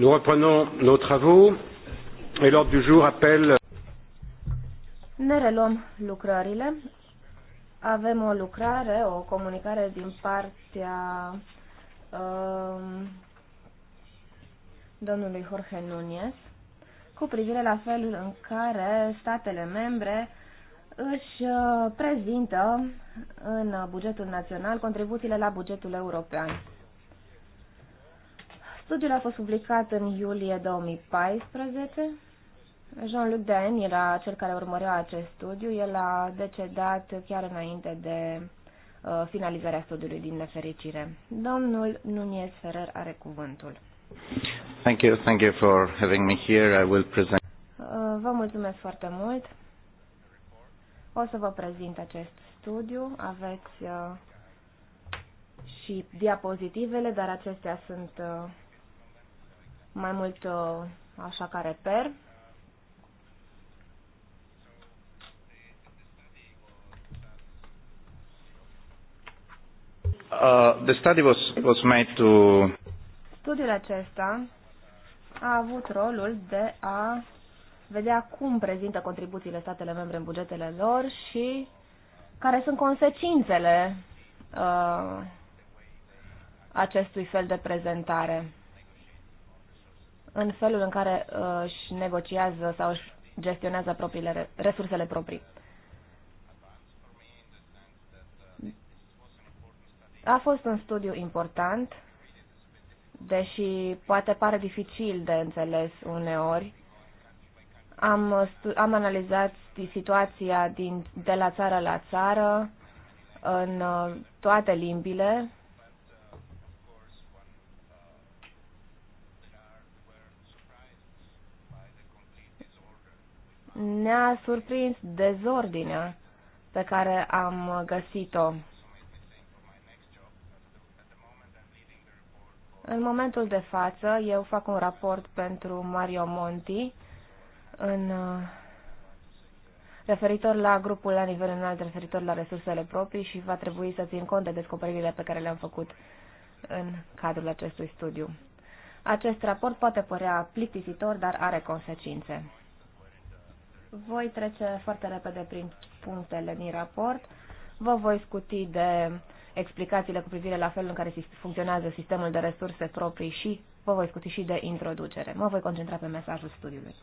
Nous reprenons nos travaux et l'ordre du jour appelle. Ne reluăm lucrările. Avem o lucrare, o comunicare din partea um, domnului Jorge Núñez cu privire la felul în care statele membre își uh, prezintă în bugetul național contribuțiile la bugetul european. Studiul a fost publicat în iulie 2014. Jean-Luc Den era cel care urmărea acest studiu. El a decedat chiar înainte de uh, finalizarea studiului din nefericire. Domnul Nunez Ferrer are cuvântul. Thank you, thank you for having me here. I will present. Uh, vă mulțumesc foarte mult. O să vă prezint acest studiu. Aveți uh, și diapozitivele, dar acestea sunt uh, mai mult uh, așa ca reper. Uh, the study was, was made to... Studiul acesta a avut rolul de a vedea cum prezintă contribuțiile statele membre în bugetele lor și care sunt consecințele uh, acestui fel de prezentare în felul în care uh, își negociază sau își gestionează propriile resursele proprii. A fost un studiu important, deși poate pare dificil de înțeles uneori. Am, am analizat situația din, de la țară la țară, în uh, toate limbile, ne-a surprins dezordinea pe care am găsit-o. În momentul de față, eu fac un raport pentru Mario Monti în, referitor la grupul la nivel înalt, referitor la resursele proprii și va trebui să țin cont de descoperirile pe care le-am făcut în cadrul acestui studiu. Acest raport poate părea plictisitor, dar are consecințe. Voi trece foarte repede prin punctele din raport. Vă voi scuti de explicațiile cu privire la felul în care funcționează sistemul de resurse proprii și vă voi scuti și de introducere. Mă voi concentra pe mesajul studiului.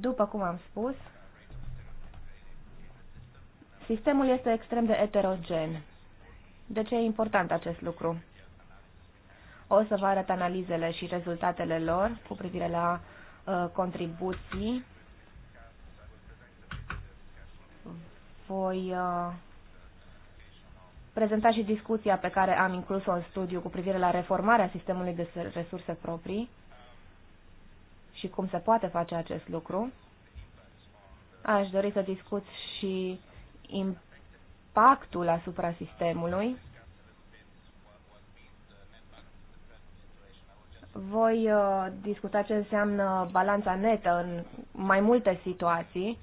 După cum am spus, sistemul este extrem de eterogen. De ce e important acest lucru? O să vă arăt analizele și rezultatele lor cu privire la Uh, contribuții. Voi uh, prezenta și discuția pe care am inclus-o în studiu cu privire la reformarea sistemului de resurse proprii și cum se poate face acest lucru. Aș dori să discut și impactul asupra sistemului Voi uh, discuta ce înseamnă balanța netă în mai multe situații.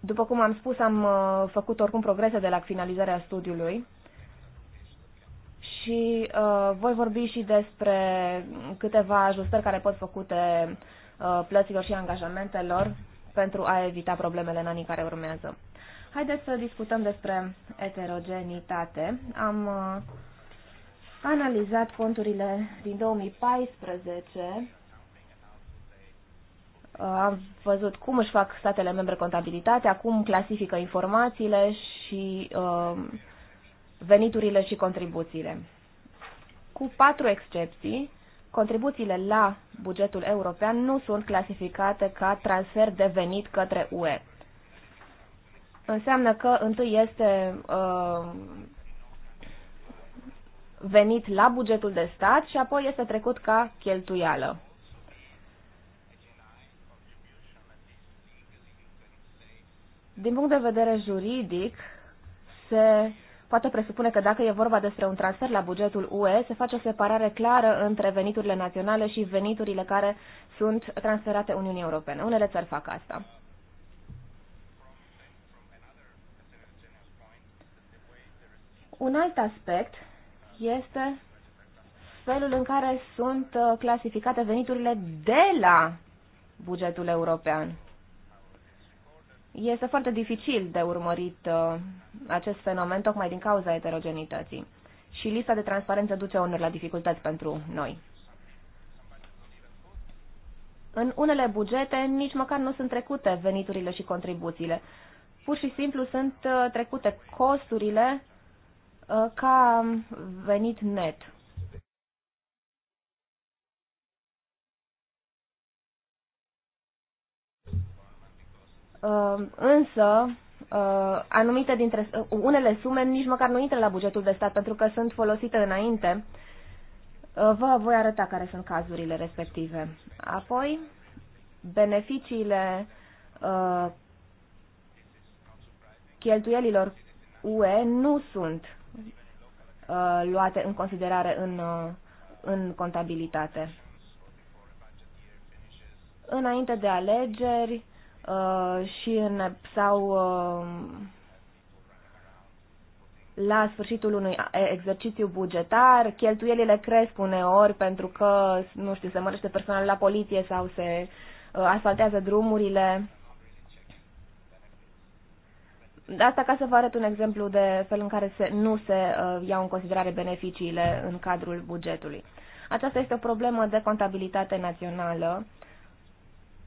După cum am spus, am uh, făcut oricum progrese de la finalizarea studiului și uh, voi vorbi și despre câteva ajustări care pot făcute uh, plăților și angajamentelor pentru a evita problemele în anii care urmează. Haideți să discutăm despre eterogenitate. Am uh, analizat conturile din 2014 uh, am văzut cum își fac statele membre contabilitatea, cum clasifică informațiile și uh, veniturile și contribuțiile. Cu patru excepții, contribuțiile la bugetul european nu sunt clasificate ca transfer de venit către UE. Înseamnă că întâi este uh, venit la bugetul de stat și apoi este trecut ca cheltuială. Din punct de vedere juridic, se poate presupune că dacă e vorba despre un transfer la bugetul UE, se face o separare clară între veniturile naționale și veniturile care sunt transferate Uniunii Europene. Unele țări fac asta. Un alt aspect este felul în care sunt uh, clasificate veniturile de la bugetul european. Este foarte dificil de urmărit uh, acest fenomen tocmai din cauza heterogenității și lista de transparență duce unor la dificultăți pentru noi. În unele bugete nici măcar nu sunt trecute veniturile și contribuțiile. Pur și simplu sunt uh, trecute costurile Uh, ca venit net. Uh, însă, uh, anumite dintre unele sume nici măcar nu intră la bugetul de stat pentru că sunt folosite înainte. Vă voi arăta care sunt cazurile respective. Apoi, beneficiile uh, cheltuielilor UE nu sunt Uh, luate în considerare în, uh, în contabilitate. Înainte de alegeri uh, și în, sau la sfârșitul unui exercițiu bugetar, cheltuielile cresc uneori pentru că, nu știu, se mărește personal la poliție sau se asfaltează drumurile. Asta ca să vă arăt un exemplu de fel în care se, nu se uh, iau în considerare beneficiile în cadrul bugetului. Aceasta este o problemă de contabilitate națională.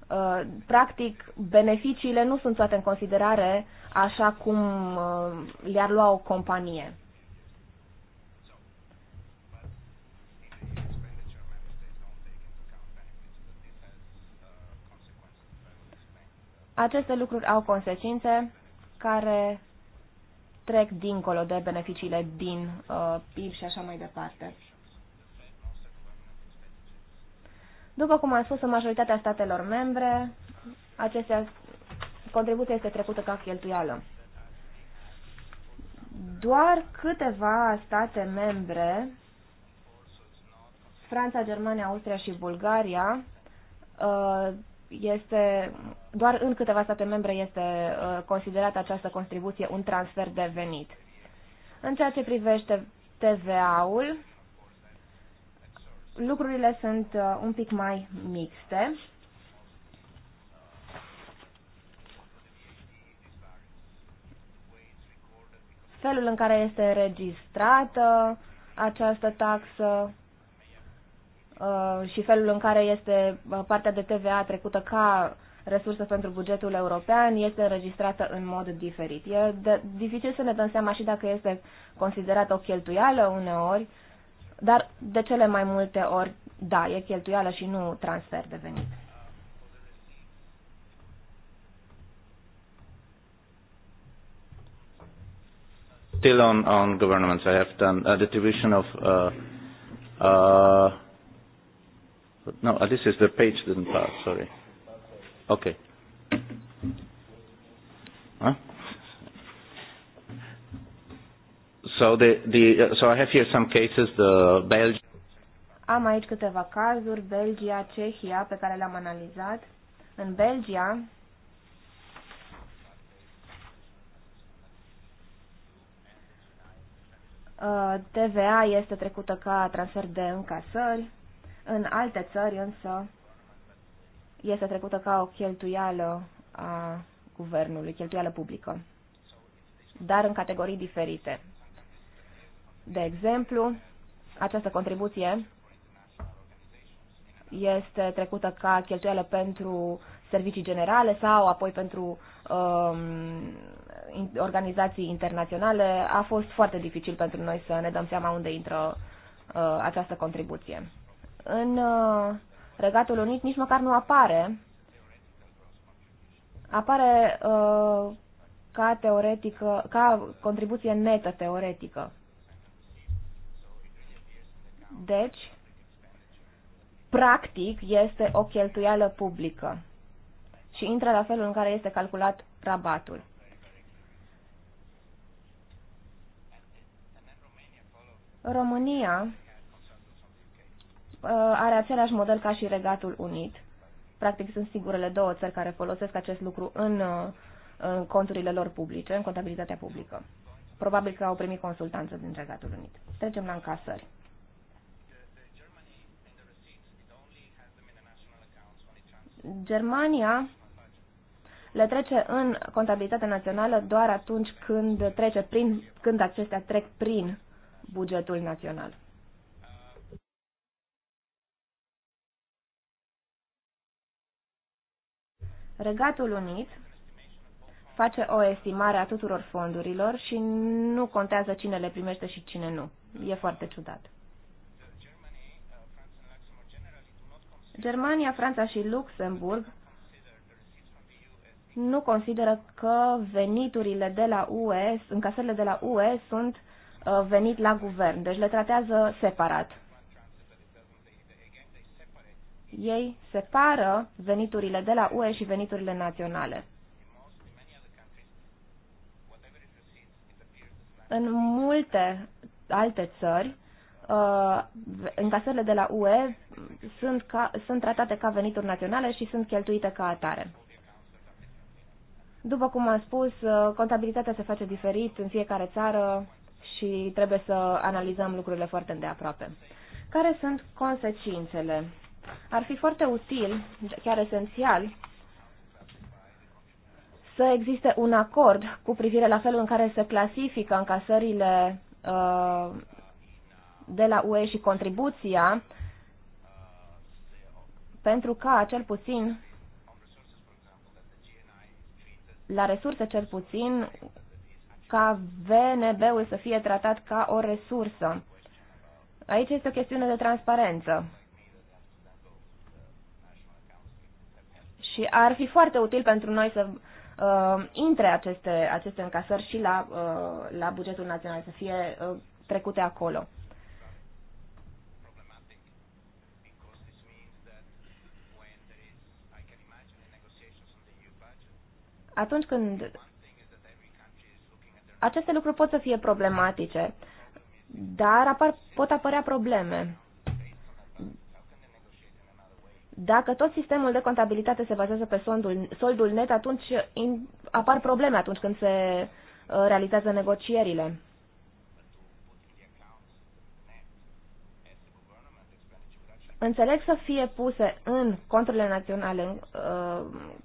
Uh, practic, beneficiile nu sunt toate în considerare așa cum uh, le-ar lua o companie. Aceste lucruri au consecințe care trec dincolo de beneficiile din uh, PIB și așa mai departe. După cum am spus, în majoritatea statelor membre, acestea, contribuția este trecută ca cheltuială. Doar câteva state membre, Franța, Germania, Austria și Bulgaria, uh, este, doar în câteva state membre este uh, considerată această contribuție un transfer de venit. În ceea ce privește TVA-ul, lucrurile sunt uh, un pic mai mixte. Felul în care este registrată această taxă Uh, și felul în care este uh, partea de TVA trecută ca resursă pentru bugetul european este înregistrată în mod diferit. E de, dificil să ne dăm seama și dacă este considerată o cheltuială uneori, dar de cele mai multe ori, da, e cheltuială și nu transfer de venit. Still on, on governments, I have done uh, the division of uh, uh, No, this is the page didn't pass, sorry. Okay. Huh? So, the, the, so I have here some cases, the Belgium. Am aici câteva cazuri, Belgia, Cehia, pe care le-am analizat. În Belgia, uh, TVA este trecută ca transfer de încasări. În alte țări însă este trecută ca o cheltuială a guvernului, cheltuială publică, dar în categorii diferite. De exemplu, această contribuție este trecută ca cheltuială pentru servicii generale sau apoi pentru um, organizații internaționale. A fost foarte dificil pentru noi să ne dăm seama unde intră uh, această contribuție în uh, Regatul Unit nici măcar nu apare. Apare uh, ca teoretică, ca contribuție netă teoretică. Deci, practic, este o cheltuială publică și intră la felul în care este calculat rabatul. România Uh, are același model ca și Regatul Unit. Practic sunt singurele două țări care folosesc acest lucru în, uh, în conturile lor publice, în contabilitatea publică. Probabil că au primit consultanță din Regatul Unit. Trecem la încasări. Germania le trece în contabilitatea națională doar atunci când trece prin, când acestea trec prin bugetul național. Regatul Unit face o estimare a tuturor fondurilor și nu contează cine le primește și cine nu. E foarte ciudat. Germania, Franța și Luxemburg nu consideră că veniturile de la UE, încasările de la UE sunt uh, venit la guvern, deci le tratează separat ei separă veniturile de la UE și veniturile naționale. În multe alte țări, uh, încasările de la UE sunt, ca, sunt tratate ca venituri naționale și sunt cheltuite ca atare. După cum am spus, uh, contabilitatea se face diferit în fiecare țară și trebuie să analizăm lucrurile foarte îndeaproape. Care sunt consecințele ar fi foarte util, chiar esențial, să existe un acord cu privire la felul în care se clasifică încasările uh, de la UE și contribuția, pentru ca, cel puțin, la resurse cel puțin, ca VNB-ul să fie tratat ca o resursă. Aici este o chestiune de transparență. Și ar fi foarte util pentru noi să uh, intre aceste, aceste încasări și la, uh, la bugetul național, să fie uh, trecute acolo. Atunci când aceste lucruri pot să fie problematice, dar apar, pot apărea probleme. Dacă tot sistemul de contabilitate se bazează pe soldul, soldul net, atunci in, apar probleme atunci când se uh, realizează negocierile. Înțeleg să fie puse în conturile naționale uh,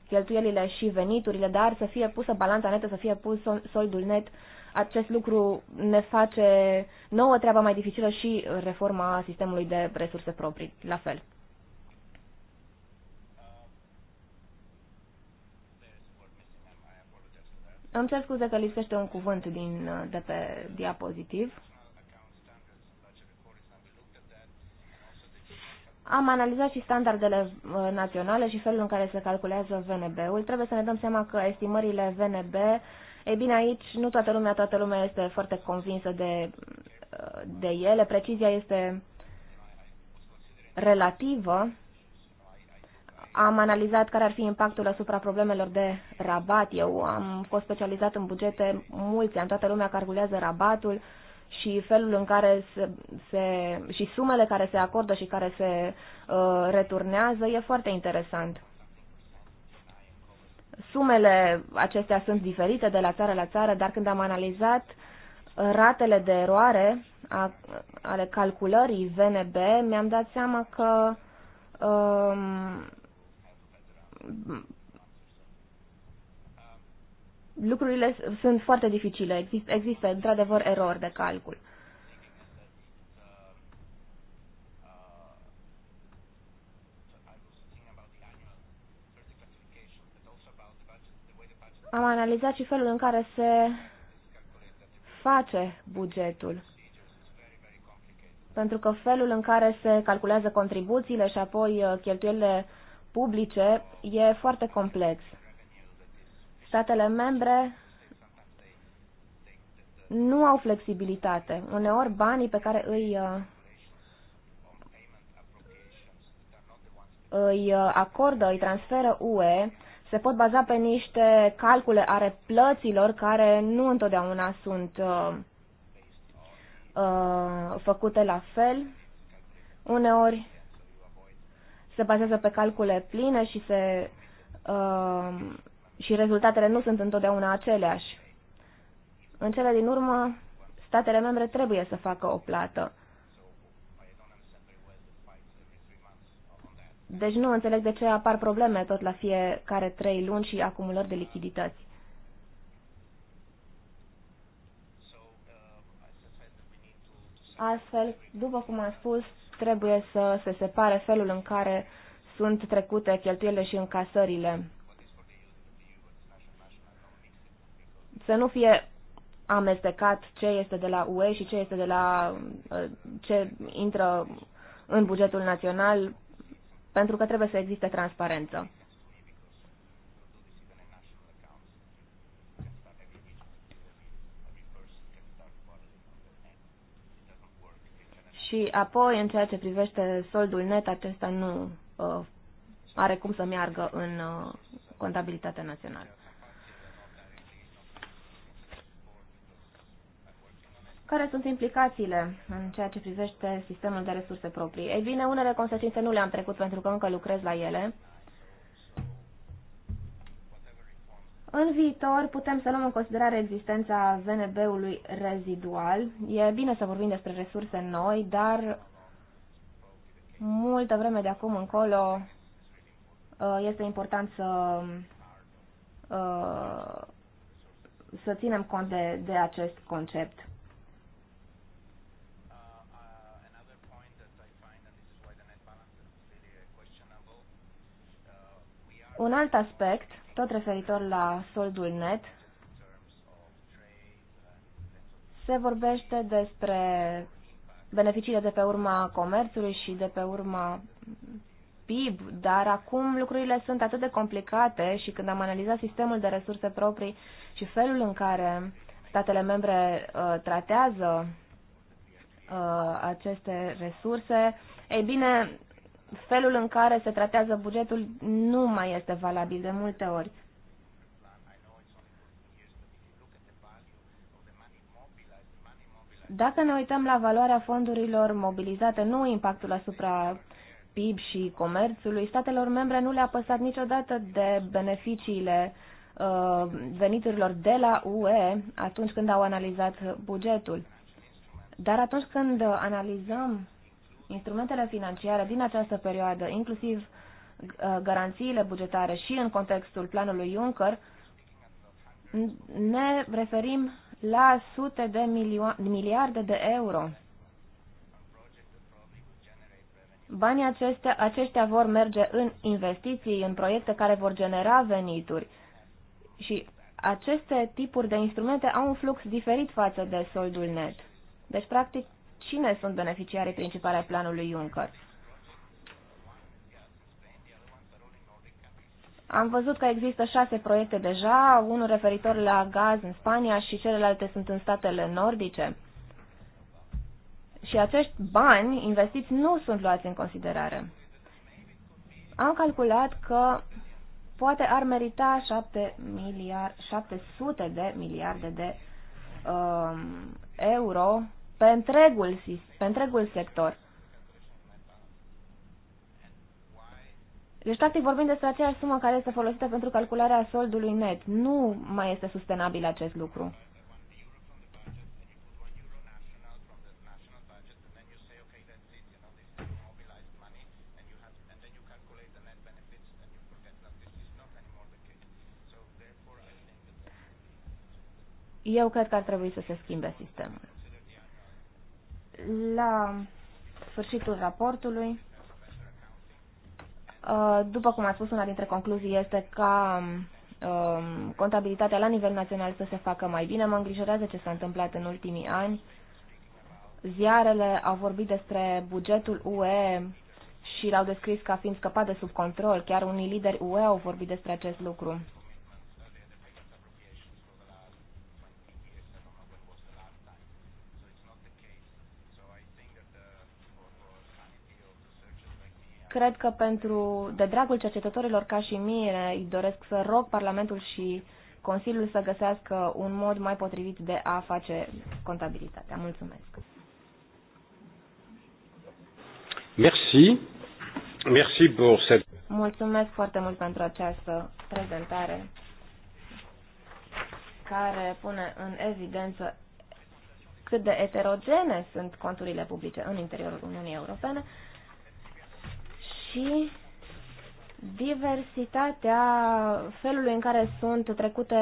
cheltuielile și veniturile, dar să fie pusă balanța netă, să fie pus soldul net, acest lucru ne face nouă treaba mai dificilă și reforma sistemului de resurse proprii, la fel. Îmi cer scuze că lipsește un cuvânt din, uh, de pe diapozitiv. Am analizat și standardele uh, naționale și felul în care se calculează VNB-ul. Trebuie să ne dăm seama că estimările VNB, e bine aici, nu toată lumea, toată lumea este foarte convinsă de, uh, de ele. Precizia este relativă am analizat care ar fi impactul asupra problemelor de rabat. Eu am fost specializat în bugete mulți ani, toată lumea calculează rabatul și felul în care se, se și sumele care se acordă și care se uh, returnează e foarte interesant. Sumele acestea sunt diferite de la țară la țară, dar când am analizat ratele de eroare a, ale calculării VNB, mi-am dat seama că uh, lucrurile sunt foarte dificile. Există, există într-adevăr erori de calcul. Am analizat și felul în care se face bugetul. Pentru că felul în care se calculează contribuțiile și apoi uh, cheltuielile publice e foarte complex. Statele membre nu au flexibilitate. Uneori banii pe care îi uh, îi uh, acordă, îi transferă UE, se pot baza pe niște calcule ale plăților care nu întotdeauna sunt uh, uh, făcute la fel. Uneori se bazează pe calcule pline și, se, uh, și rezultatele nu sunt întotdeauna aceleași. În cele din urmă, statele membre trebuie să facă o plată. Deci nu înțeleg de ce apar probleme tot la fiecare trei luni și acumulări de lichidități. Astfel, după cum am spus, trebuie să se separe felul în care sunt trecute cheltuielile și încasările. Să nu fie amestecat ce este de la UE și ce este de la uh, ce intră în bugetul național, pentru că trebuie să existe transparență. Și apoi, în ceea ce privește soldul net, acesta nu uh, are cum să meargă în uh, contabilitatea națională. Care sunt implicațiile în ceea ce privește sistemul de resurse proprii? Ei bine, unele consecințe nu le-am trecut pentru că încă lucrez la ele. În viitor putem să luăm în considerare existența VNB-ului rezidual. E bine să vorbim despre resurse noi, dar multă vreme de acum încolo uh, este important să uh, să ținem cont de, de acest concept. Un alt aspect tot referitor la soldul net, se vorbește despre beneficiile de pe urma comerțului și de pe urma PIB, dar acum lucrurile sunt atât de complicate și când am analizat sistemul de resurse proprii și felul în care statele membre uh, tratează uh, aceste resurse, ei bine, felul în care se tratează bugetul nu mai este valabil de multe ori. Dacă ne uităm la valoarea fondurilor mobilizate, nu impactul asupra PIB și comerțului, statelor membre nu le-a păsat niciodată de beneficiile uh, veniturilor de la UE atunci când au analizat bugetul. Dar atunci când analizăm Instrumentele financiare din această perioadă, inclusiv uh, garanțiile bugetare și în contextul planului Juncker, ne referim la sute de miliarde de euro. Banii acestea, aceștia vor merge în investiții, în proiecte care vor genera venituri. Și aceste tipuri de instrumente au un flux diferit față de soldul net. Deci, practic, cine sunt beneficiarii principale ai planului Juncker. Am văzut că există șase proiecte deja, unul referitor la gaz în Spania și celelalte sunt în statele nordice. Și acești bani investiți nu sunt luați în considerare. Am calculat că poate ar merita 7 miliard, 700 de miliarde de um, euro pe întregul, pe întregul sector. Deci, practic, vorbim despre aceeași sumă care este folosită pentru calcularea soldului net. Nu mai este sustenabil acest lucru. Eu cred că ar trebui să se schimbe sistemul la sfârșitul raportului, uh, după cum a spus, una dintre concluzii este ca um, contabilitatea la nivel național să se facă mai bine. Mă îngrijorează ce s-a întâmplat în ultimii ani. Ziarele au vorbit despre bugetul UE și l-au descris ca fiind scăpat de sub control. Chiar unii lideri UE au vorbit despre acest lucru. Cred că pentru, de dragul cercetătorilor ca și mine, îi doresc să rog Parlamentul și Consiliul să găsească un mod mai potrivit de a face contabilitatea. Mulțumesc! Merci. Merci pour cette... Mulțumesc foarte mult pentru această prezentare care pune în evidență cât de eterogene sunt conturile publice în interiorul Uniunii Europene și diversitatea felului în care sunt trecute,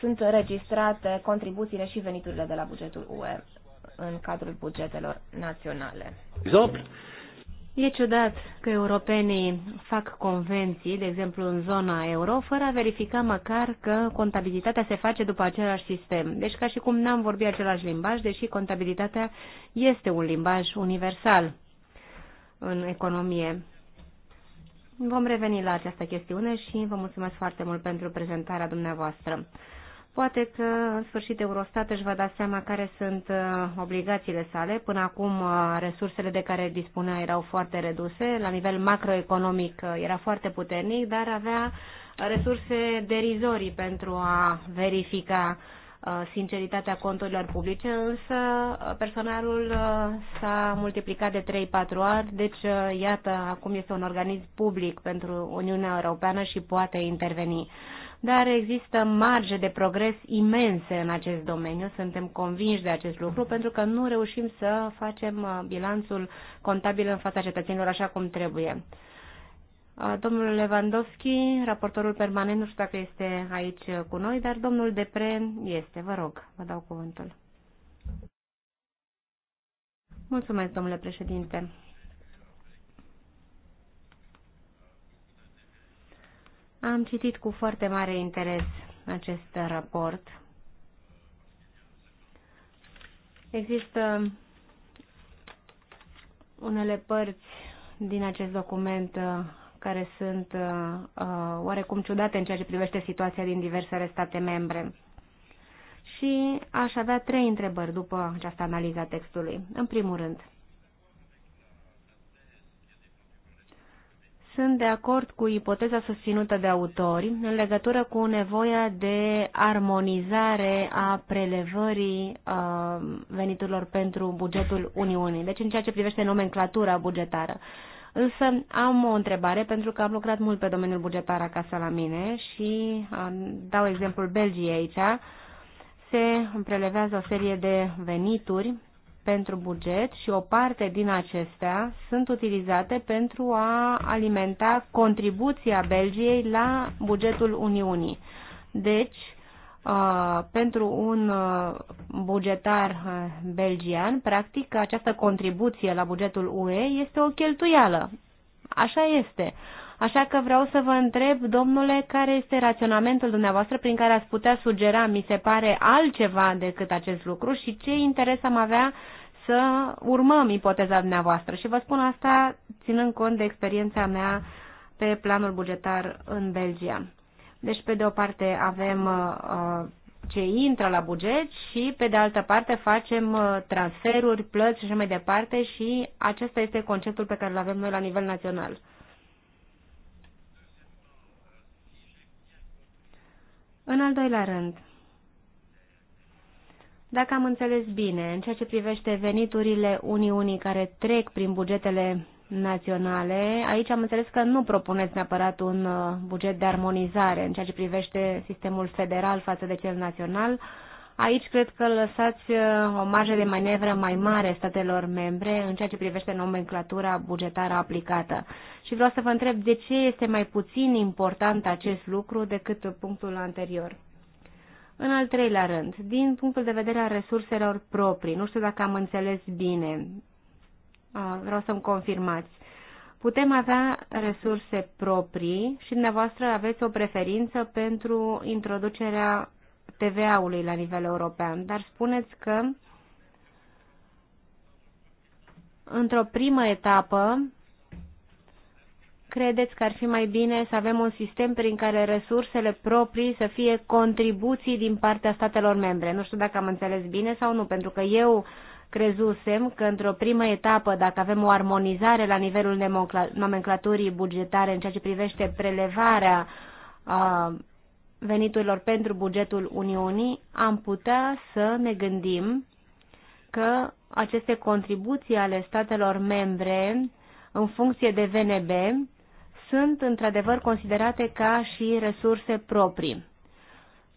sunt registrate contribuțiile și veniturile de la bugetul UE în cadrul bugetelor naționale. Exemplu. E ciudat că europenii fac convenții, de exemplu în zona euro, fără a verifica măcar că contabilitatea se face după același sistem. Deci ca și cum n-am vorbit același limbaj, deși contabilitatea este un limbaj universal în economie. Vom reveni la această chestiune și vă mulțumesc foarte mult pentru prezentarea dumneavoastră. Poate că în sfârșit Eurostat își va da seama care sunt uh, obligațiile sale. Până acum uh, resursele de care dispunea erau foarte reduse, la nivel macroeconomic uh, era foarte puternic, dar avea resurse derizorii pentru a verifica uh, Uh, sinceritatea conturilor publice, însă uh, personalul uh, s-a multiplicat de 3-4 ani, deci iată, acum este un organism public pentru Uniunea Europeană și poate interveni. Dar există marge de progres imense în acest domeniu, suntem convinși de acest lucru, pentru că nu reușim să facem bilanțul contabil în fața cetățenilor așa cum trebuie. Domnul Lewandowski, raportorul permanent, nu știu dacă este aici cu noi, dar domnul Depre este. Vă rog, vă dau cuvântul. Mulțumesc, domnule președinte. Am citit cu foarte mare interes acest raport. Există unele părți din acest document care sunt uh, uh, oarecum ciudate în ceea ce privește situația din diversele state membre. Și aș avea trei întrebări după această analiză a textului. În primul rând, sunt de acord cu ipoteza susținută de autori în legătură cu nevoia de armonizare a prelevării uh, veniturilor pentru bugetul Uniunii, deci în ceea ce privește nomenclatura bugetară. Uh, Însă am o întrebare pentru că am lucrat mult pe domeniul bugetar acasă la mine și dau exemplul Belgiei aici. Se prelevează o serie de venituri pentru buget și o parte din acestea sunt utilizate pentru a alimenta contribuția Belgiei la bugetul Uniunii. Deci, Uh, pentru un uh, bugetar uh, belgian, practic, această contribuție la bugetul UE este o cheltuială. Așa este. Așa că vreau să vă întreb, domnule, care este raționamentul dumneavoastră prin care ați putea sugera, mi se pare, altceva decât acest lucru și ce interes am avea să urmăm ipoteza dumneavoastră. Și vă spun asta ținând cont de experiența mea pe planul bugetar în Belgia. Deci, pe de o parte avem uh, uh, ce intră la buget și, pe de altă parte, facem uh, transferuri, plăți și așa mai departe și acesta este conceptul pe care îl avem noi la nivel național. În al doilea rând, dacă am înțeles bine, în ceea ce privește veniturile Uniunii care trec prin bugetele naționale. Aici am înțeles că nu propuneți neapărat un uh, buget de armonizare în ceea ce privește sistemul federal față de cel național. Aici cred că lăsați uh, o marjă de manevră mai mare statelor membre în ceea ce privește nomenclatura bugetară aplicată. Și vreau să vă întreb de ce este mai puțin important acest lucru decât punctul anterior. În al treilea rând, din punctul de vedere al resurselor proprii, nu știu dacă am înțeles bine, vreau să-mi confirmați. Putem avea resurse proprii și dumneavoastră aveți o preferință pentru introducerea TVA-ului la nivel european, dar spuneți că într-o primă etapă credeți că ar fi mai bine să avem un sistem prin care resursele proprii să fie contribuții din partea statelor membre. Nu știu dacă am înțeles bine sau nu, pentru că eu crezusem că într-o primă etapă, dacă avem o armonizare la nivelul nomenclaturii bugetare în ceea ce privește prelevarea veniturilor pentru bugetul Uniunii, am putea să ne gândim că aceste contribuții ale statelor membre în funcție de VNB sunt într-adevăr considerate ca și resurse proprii.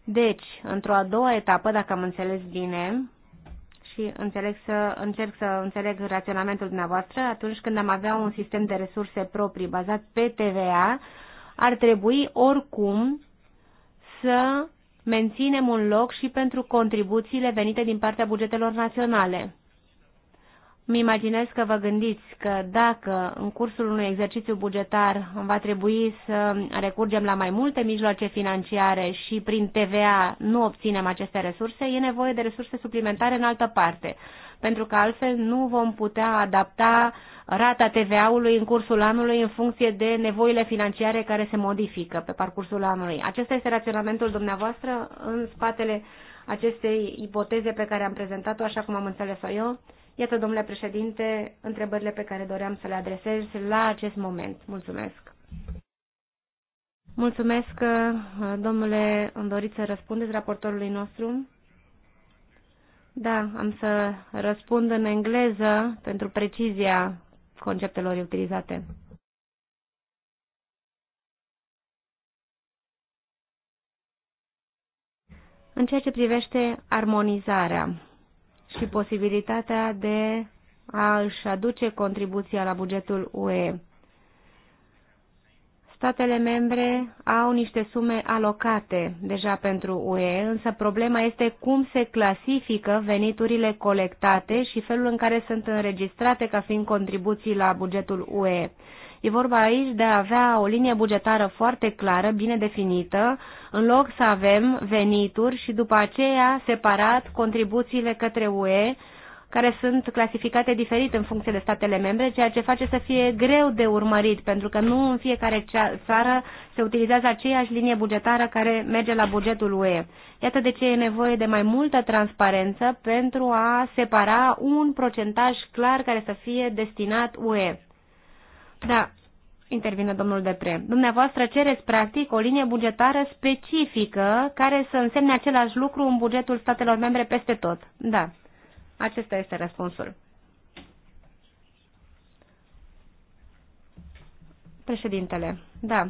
Deci, într-o a doua etapă, dacă am înțeles bine, și înțeleg să, încerc să înțeleg raționamentul dumneavoastră, atunci când am avea un sistem de resurse proprii bazat pe TVA, ar trebui oricum să menținem un loc și pentru contribuțiile venite din partea bugetelor naționale. Mi imaginez că vă gândiți că dacă în cursul unui exercițiu bugetar va trebui să recurgem la mai multe mijloace financiare și prin TVA nu obținem aceste resurse, e nevoie de resurse suplimentare în altă parte, pentru că altfel nu vom putea adapta rata TVA-ului în cursul anului în funcție de nevoile financiare care se modifică pe parcursul anului. Acesta este raționamentul dumneavoastră în spatele acestei ipoteze pe care am prezentat-o, așa cum am înțeles-o eu. Iată, domnule președinte, întrebările pe care doream să le adresez la acest moment. Mulțumesc! Mulțumesc, domnule, îmi doriți să răspundeți raportorului nostru? Da, am să răspund în engleză pentru precizia conceptelor utilizate. În ceea ce privește armonizarea, și posibilitatea de a își aduce contribuția la bugetul UE. Statele membre au niște sume alocate deja pentru UE, însă problema este cum se clasifică veniturile colectate și felul în care sunt înregistrate ca fiind contribuții la bugetul UE. E vorba aici de a avea o linie bugetară foarte clară, bine definită, în loc să avem venituri și după aceea separat contribuțiile către UE, care sunt clasificate diferit în funcție de statele membre, ceea ce face să fie greu de urmărit, pentru că nu în fiecare țară se utilizează aceeași linie bugetară care merge la bugetul UE. Iată de ce e nevoie de mai multă transparență pentru a separa un procentaj clar care să fie destinat UE. Da, intervine domnul Depre. Dumneavoastră cereți practic o linie bugetară specifică care să însemne același lucru în bugetul statelor membre peste tot. Da, acesta este răspunsul. Președintele, da,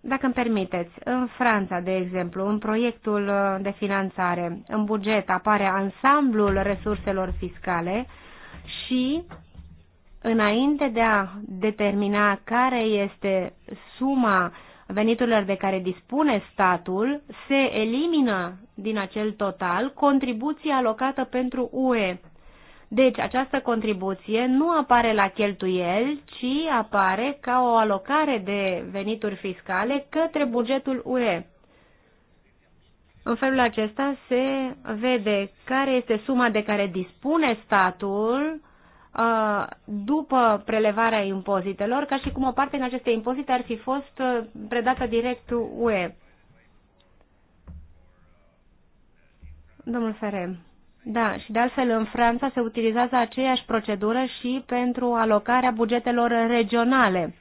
dacă îmi permiteți, în Franța, de exemplu, în proiectul de finanțare, în buget apare ansamblul resurselor fiscale și înainte de a determina care este suma veniturilor de care dispune statul, se elimină din acel total contribuția alocată pentru UE. Deci, această contribuție nu apare la cheltuieli, ci apare ca o alocare de venituri fiscale către bugetul UE. În felul acesta se vede care este suma de care dispune statul după prelevarea impozitelor, ca și cum o parte din aceste impozite ar fi fost predată direct UE. Domnul Ferem. Da, și de altfel în Franța se utilizează aceeași procedură și pentru alocarea bugetelor regionale.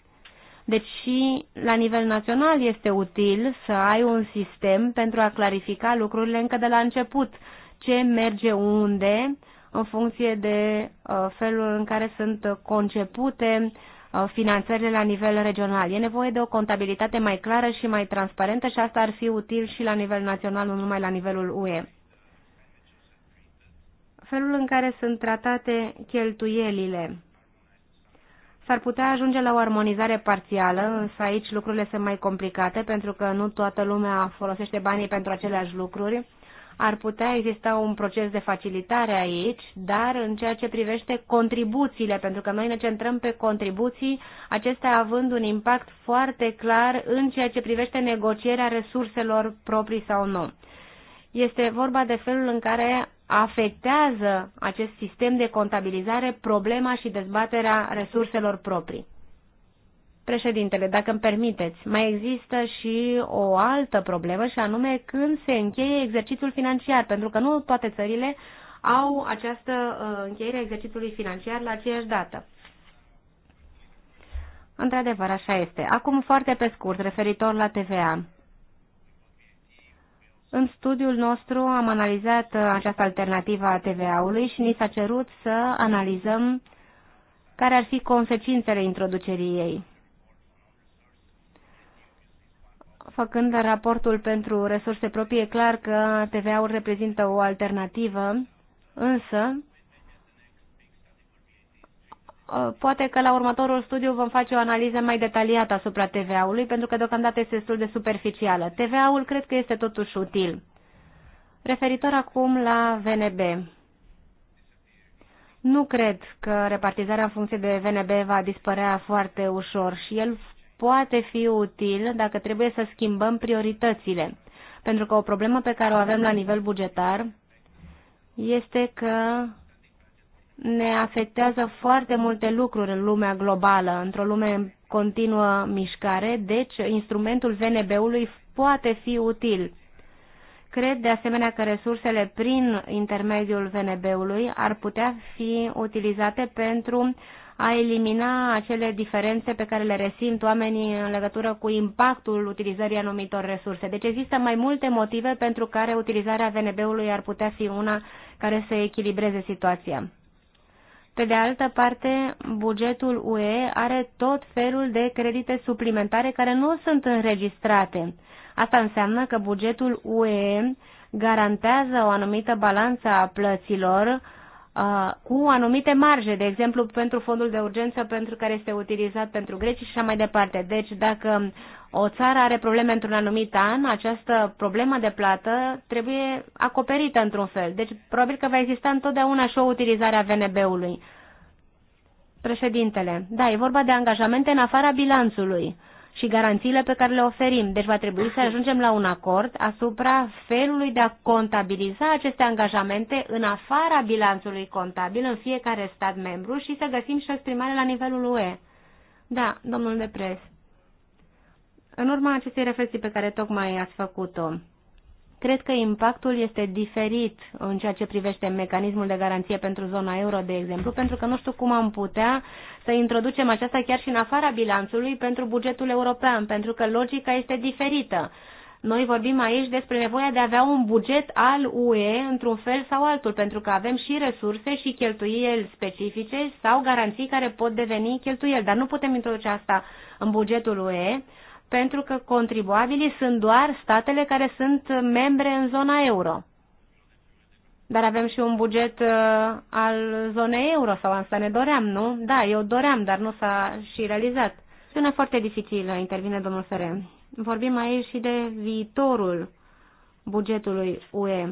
Deci și la nivel național este util să ai un sistem pentru a clarifica lucrurile încă de la început, ce merge unde, în funcție de uh, felul în care sunt concepute uh, finanțările la nivel regional. E nevoie de o contabilitate mai clară și mai transparentă și asta ar fi util și la nivel național, nu numai la nivelul UE. Felul în care sunt tratate cheltuielile. S-ar putea ajunge la o armonizare parțială, însă aici lucrurile sunt mai complicate pentru că nu toată lumea folosește banii pentru aceleași lucruri ar putea exista un proces de facilitare aici, dar în ceea ce privește contribuțiile, pentru că noi ne centrăm pe contribuții, acestea având un impact foarte clar în ceea ce privește negocierea resurselor proprii sau nu. Este vorba de felul în care afectează acest sistem de contabilizare problema și dezbaterea resurselor proprii. Președintele, dacă îmi permiteți, mai există și o altă problemă și anume când se încheie exercițiul financiar, pentru că nu toate țările au această uh, încheiere a exercițiului financiar la aceeași dată. Într-adevăr, așa este. Acum, foarte pe scurt, referitor la TVA. În studiul nostru am analizat uh, această alternativă a TVA-ului și ni s-a cerut să analizăm care ar fi consecințele introducerii ei făcând raportul pentru resurse proprii, e clar că TVA-ul reprezintă o alternativă, însă ă, poate că la următorul studiu vom face o analiză mai detaliată asupra TVA-ului, pentru că deocamdată este destul de superficială. TVA-ul cred că este totuși util. Referitor acum la VNB. Nu cred că repartizarea în funcție de VNB va dispărea foarte ușor și el poate fi util dacă trebuie să schimbăm prioritățile. Pentru că o problemă pe care o avem la nivel bugetar este că ne afectează foarte multe lucruri în lumea globală, într-o lume în continuă mișcare, deci instrumentul VNB-ului poate fi util. Cred de asemenea că resursele prin intermediul VNB-ului ar putea fi utilizate pentru a elimina acele diferențe pe care le resimt oamenii în legătură cu impactul utilizării anumitor resurse. Deci există mai multe motive pentru care utilizarea VNB-ului ar putea fi una care să echilibreze situația. Pe de altă parte, bugetul UE are tot felul de credite suplimentare care nu sunt înregistrate. Asta înseamnă că bugetul UE garantează o anumită balanță a plăților cu anumite marje, de exemplu pentru fondul de urgență pentru care este utilizat pentru Grecia și așa mai departe. Deci dacă o țară are probleme într-un anumit an, această problemă de plată trebuie acoperită într-un fel. Deci probabil că va exista întotdeauna și o utilizare a VNB-ului. Președintele, da, e vorba de angajamente în afara bilanțului și garanțiile pe care le oferim. Deci va trebui să ajungem la un acord asupra felului de a contabiliza aceste angajamente în afara bilanțului contabil în fiecare stat membru și să găsim și o exprimare la nivelul UE. Da, domnul Depres. În urma acestei reflexii pe care tocmai ați făcut-o, Cred că impactul este diferit în ceea ce privește mecanismul de garanție pentru zona euro, de exemplu, pentru că nu știu cum am putea să introducem aceasta chiar și în afara bilanțului pentru bugetul european, pentru că logica este diferită. Noi vorbim aici despre nevoia de a avea un buget al UE într-un fel sau altul, pentru că avem și resurse și cheltuieli specifice sau garanții care pot deveni cheltuieli, dar nu putem introduce asta în bugetul UE, pentru că contribuabilii sunt doar statele care sunt membre în zona euro. Dar avem și un buget uh, al zonei euro, sau asta ne doream, nu? Da, eu doream, dar nu s-a și realizat. Sună foarte dificilă, intervine domnul Fere. Vorbim aici și de viitorul bugetului UE.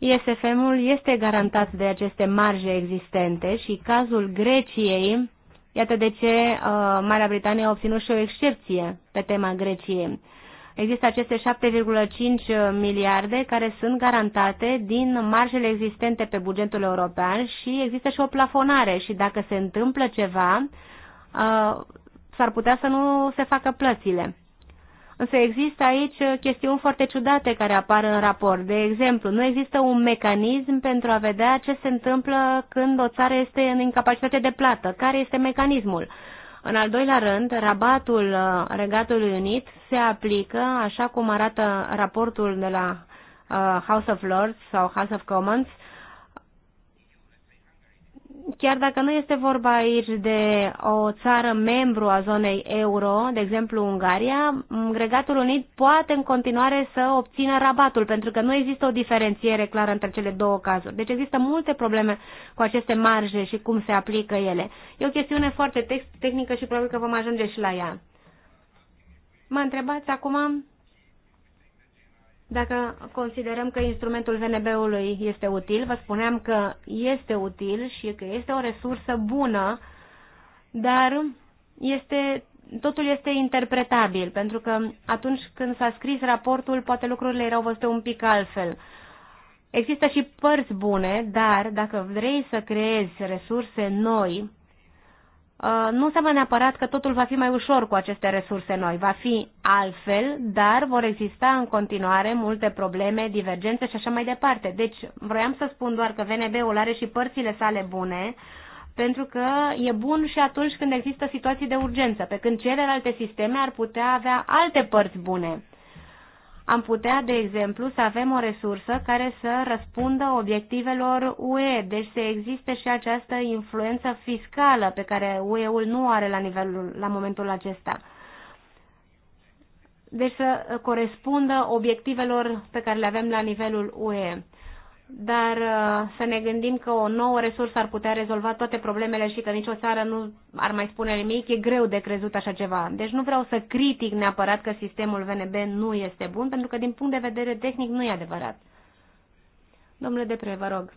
ISFM-ul este garantat de aceste marje existente și cazul Greciei, iată de ce uh, Marea Britanie a obținut și o excepție pe tema Greciei. Există aceste 7,5 miliarde care sunt garantate din marjele existente pe bugetul european și există și o plafonare și dacă se întâmplă ceva, uh, s-ar putea să nu se facă plățile. Însă există aici uh, chestiuni foarte ciudate care apar în raport. De exemplu, nu există un mecanism pentru a vedea ce se întâmplă când o țară este în incapacitate de plată. Care este mecanismul? În al doilea rând, rabatul uh, Regatului Unit se aplică, așa cum arată raportul de la uh, House of Lords sau House of Commons, chiar dacă nu este vorba aici de o țară membru a zonei euro, de exemplu Ungaria, Regatul Unit poate în continuare să obțină rabatul, pentru că nu există o diferențiere clară între cele două cazuri. Deci există multe probleme cu aceste marje și cum se aplică ele. E o chestiune foarte tehnică și probabil că vom ajunge și la ea. Mă întrebați acum dacă considerăm că instrumentul VNB-ului este util, vă spuneam că este util și că este o resursă bună, dar este, totul este interpretabil, pentru că atunci când s-a scris raportul, poate lucrurile erau văzute un pic altfel. Există și părți bune, dar dacă vrei să creezi resurse noi, Uh, nu înseamnă neapărat că totul va fi mai ușor cu aceste resurse noi. Va fi altfel, dar vor exista în continuare multe probleme, divergențe și așa mai departe. Deci, vroiam să spun doar că VNB-ul are și părțile sale bune, pentru că e bun și atunci când există situații de urgență, pe când celelalte sisteme ar putea avea alte părți bune am putea, de exemplu, să avem o resursă care să răspundă obiectivelor UE, deci să existe și această influență fiscală pe care UE-ul nu are la, nivelul, la momentul acesta. Deci să corespundă obiectivelor pe care le avem la nivelul UE dar uh, da. să ne gândim că o nouă resursă ar putea rezolva toate problemele și că nicio țară nu ar mai spune nimic, e greu de crezut așa ceva. Deci nu vreau să critic neapărat că sistemul VNB nu este bun, pentru că din punct de vedere tehnic nu e adevărat. Domnule Depre, vă rog.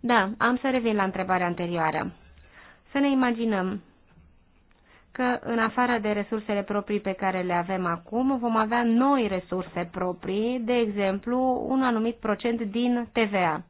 Da, am să revin la întrebarea anterioară. Să ne imaginăm că în afară de resursele proprii pe care le avem acum, vom avea noi resurse proprii, de exemplu, un anumit procent din TVA.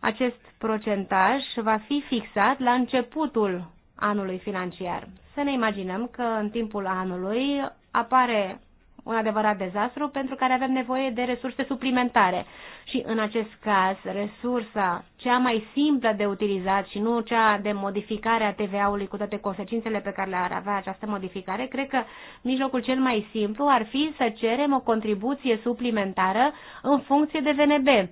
Acest procentaj va fi fixat la începutul anului financiar. Să ne imaginăm că în timpul anului apare un adevărat dezastru pentru care avem nevoie de resurse suplimentare. Și în acest caz, resursa cea mai simplă de utilizat și nu cea de modificare a TVA-ului cu toate consecințele pe care le-ar avea această modificare, cred că mijlocul cel mai simplu ar fi să cerem o contribuție suplimentară în funcție de VNB.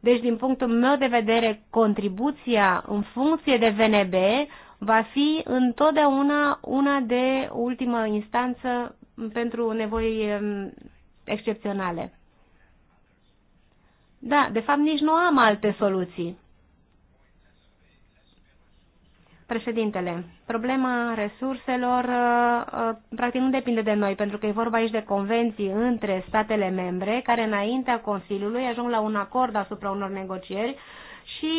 Deci, din punctul meu de vedere, contribuția în funcție de VNB va fi întotdeauna una de ultimă instanță pentru nevoi um, excepționale. Da, de fapt nici nu am alte soluții. Președintele, problema resurselor uh, uh, practic nu depinde de noi, pentru că e vorba aici de convenții între statele membre care înaintea Consiliului ajung la un acord asupra unor negocieri și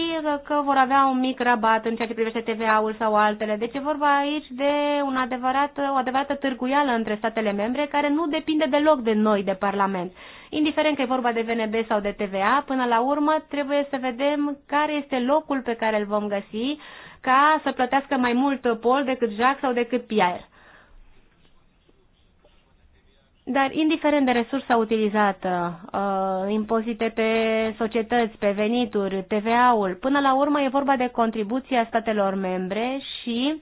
că vor avea un mic rabat în ceea ce privește TVA-ul sau altele. Deci e vorba aici de un adevărat, o adevărată târguială între statele membre care nu depinde deloc de noi, de Parlament. Indiferent că e vorba de VNB sau de TVA, până la urmă trebuie să vedem care este locul pe care îl vom găsi ca să plătească mai mult pol decât Jacques sau decât Pierre. Dar indiferent de resursa utilizată, uh, impozite pe societăți, pe venituri, TVA-ul, până la urmă e vorba de contribuția statelor membre și,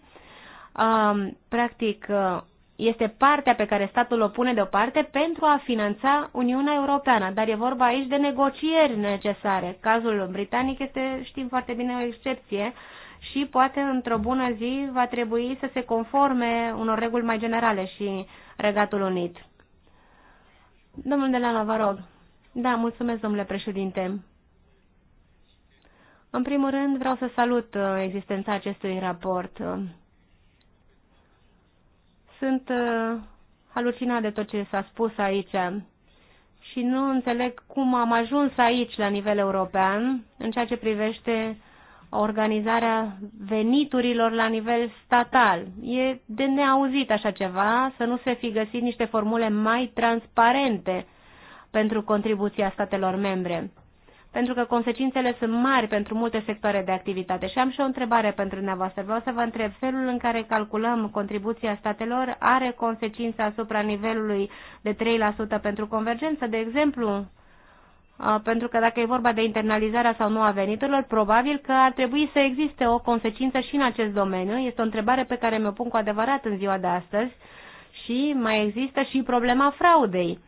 uh, practic, uh, este partea pe care statul o pune deoparte pentru a finanța Uniunea Europeană. Dar e vorba aici de negocieri necesare. Cazul britanic este, știm foarte bine, o excepție și poate într-o bună zi va trebui să se conforme unor reguli mai generale și Regatul Unit. Domnul Delana, vă rog. Da, mulțumesc, domnule președinte. În primul rând, vreau să salut uh, existența acestui raport. Sunt uh, halucinat de tot ce s-a spus aici și nu înțeleg cum am ajuns aici, la nivel european, în ceea ce privește organizarea veniturilor la nivel statal. E de neauzit așa ceva, să nu se fi găsit niște formule mai transparente pentru contribuția statelor membre. Pentru că consecințele sunt mari pentru multe sectoare de activitate. Și am și o întrebare pentru dumneavoastră. Vreau să vă întreb, felul în care calculăm contribuția statelor are consecințe asupra nivelului de 3% pentru convergență, de exemplu? pentru că dacă e vorba de internalizarea sau nu a veniturilor, probabil că ar trebui să existe o consecință și în acest domeniu. Este o întrebare pe care mi-o pun cu adevărat în ziua de astăzi și mai există și problema fraudei.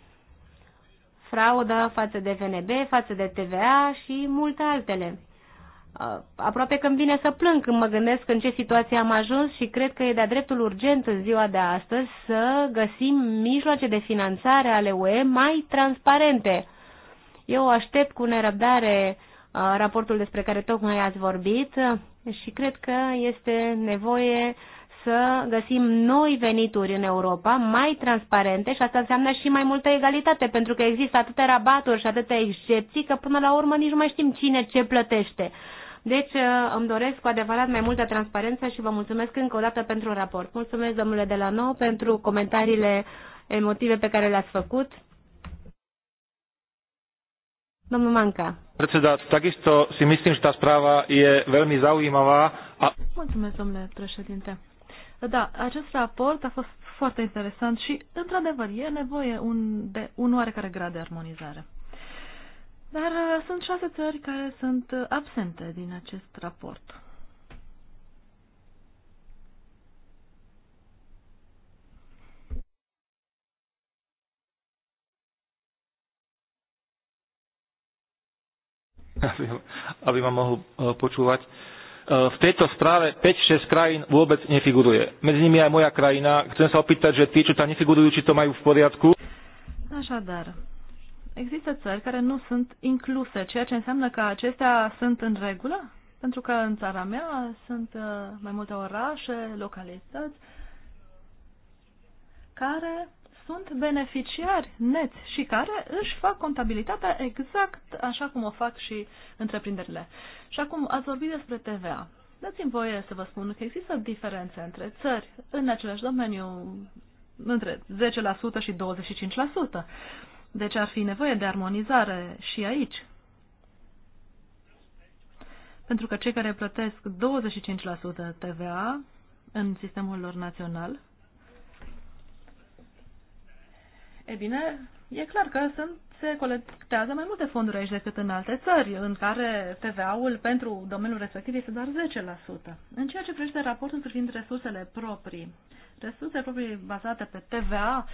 Fraudă față de VNB, față de TVA și multe altele. Aproape că îmi vine să plâng când mă gândesc în ce situație am ajuns și cred că e de-a dreptul urgent în ziua de astăzi să găsim mijloace de finanțare ale UE mai transparente eu aștept cu nerăbdare uh, raportul despre care tocmai ați vorbit și cred că este nevoie să găsim noi venituri în Europa, mai transparente și asta înseamnă și mai multă egalitate, pentru că există atâtea rabaturi și atâtea excepții că până la urmă nici nu mai știm cine ce plătește. Deci uh, îmi doresc cu adevărat mai multă transparență și vă mulțumesc încă o dată pentru raport. Mulțumesc, domnule de la nou pentru comentariile emotive pe care le-ați făcut. Domnul Manca. Predseda, takisto si myslím, že tá správa je veľmi zaujímavá. A... Mulțumesc, domnule președinte. Da, acest raport a fost foarte interesant și, într-adevăr, e nevoie un, de un oarecare grad de armonizare. Dar uh, sunt șase țări care sunt uh, absente din acest raport. aby, aby ma mohol eh, počúvať. Eh, v tejto správe 5-6 krajín vôbec nefiguruje. Medzi nimi aj moja krajina. Chcem sa opýtať, že tí, čo tam nefigurujú, či to majú v poriadku? Așadar, există țări care nu sunt incluse, ceea ce înseamnă că acestea sunt în regulă? Pentru că în țara mea sunt eh, mai multe orașe, localități, care sunt beneficiari neți și care își fac contabilitatea exact așa cum o fac și întreprinderile. Și acum ați vorbit despre TVA. Dați-mi voie să vă spun că există diferențe între țări în același domeniu între 10% și 25%. Deci ar fi nevoie de armonizare și aici. Pentru că cei care plătesc 25% TVA în sistemul lor național E bine, e clar că sunt, se colectează mai multe fonduri aici decât în alte țări, în care TVA-ul pentru domeniul respectiv este doar 10%. În ceea ce privește raportul privind resursele proprii, resursele proprii bazate pe TVA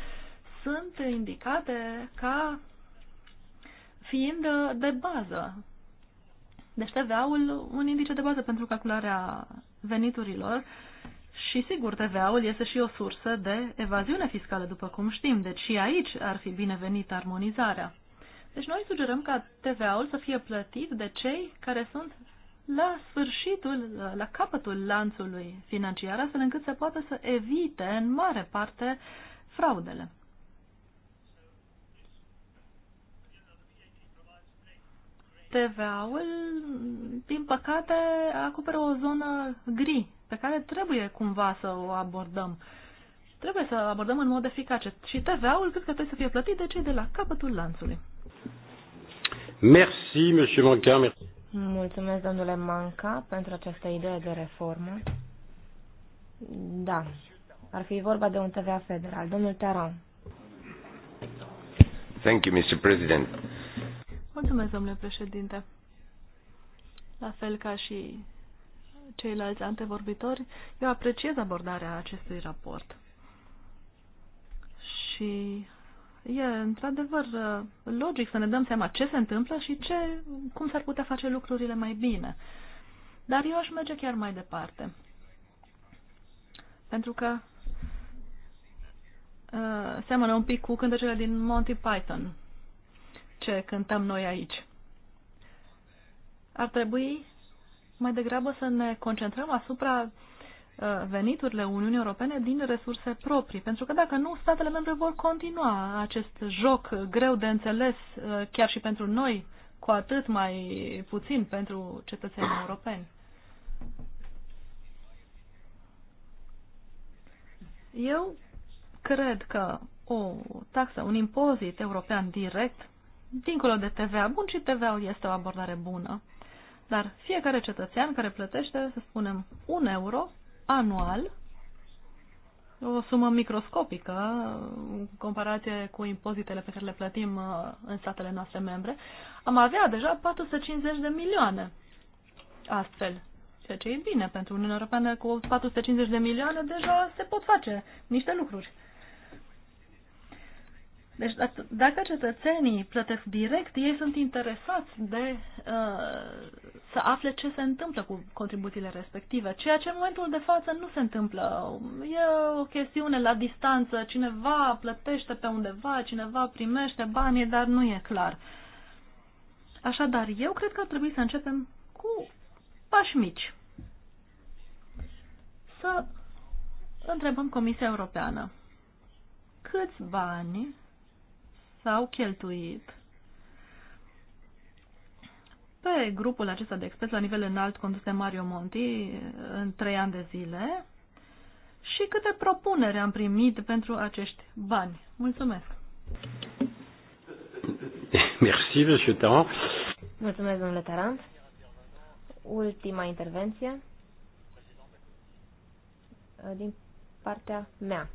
sunt indicate ca fiind de bază. Deci TVA-ul, un indice de bază pentru calcularea veniturilor și sigur, TVA-ul este și o sursă de evaziune fiscală, după cum știm, deci și aici ar fi binevenit armonizarea. Deci noi sugerăm ca TVA-ul să fie plătit de cei care sunt la sfârșitul, la capătul lanțului financiar, astfel încât se poată să evite în mare parte fraudele. TVA-ul, din păcate, acoperă o zonă gri pe care trebuie cumva să o abordăm. Trebuie să abordăm în mod eficace. Și TVA-ul cred că trebuie să fie plătit de cei de la capătul lanțului. Merci, monsieur Manca. Merci. Mulțumesc, domnule Manca, pentru această idee de reformă. Da, ar fi vorba de un TVA federal. Domnul Teran. Thank you, Mr. President. Mulțumesc, domnule președinte. La fel ca și ceilalți antevorbitori, eu apreciez abordarea acestui raport. Și e într-adevăr uh, logic să ne dăm seama ce se întâmplă și ce, cum s-ar putea face lucrurile mai bine. Dar eu aș merge chiar mai departe. Pentru că uh, seamănă un pic cu cântecele din Monty Python, ce cântăm noi aici. Ar trebui mai degrabă să ne concentrăm asupra uh, veniturile Uniunii Europene din resurse proprii. Pentru că dacă nu, statele membre vor continua acest joc greu de înțeles uh, chiar și pentru noi, cu atât mai puțin pentru cetățenii europeni. Eu cred că o taxă, un impozit european direct, dincolo de TVA, bun și tva este o abordare bună, dar fiecare cetățean care plătește, să spunem, un euro anual, o sumă microscopică în comparație cu impozitele pe care le plătim uh, în statele noastre membre, am avea deja 450 de milioane astfel. Ceea ce e bine pentru Uniunea Europeană, cu 450 de milioane deja se pot face niște lucruri. Deci dacă cetățenii plătesc direct, ei sunt interesați de uh, să afle ce se întâmplă cu contribuțiile respective, ceea ce în momentul de față nu se întâmplă. E o chestiune la distanță, cineva plătește pe undeva, cineva primește banii, dar nu e clar. Așadar, eu cred că ar trebui să începem cu pași mici. Să întrebăm Comisia Europeană câți bani s-au cheltuit pe grupul acesta de experți la nivel înalt condus de Mario Monti eh, în trei ani de zile și câte propuneri am primit pentru acești bani. Mulțumesc! Merci, monsieur Tarant. Mulțumesc, domnule Tarant. Ultima intervenție eh, din partea mea.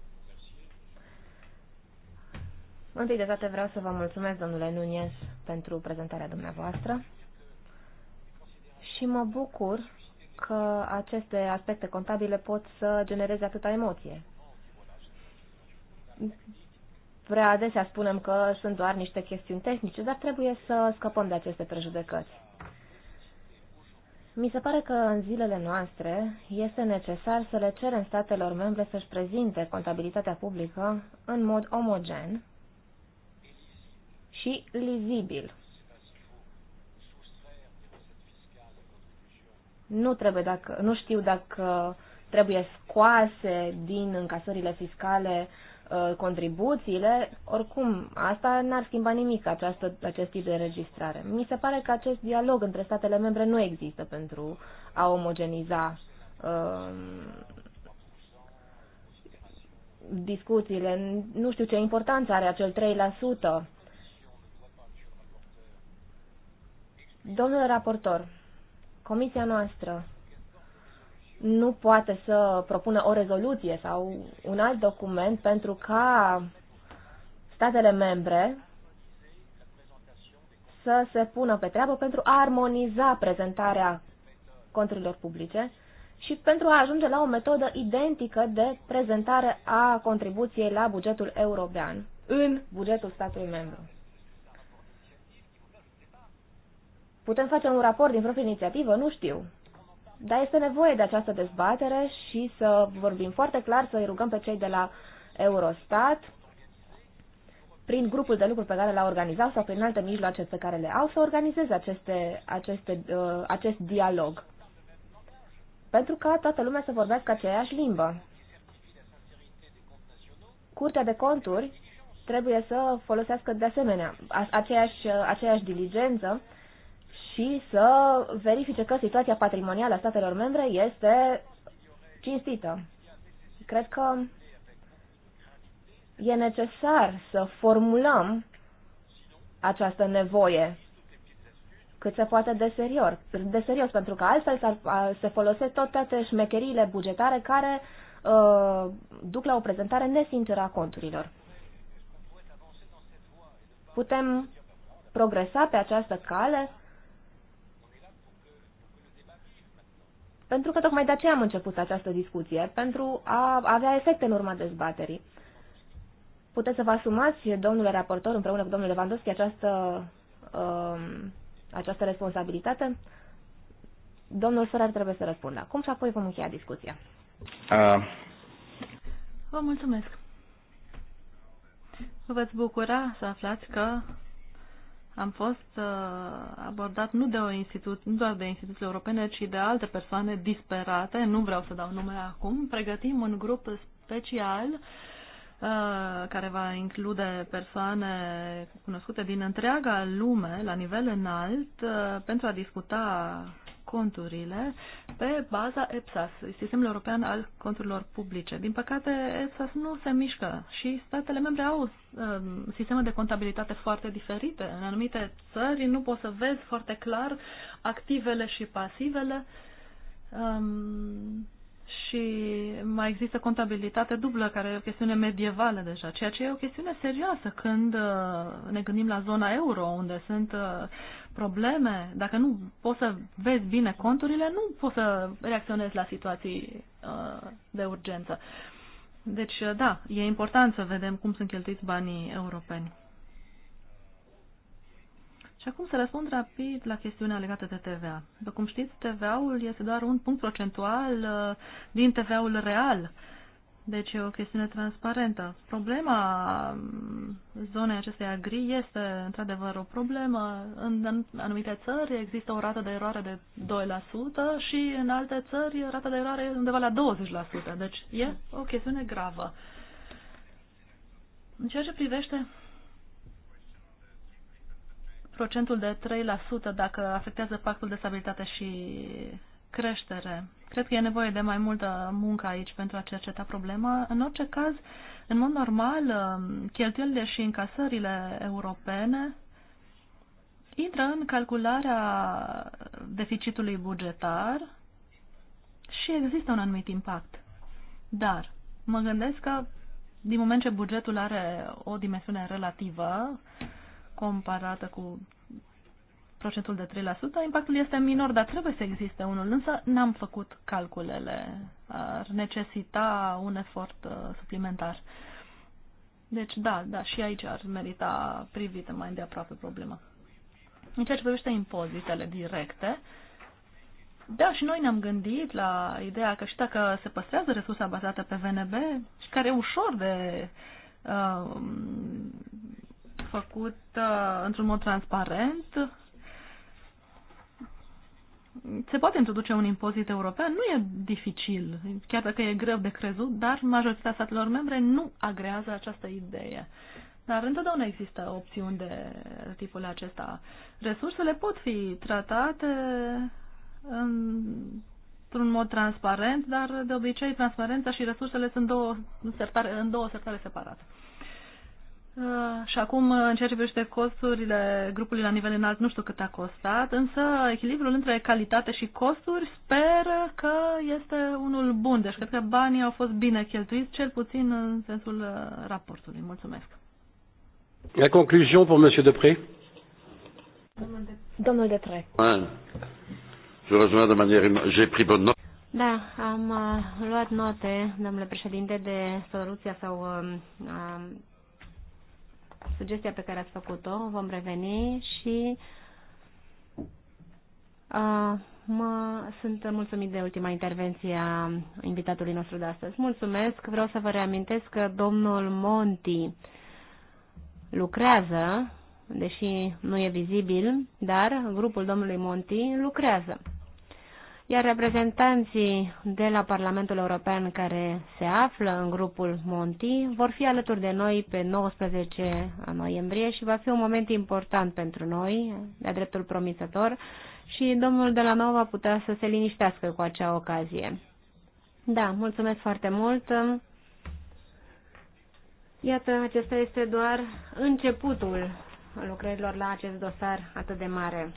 Întâi de toate vreau să vă mulțumesc, domnule Nunes, pentru prezentarea dumneavoastră și mă bucur că aceste aspecte contabile pot să genereze atâta emoție. Prea adesea spunem că sunt doar niște chestiuni tehnice, dar trebuie să scăpăm de aceste prejudecăți. Mi se pare că în zilele noastre este necesar să le cerem statelor membre să-și prezinte contabilitatea publică în mod omogen și lizibil. nu, trebuie dacă, nu știu dacă trebuie scoase din încasările fiscale uh, contribuțiile, oricum, asta n-ar schimba nimic această, acest tip de registrare. Mi se pare că acest dialog între statele membre nu există pentru a omogeniza um, discuțiile. Nu știu ce importanță are acel 3%. Domnule raportor, Comisia noastră nu poate să propună o rezoluție sau un alt document pentru ca statele membre să se pună pe treabă pentru a armoniza prezentarea conturilor publice și pentru a ajunge la o metodă identică de prezentare a contribuției la bugetul european în bugetul statului membru. Putem face un raport din proprie inițiativă? Nu știu. Dar este nevoie de această dezbatere și să vorbim foarte clar, să-i rugăm pe cei de la Eurostat, prin grupul de lucru pe care l-au organizat sau prin alte mijloace pe care le au, să organizeze aceste, aceste, uh, acest dialog. Pentru ca toată lumea să vorbească aceeași limbă. Curtea de conturi trebuie să folosească de asemenea aceeași, aceeași diligență și să verifice că situația patrimonială a statelor membre este cinstită. Cred că e necesar să formulăm această nevoie cât se poate de serios, de serios pentru că altfel se folosesc tot toate șmecheriile bugetare care uh, duc la o prezentare nesinceră a conturilor. Putem progresa pe această cale Pentru că tocmai de aceea am început această discuție, pentru a avea efecte în urma dezbaterii. Puteți să vă asumați, domnule raportor, împreună cu domnul Lewandowski, această, uh, această responsabilitate? Domnul Sărar trebuie să răspundă Cum și apoi vom încheia discuția. Uh. Vă mulțumesc. Vă veți bucura să aflați că am fost uh, abordat nu, de o institu- nu doar de instituțiile europene, ci de alte persoane disperate, nu vreau să dau nume acum, pregătim un grup special uh, care va include persoane cunoscute din întreaga lume, la nivel înalt, uh, pentru a discuta conturile pe baza EPSAS, Sistemul European al Conturilor Publice. Din păcate, EPSAS nu se mișcă și statele membre au um, sisteme de contabilitate foarte diferite. În anumite țări nu poți să vezi foarte clar activele și pasivele. Um, și mai există contabilitate dublă, care e o chestiune medievală deja, ceea ce e o chestiune serioasă când uh, ne gândim la zona euro, unde sunt uh, probleme. Dacă nu poți să vezi bine conturile, nu poți să reacționezi la situații uh, de urgență. Deci, da, e important să vedem cum sunt cheltuiți banii europeni. Și acum să răspund rapid la chestiunea legată de TVA. După cum știți, TVA-ul este doar un punct procentual uh, din TVA-ul real. Deci e o chestiune transparentă. Problema um, zonei acestei gri este într-adevăr o problemă. În anumite țări există o rată de eroare de 2% și în alte țări rata de eroare e undeva la 20%. Deci e o chestiune gravă. În ceea ce privește procentul de 3% dacă afectează pactul de stabilitate și creștere. Cred că e nevoie de mai multă muncă aici pentru a cerceta problema. În orice caz, în mod normal, cheltuielile și încasările europene intră în calcularea deficitului bugetar și există un anumit impact. Dar mă gândesc că din moment ce bugetul are o dimensiune relativă, comparată cu procentul de 3%, impactul este minor, dar trebuie să existe unul, însă n-am făcut calculele. Ar necesita un efort uh, suplimentar. Deci, da, da, și aici ar merita privită mai de aproape problema. În ceea ce privește impozitele directe, da, și noi ne-am gândit la ideea că și dacă se păstrează resursa bazată pe VNB, și care e ușor de uh, făcut uh, într-un mod transparent. Se poate introduce un impozit european, nu e dificil, chiar dacă e greu de crezut, dar majoritatea statelor membre nu agrează această idee. Dar întotdeauna există opțiuni de tipul acesta. Resursele pot fi tratate într-un mod transparent, dar de obicei transparența și resursele sunt două, sertare, în două sertare separate. Ah, și acum, în ceea ce privește costurile grupului la nivel înalt, nu știu cât a costat, însă echilibrul între calitate și costuri sper că este unul bun. Deci cred că banii au fost bine cheltuiți, cel puțin în sensul uh, raportului. Mulțumesc. La conclusion pour Monsieur Depré. Domnul Depré. Je rejoins de manière... J'ai pris bonne note. Da, am uh, luat note, domnule președinte, de soluția sau um, um, sugestia pe care ați făcut-o, vom reveni și uh, mă, sunt mulțumit de ultima intervenție a invitatului nostru de astăzi. Mulțumesc, vreau să vă reamintesc că domnul Monti lucrează, deși nu e vizibil, dar grupul domnului Monti lucrează iar reprezentanții de la Parlamentul European care se află în grupul Monti vor fi alături de noi pe 19 noiembrie și va fi un moment important pentru noi, de-a dreptul promițător, și domnul de la nou va putea să se liniștească cu acea ocazie. Da, mulțumesc foarte mult. Iată, acesta este doar începutul lucrărilor la acest dosar atât de mare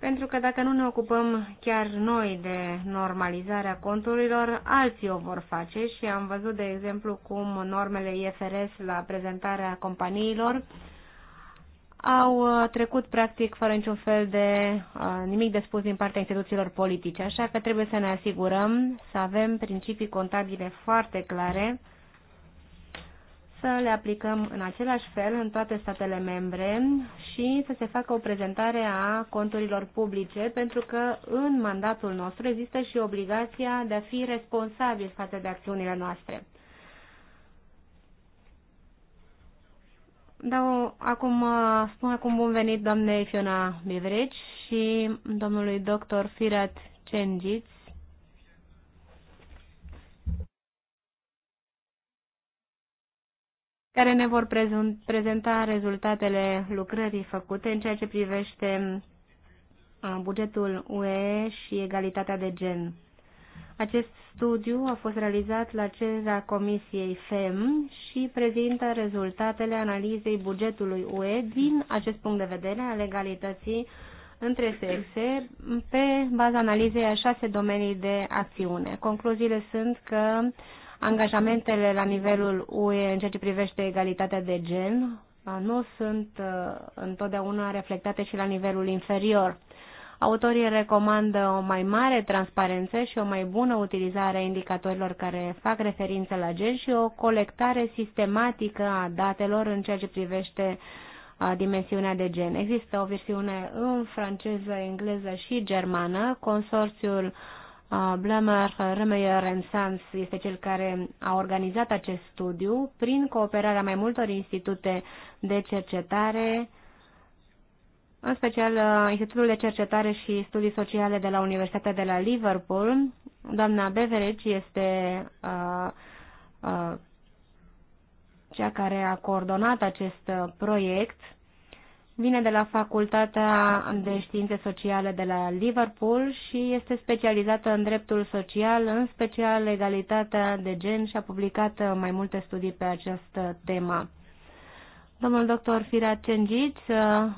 pentru că dacă nu ne ocupăm chiar noi de normalizarea conturilor, alții o vor face și am văzut, de exemplu, cum normele IFRS la prezentarea companiilor au uh, trecut practic fără niciun fel de uh, nimic de spus din partea instituțiilor politice, așa că trebuie să ne asigurăm să avem principii contabile foarte clare să le aplicăm în același fel în toate statele membre și să se facă o prezentare a conturilor publice, pentru că în mandatul nostru există și obligația de a fi responsabil față de acțiunile noastre. Dau acum, spun acum bun venit doamnei Fiona Bivreci și domnului doctor Firat Cengiți, care ne vor prezenta rezultatele lucrării făcute în ceea ce privește bugetul UE și egalitatea de gen. Acest studiu a fost realizat la ceza Comisiei FEM și prezintă rezultatele analizei bugetului UE din acest punct de vedere al egalității între sexe pe baza analizei a șase domenii de acțiune. Concluziile sunt că Angajamentele la nivelul UE în ceea ce privește egalitatea de gen uh, nu sunt uh, întotdeauna reflectate și la nivelul inferior. Autorii recomandă o mai mare transparență și o mai bună utilizare a indicatorilor care fac referință la gen și o colectare sistematică a datelor în ceea ce privește uh, dimensiunea de gen. Există o versiune în franceză, engleză și germană. Consorțiul Blamar Remeyer Sans este cel care a organizat acest studiu prin cooperarea mai multor institute de cercetare, în special Institutul de Cercetare și Studii Sociale de la Universitatea de la Liverpool. Doamna Beveridge este uh, uh, cea care a coordonat acest proiect Vine de la Facultatea de Științe Sociale de la Liverpool și este specializată în dreptul social, în special egalitatea de gen și a publicat mai multe studii pe această temă. Domnul doctor Firat Cengiț uh,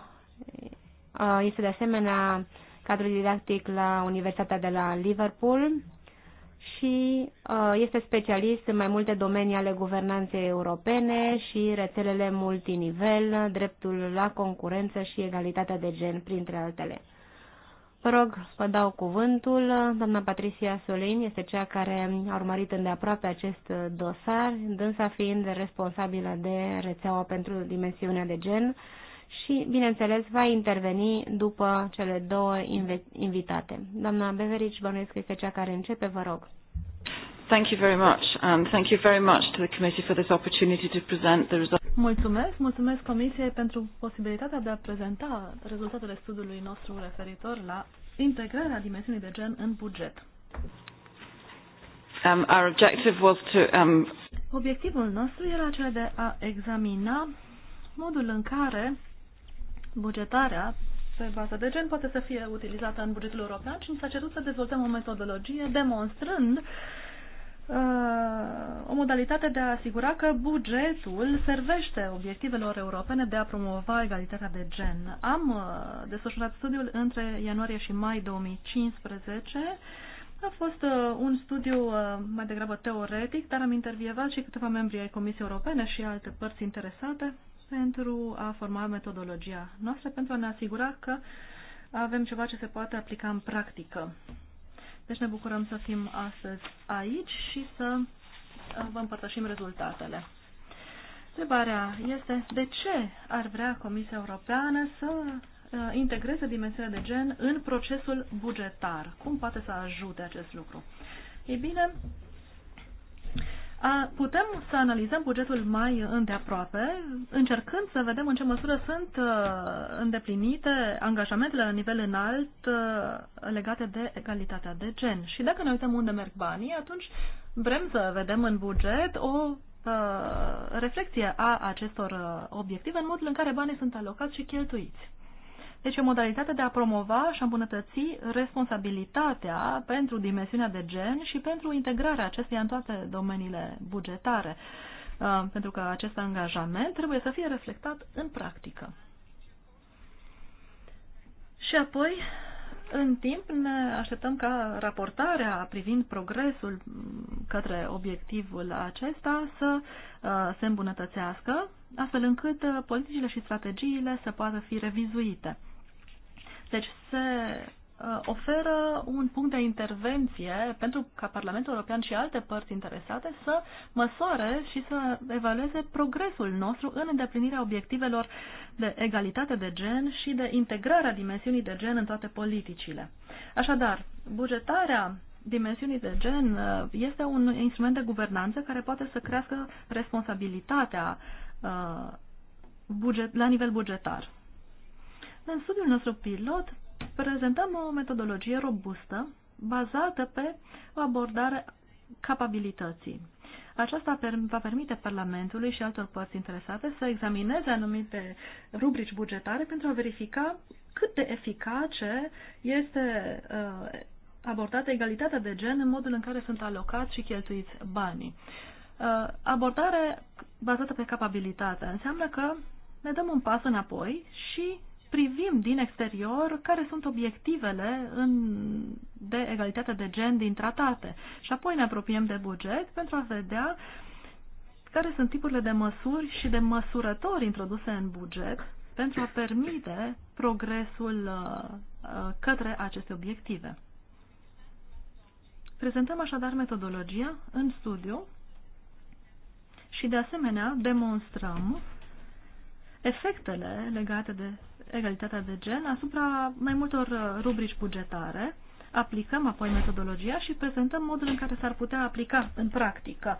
uh, este de asemenea cadru didactic la Universitatea de la Liverpool și uh, este specialist în mai multe domenii ale guvernanței europene și rețelele multinivel, dreptul la concurență și egalitatea de gen, printre altele. Vă rog, vă dau cuvântul. Doamna Patricia Solin este cea care a urmărit îndeaproape acest dosar, dânsa fiind responsabilă de rețeaua pentru dimensiunea de gen și, bineînțeles, va interveni după cele două invitate. Doamna Beverici, bănuiesc că este cea care începe, vă rog. Thank you very much and thank you very much to the committee for this opportunity to present the results. Mulțumesc, mulțumesc comisiei pentru posibilitatea de a prezenta rezultatele studiului nostru referitor la integrarea dimensiunii de gen în buget. Um, our objective was to, um... Obiectivul nostru era cel de a examina modul în care bugetarea pe bază de gen poate să fie utilizată în bugetul european și s-a cerut să dezvoltăm o metodologie demonstrând uh, o modalitate de a asigura că bugetul servește obiectivelor europene de a promova egalitatea de gen. Am uh, desfășurat studiul între ianuarie și mai 2015 a fost uh, un studiu uh, mai degrabă teoretic, dar am intervievat și câteva membri ai Comisiei Europene și alte părți interesate pentru a forma metodologia noastră, pentru a ne asigura că avem ceva ce se poate aplica în practică. Deci ne bucurăm să fim astăzi aici și să uh, vă împărtășim rezultatele. Întrebarea este de ce ar vrea Comisia Europeană să uh, integreze dimensiunea de gen în procesul bugetar? Cum poate să ajute acest lucru? Ei bine, putem să analizăm bugetul mai îndeaproape, încercând să vedem în ce măsură sunt uh, îndeplinite angajamentele la nivel înalt uh, legate de egalitatea de gen. Și dacă ne uităm unde merg banii, atunci vrem să vedem în buget o uh, reflecție a acestor obiective în modul în care banii sunt alocați și cheltuiți. Deci o modalitate de a promova și a îmbunătăți responsabilitatea pentru dimensiunea de gen și pentru integrarea acesteia în toate domeniile bugetare, uh, pentru că acest angajament trebuie să fie reflectat în practică. Și apoi, în timp, ne așteptăm ca raportarea privind progresul către obiectivul acesta să uh, se îmbunătățească, astfel încât uh, politicile și strategiile să poată fi revizuite. Deci se uh, oferă un punct de intervenție pentru ca Parlamentul European și alte părți interesate să măsoare și să evalueze progresul nostru în îndeplinirea obiectivelor de egalitate de gen și de integrarea dimensiunii de gen în toate politicile. Așadar, bugetarea dimensiunii de gen uh, este un instrument de guvernanță care poate să crească responsabilitatea uh, buget, la nivel bugetar. În studiul nostru pilot prezentăm o metodologie robustă bazată pe o abordare capabilității. Aceasta va permite Parlamentului și altor părți interesate să examineze anumite rubrici bugetare pentru a verifica cât de eficace este uh, abordată egalitatea de gen în modul în care sunt alocați și cheltuiți banii. Uh, abordare bazată pe capabilitate înseamnă că ne dăm un pas înapoi și privim din exterior care sunt obiectivele în, de egalitate de gen din tratate. Și apoi ne apropiem de buget pentru a vedea care sunt tipurile de măsuri și de măsurători introduse în buget pentru a permite progresul uh, uh, către aceste obiective. Prezentăm așadar metodologia în studiu și de asemenea demonstrăm efectele legate de egalitatea de gen asupra mai multor uh, rubrici bugetare, aplicăm apoi metodologia și prezentăm modul în care s-ar putea aplica în practică.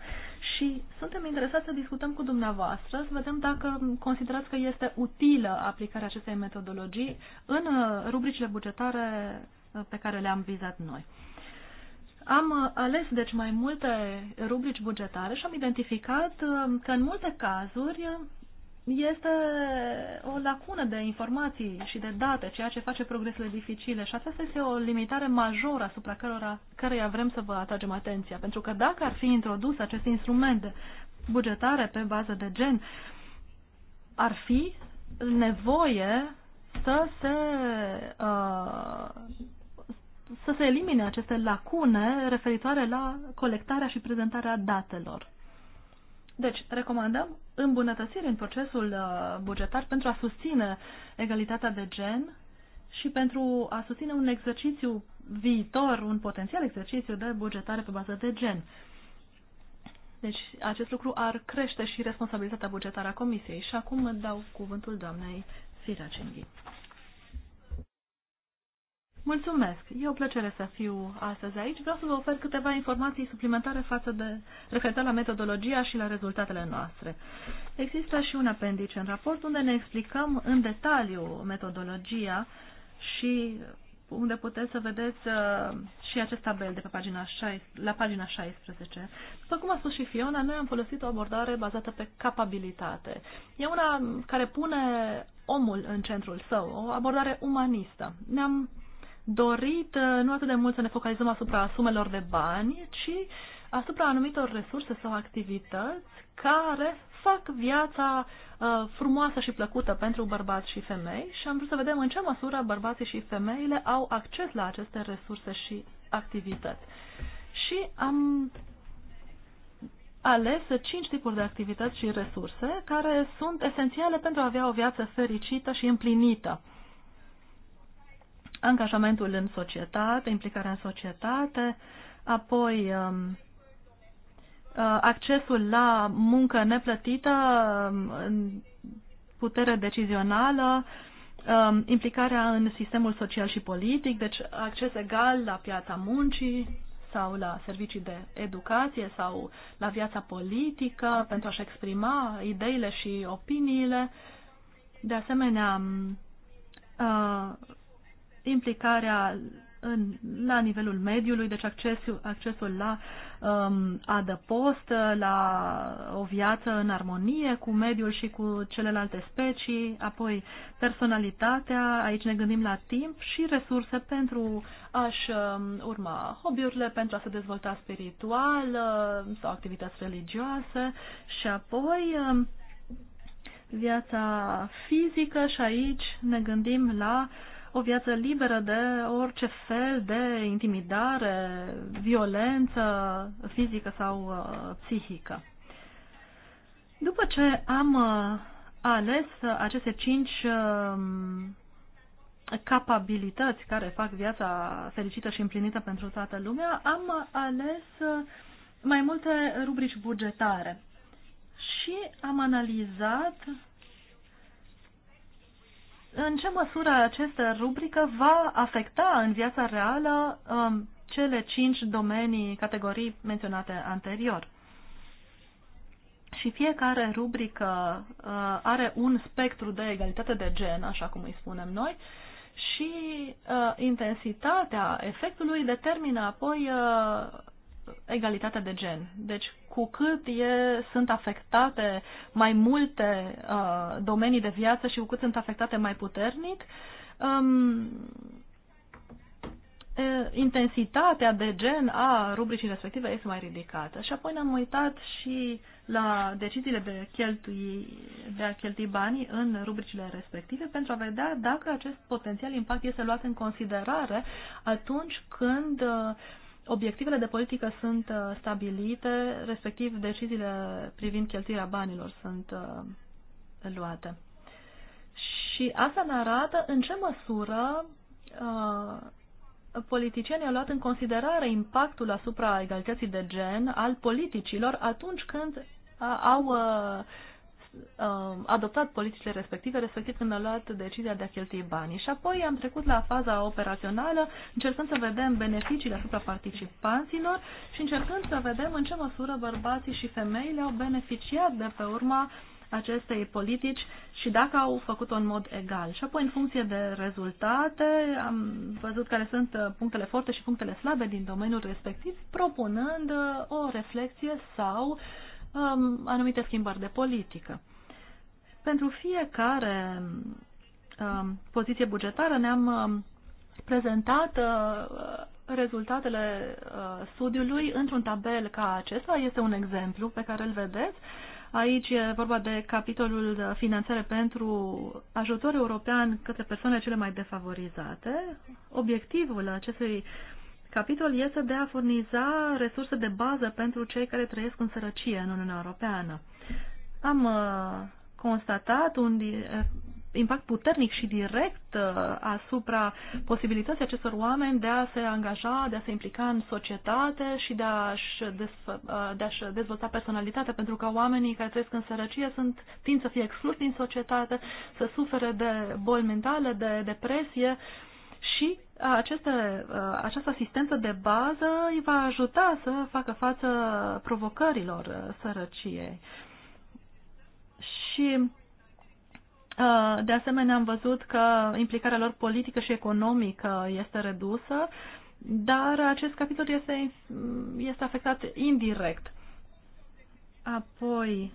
Și suntem interesați să discutăm cu dumneavoastră, să vedem dacă considerați că este utilă aplicarea acestei metodologii în uh, rubricile bugetare uh, pe care le-am vizat noi. Am ales deci mai multe rubrici bugetare și am identificat că în multe cazuri este o lacună de informații și de date, ceea ce face progresele dificile și aceasta este o limitare majoră asupra cărora, căreia vrem să vă atragem atenția. Pentru că dacă ar fi introdus aceste instrumente bugetare pe bază de gen, ar fi nevoie să se, uh, să se elimine aceste lacune referitoare la colectarea și prezentarea datelor. Deci, recomandăm îmbunătățiri în procesul uh, bugetar pentru a susține egalitatea de gen și pentru a susține un exercițiu viitor, un potențial exercițiu de bugetare pe bază de gen. Deci, acest lucru ar crește și responsabilitatea bugetară a Comisiei. Și acum dau cuvântul doamnei Firacenghi. Mulțumesc! E o plăcere să fiu astăzi aici. Vreau să vă ofer câteva informații suplimentare față de referitor la metodologia și la rezultatele noastre. Există și un apendice în raport unde ne explicăm în detaliu metodologia și unde puteți să vedeți uh, și acest tabel de pe pagina 6 la pagina 16. După cum a spus și Fiona, noi am folosit o abordare bazată pe capabilitate. E una care pune omul în centrul său, o abordare umanistă. Ne-am dorit uh, nu atât de mult să ne focalizăm asupra sumelor de bani, ci asupra anumitor resurse sau activități care fac viața uh, frumoasă și plăcută pentru bărbați și femei și am vrut să vedem în ce măsură bărbații și femeile au acces la aceste resurse și activități. Și am ales cinci tipuri de activități și resurse care sunt esențiale pentru a avea o viață fericită și împlinită angajamentul în societate, implicarea în societate, apoi um, uh, accesul la muncă neplătită, um, putere decizională, um, implicarea în sistemul social și politic, deci acces egal la piața muncii sau la servicii de educație sau la viața politică pentru a-și exprima ideile și opiniile. De asemenea, uh, implicarea în, la nivelul mediului, deci accesul, accesul la um, adăpost, la o viață în armonie cu mediul și cu celelalte specii, apoi personalitatea, aici ne gândim la timp și resurse pentru a-și um, urma hobby-urile, pentru a se dezvolta spiritual uh, sau activități religioase și apoi um, viața fizică și aici ne gândim la uh, o viață liberă de orice fel de intimidare, violență fizică sau uh, psihică. După ce am uh, ales uh, aceste cinci uh, capabilități care fac viața fericită și împlinită pentru toată lumea, am uh, ales uh, mai multe rubrici bugetare și am analizat în ce măsură această rubrică va afecta în viața reală um, cele cinci domenii, categorii menționate anterior. Și fiecare rubrică uh, are un spectru de egalitate de gen, așa cum îi spunem noi, și uh, intensitatea efectului determină apoi uh, egalitatea de gen. Deci, cu cât e, sunt afectate mai multe uh, domenii de viață și cu cât sunt afectate mai puternic, um, e, intensitatea de gen a rubricii respective este mai ridicată. Și apoi ne-am uitat și la deciziile de, cheltui, de a cheltui banii în rubricile respective pentru a vedea dacă acest potențial impact este luat în considerare atunci când uh, obiectivele de politică sunt uh, stabilite, respectiv deciziile privind cheltuirea banilor sunt uh, luate. Și asta ne arată în ce măsură uh, politicienii au luat în considerare impactul asupra egalității de gen al politicilor atunci când au Uh, adoptat politicile respective, respectiv când a luat decizia de a cheltui banii. Și apoi am trecut la faza operațională, încercând să vedem beneficiile asupra participanților și încercând să vedem în ce măsură bărbații și femeile au beneficiat de pe urma acestei politici și dacă au făcut-o în mod egal. Și apoi, în funcție de rezultate, am văzut care sunt uh, punctele forte și punctele slabe din domeniul respectiv, propunând uh, o reflexie sau uh, um, anumite schimbări de politică. Pentru fiecare um, poziție bugetară ne-am um, prezentat uh, rezultatele uh, studiului într-un tabel ca acesta. Este un exemplu pe care îl vedeți. Aici e vorba de capitolul finanțare pentru ajutor european către persoanele cele mai defavorizate. Obiectivul acestui capitol este de a furniza resurse de bază pentru cei care trăiesc în sărăcie în Uniunea Europeană. Am uh, constatat un uh, impact puternic și direct uh, asupra posibilității acestor oameni de a se angaja, de a se implica în societate și de a-și, de a dezvolta personalitatea, pentru că oamenii care trăiesc în sărăcie sunt, tind să fie excluși din societate, să sufere de boli mentale, de depresie și aceste, uh, această asistență de bază îi va ajuta să facă față provocărilor uh, sărăciei. Și uh, de asemenea am văzut că implicarea lor politică și economică este redusă, dar acest capitol este, este afectat indirect. Apoi,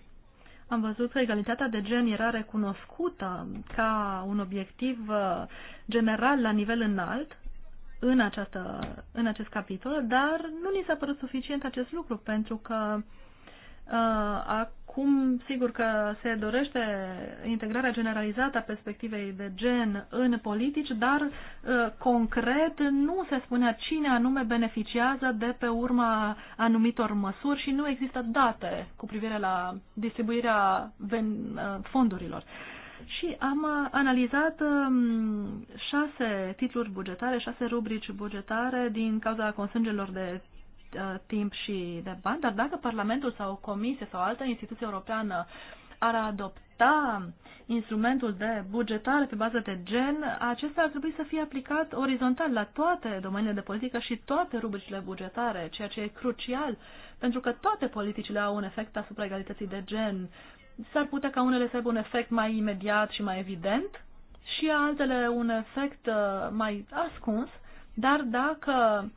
am văzut că egalitatea de gen era recunoscută ca un obiectiv uh, general la nivel înalt în, această, în acest capitol, dar nu ni s-a părut suficient acest lucru pentru că Uh, acum, sigur că se dorește integrarea generalizată a perspectivei de gen în politici, dar uh, concret nu se spunea cine anume beneficiază de pe urma anumitor măsuri și nu există date cu privire la distribuirea uh, fondurilor. Și am analizat um, șase titluri bugetare, șase rubrici bugetare din cauza consângelor de Uh, timp și de bani, dar dacă Parlamentul sau o comisie sau altă instituție europeană ar adopta instrumentul de bugetare pe bază de gen, acesta ar trebui să fie aplicat orizontal la toate domeniile de politică și toate rubricile bugetare, ceea ce e crucial, pentru că toate politicile au un efect asupra egalității de gen. S-ar putea ca unele să aibă un efect mai imediat și mai evident și altele un efect uh, mai ascuns, dar dacă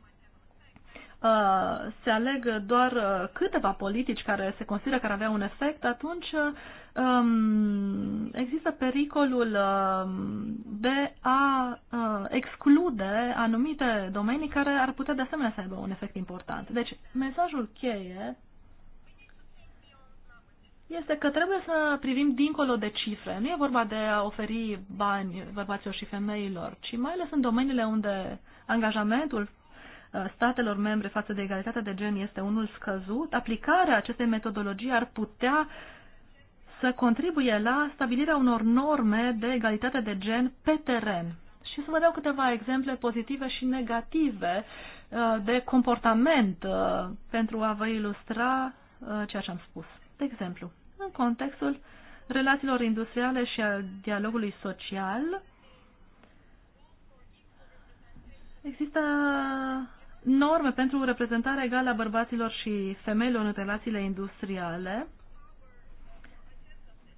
Uh, se aleg doar uh, câteva politici care se consideră că ar avea un efect, atunci um, există pericolul um, de a uh, exclude anumite domenii care ar putea de asemenea să aibă un efect important. Deci, mesajul cheie este că trebuie să privim dincolo de cifre. Nu e vorba de a oferi bani bărbaților și femeilor, ci mai ales în domeniile unde angajamentul statelor membre față de egalitatea de gen este unul scăzut, aplicarea acestei metodologii ar putea să contribuie la stabilirea unor norme de egalitate de gen pe teren. Și să vă dau câteva exemple pozitive și negative uh, de comportament uh, pentru a vă ilustra uh, ceea ce am spus. De exemplu, în contextul relațiilor industriale și al dialogului social, există norme pentru reprezentarea egală a bărbaților și femeilor în relațiile industriale.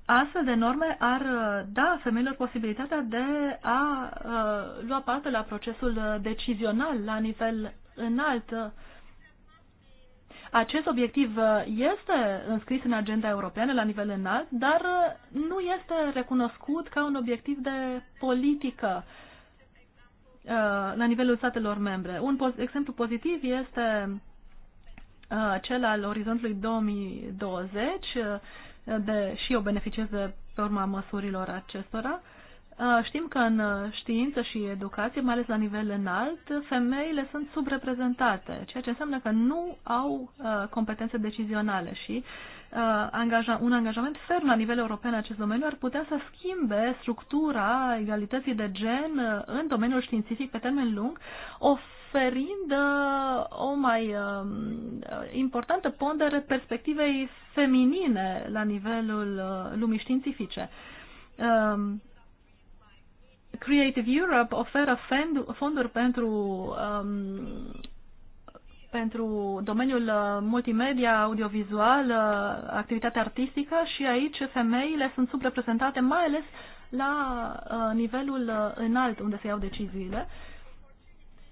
Astfel de norme ar uh, da femeilor posibilitatea de a uh, lua parte la procesul uh, decizional la nivel înalt. Acest obiectiv este înscris în agenda europeană la nivel înalt, dar nu este recunoscut ca un obiectiv de politică uh, Uh, la nivelul statelor membre. Un exemplu pozitiv este uh, cel al orizontului 2020 uh, de, și eu beneficiez de pe urma măsurilor acestora. Uh, știm că în uh, știință și educație, mai ales la nivel înalt, femeile sunt subreprezentate, ceea ce înseamnă că nu au uh, competențe decizionale și un angajament ferm la nivel european în acest domeniu ar putea să schimbe structura egalității de gen în domeniul științific pe termen lung, oferind o mai importantă pondere perspectivei feminine la nivelul lumii științifice Creative Europe oferă fonduri pentru, um, pentru domeniul uh, multimedia, audiovizual, uh, activitatea artistică și aici femeile sunt subreprezentate, mai ales la uh, nivelul uh, înalt unde se iau deciziile.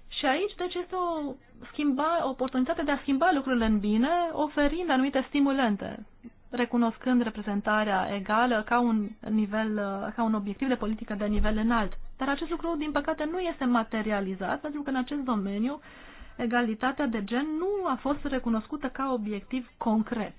Și aici, deci, este o schimba, oportunitate de a schimba lucrurile în bine, oferind anumite stimulente recunoscând reprezentarea egală ca un, nivel, ca un obiectiv de politică de nivel înalt. Dar acest lucru, din păcate, nu este materializat, pentru că în acest domeniu egalitatea de gen nu a fost recunoscută ca obiectiv concret.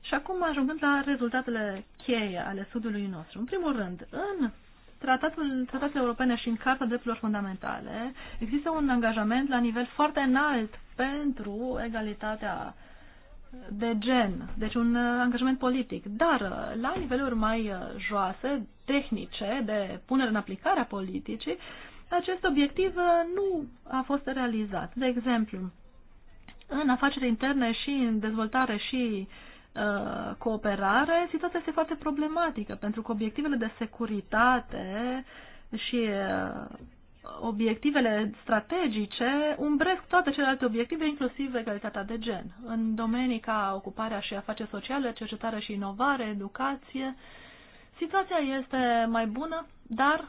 Și acum ajungând la rezultatele cheie ale studiului nostru. În primul rând, în tratatul, tratatul europene și în Carta Drepturilor Fundamentale există un angajament la nivel foarte înalt pentru egalitatea de gen, deci un uh, angajament politic, dar uh, la niveluri mai uh, joase, tehnice, de punere în aplicare a politicii, acest obiectiv nu a fost realizat. De exemplu, în afaceri interne și în dezvoltare și uh, cooperare, situația este foarte problematică, pentru că obiectivele de securitate și uh, obiectivele strategice umbresc toate celelalte obiective, inclusiv egalitatea de gen. În domenii ca ocuparea și afaceri sociale, cercetare și inovare, educație, situația este mai bună, dar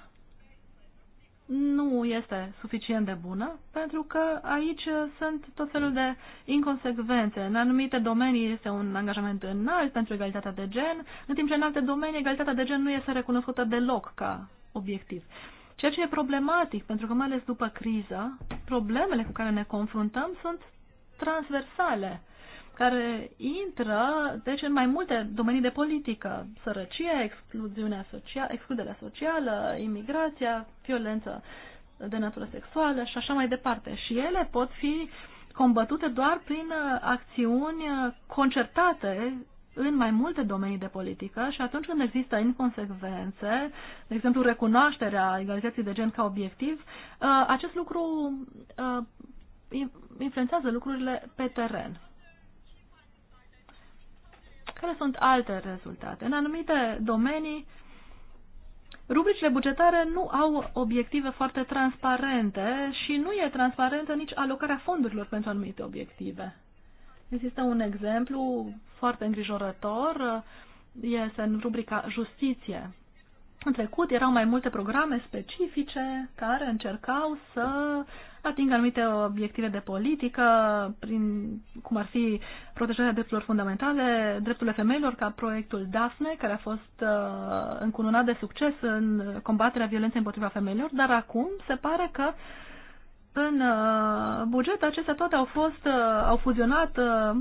nu este suficient de bună, pentru că aici sunt tot felul de inconsecvențe. În anumite domenii este un angajament înalt pentru egalitatea de gen, în timp ce în alte domenii egalitatea de gen nu este recunoscută deloc ca obiectiv. Ceea ce e problematic, pentru că mai ales după criză, problemele cu care ne confruntăm sunt transversale, care intră, deci, în mai multe domenii de politică. Sărăcie, excluziunea socială, excluderea socială, imigrația, violența de natură sexuală și așa mai departe. Și ele pot fi combătute doar prin uh, acțiuni uh, concertate în mai multe domenii de politică și atunci când există inconsecvențe, de exemplu recunoașterea egalității de gen ca obiectiv, uh, acest lucru uh, influențează lucrurile pe teren. Care sunt alte rezultate? În anumite domenii, rubricile bugetare nu au obiective foarte transparente și nu e transparentă nici alocarea fondurilor pentru anumite obiective. Există un exemplu foarte îngrijorător, este în rubrica Justiție. În trecut erau mai multe programe specifice care încercau să atingă anumite obiective de politică, prin, cum ar fi protejarea drepturilor fundamentale, drepturile femeilor, ca proiectul DAFNE, care a fost uh, încununat de succes în combaterea violenței împotriva femeilor, dar acum se pare că uh, în uh, buget, acestea toate au fost uh, au fuzionat uh,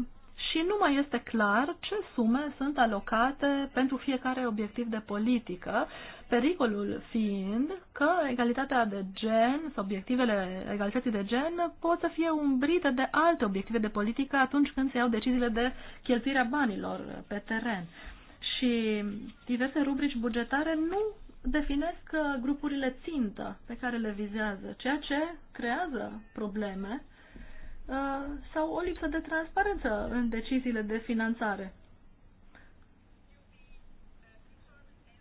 și nu mai este clar ce sume sunt alocate pentru fiecare obiectiv de politică, pericolul fiind că egalitatea de gen sau obiectivele egalității de gen pot să fie umbrite de alte obiective de politică atunci când se iau deciziile de cheltuirea banilor pe teren. Și diverse rubrici bugetare nu definesc uh, grupurile țintă pe care le vizează, ceea ce creează probleme uh, sau o lipsă de transparență în deciziile de finanțare.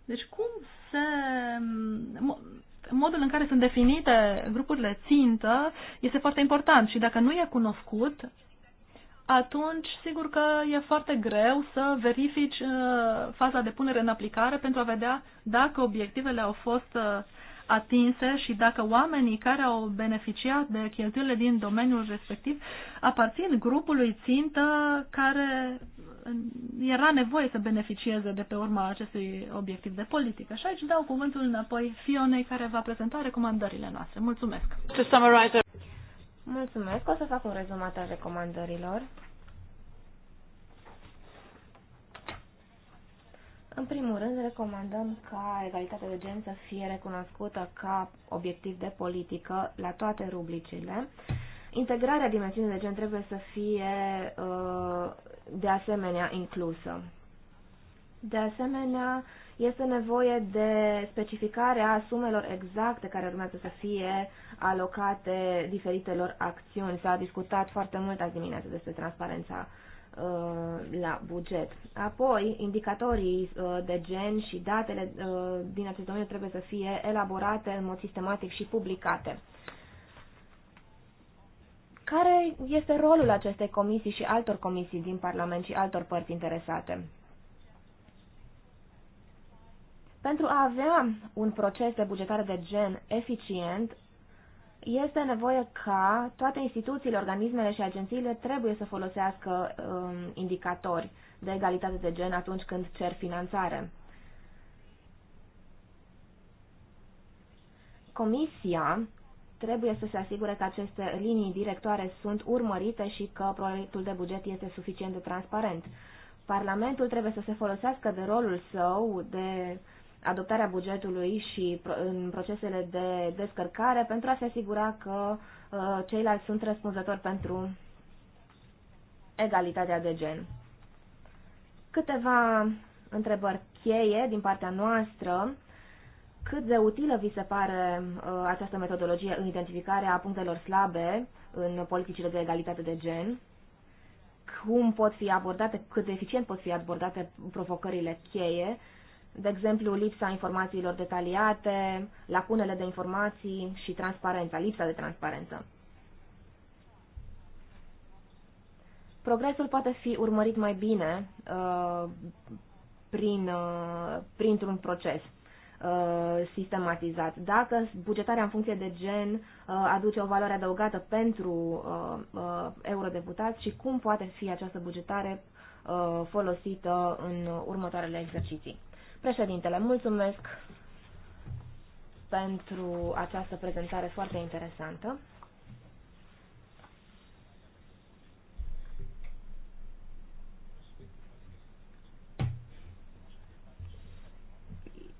Deci cum se... Modul în care sunt definite grupurile țintă este foarte important și dacă nu e cunoscut, atunci sigur că e foarte greu să verifici uh, faza de punere în aplicare pentru a vedea dacă obiectivele au fost uh, atinse și dacă oamenii care au beneficiat de cheltuielile din domeniul respectiv aparțin grupului țintă care uh, era nevoie să beneficieze de pe urma acestui obiectiv de politică. Și aici dau cuvântul înapoi Fionei care va prezenta recomandările noastre. Mulțumesc! Mulțumesc, o să fac un rezumat al recomandărilor. În primul rând, recomandăm ca egalitatea de gen să fie recunoscută ca obiectiv de politică la toate rubricile. Integrarea dimensiunii de gen trebuie să fie uh, de asemenea inclusă de asemenea, este nevoie de specificarea sumelor exacte care urmează să fie alocate diferitelor acțiuni. S-a discutat foarte mult azi dimineață despre transparența uh, la buget. Apoi, indicatorii uh, de gen și datele uh, din acest domeniu trebuie să fie elaborate în mod sistematic și publicate. Care este rolul acestei comisii și altor comisii din Parlament și altor părți interesate? Pentru a avea un proces de bugetare de gen eficient, este nevoie ca toate instituțiile, organismele și agențiile trebuie să folosească um, indicatori de egalitate de gen atunci când cer finanțare. Comisia trebuie să se asigure că aceste linii directoare sunt urmărite și că proiectul de buget este suficient de transparent. Parlamentul trebuie să se folosească de rolul său de adoptarea bugetului și în procesele de descărcare pentru a se asigura că uh, ceilalți sunt răspunzători pentru egalitatea de gen. Câteva întrebări cheie din partea noastră. Cât de utilă vi se pare uh, această metodologie în identificarea punctelor slabe în politicile de egalitate de gen? Cum pot fi abordate, cât de eficient pot fi abordate provocările cheie de exemplu, lipsa informațiilor detaliate, lacunele de informații și transparența, lipsa de transparență. Progresul poate fi urmărit mai bine uh, prin, uh, printr-un proces uh, sistematizat. Dacă bugetarea în funcție de gen uh, aduce o valoare adăugată pentru uh, eurodeputați și cum poate fi această bugetare folosită în următoarele exerciții. Președintele, mulțumesc pentru această prezentare foarte interesantă.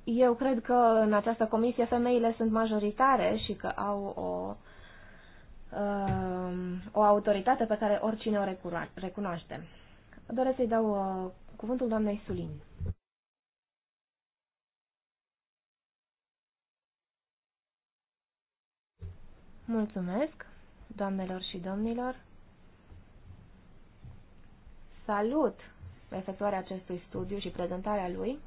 Eu cred că în această comisie femeile sunt majoritare și că au o, um, o autoritate pe care oricine o recunoaște. Doresc să-i dau uh, cuvântul doamnei Sulin. Mulțumesc, doamnelor și domnilor. Salut efectuarea acestui studiu și prezentarea lui.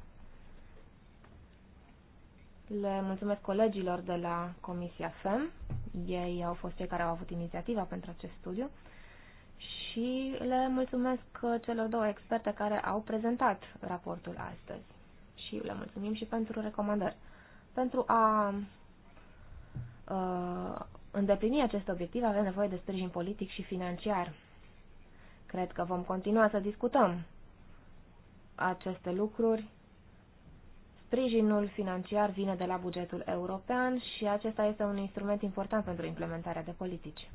Le mulțumesc colegilor de la Comisia FEM. Ei au fost cei care au avut inițiativa pentru acest studiu. Și le mulțumesc celor două experte care au prezentat raportul astăzi. Și le mulțumim și pentru recomandări. Pentru a uh, îndeplini acest obiectiv avem nevoie de sprijin politic și financiar. Cred că vom continua să discutăm aceste lucruri. Sprijinul financiar vine de la bugetul european și acesta este un instrument important pentru implementarea de politici.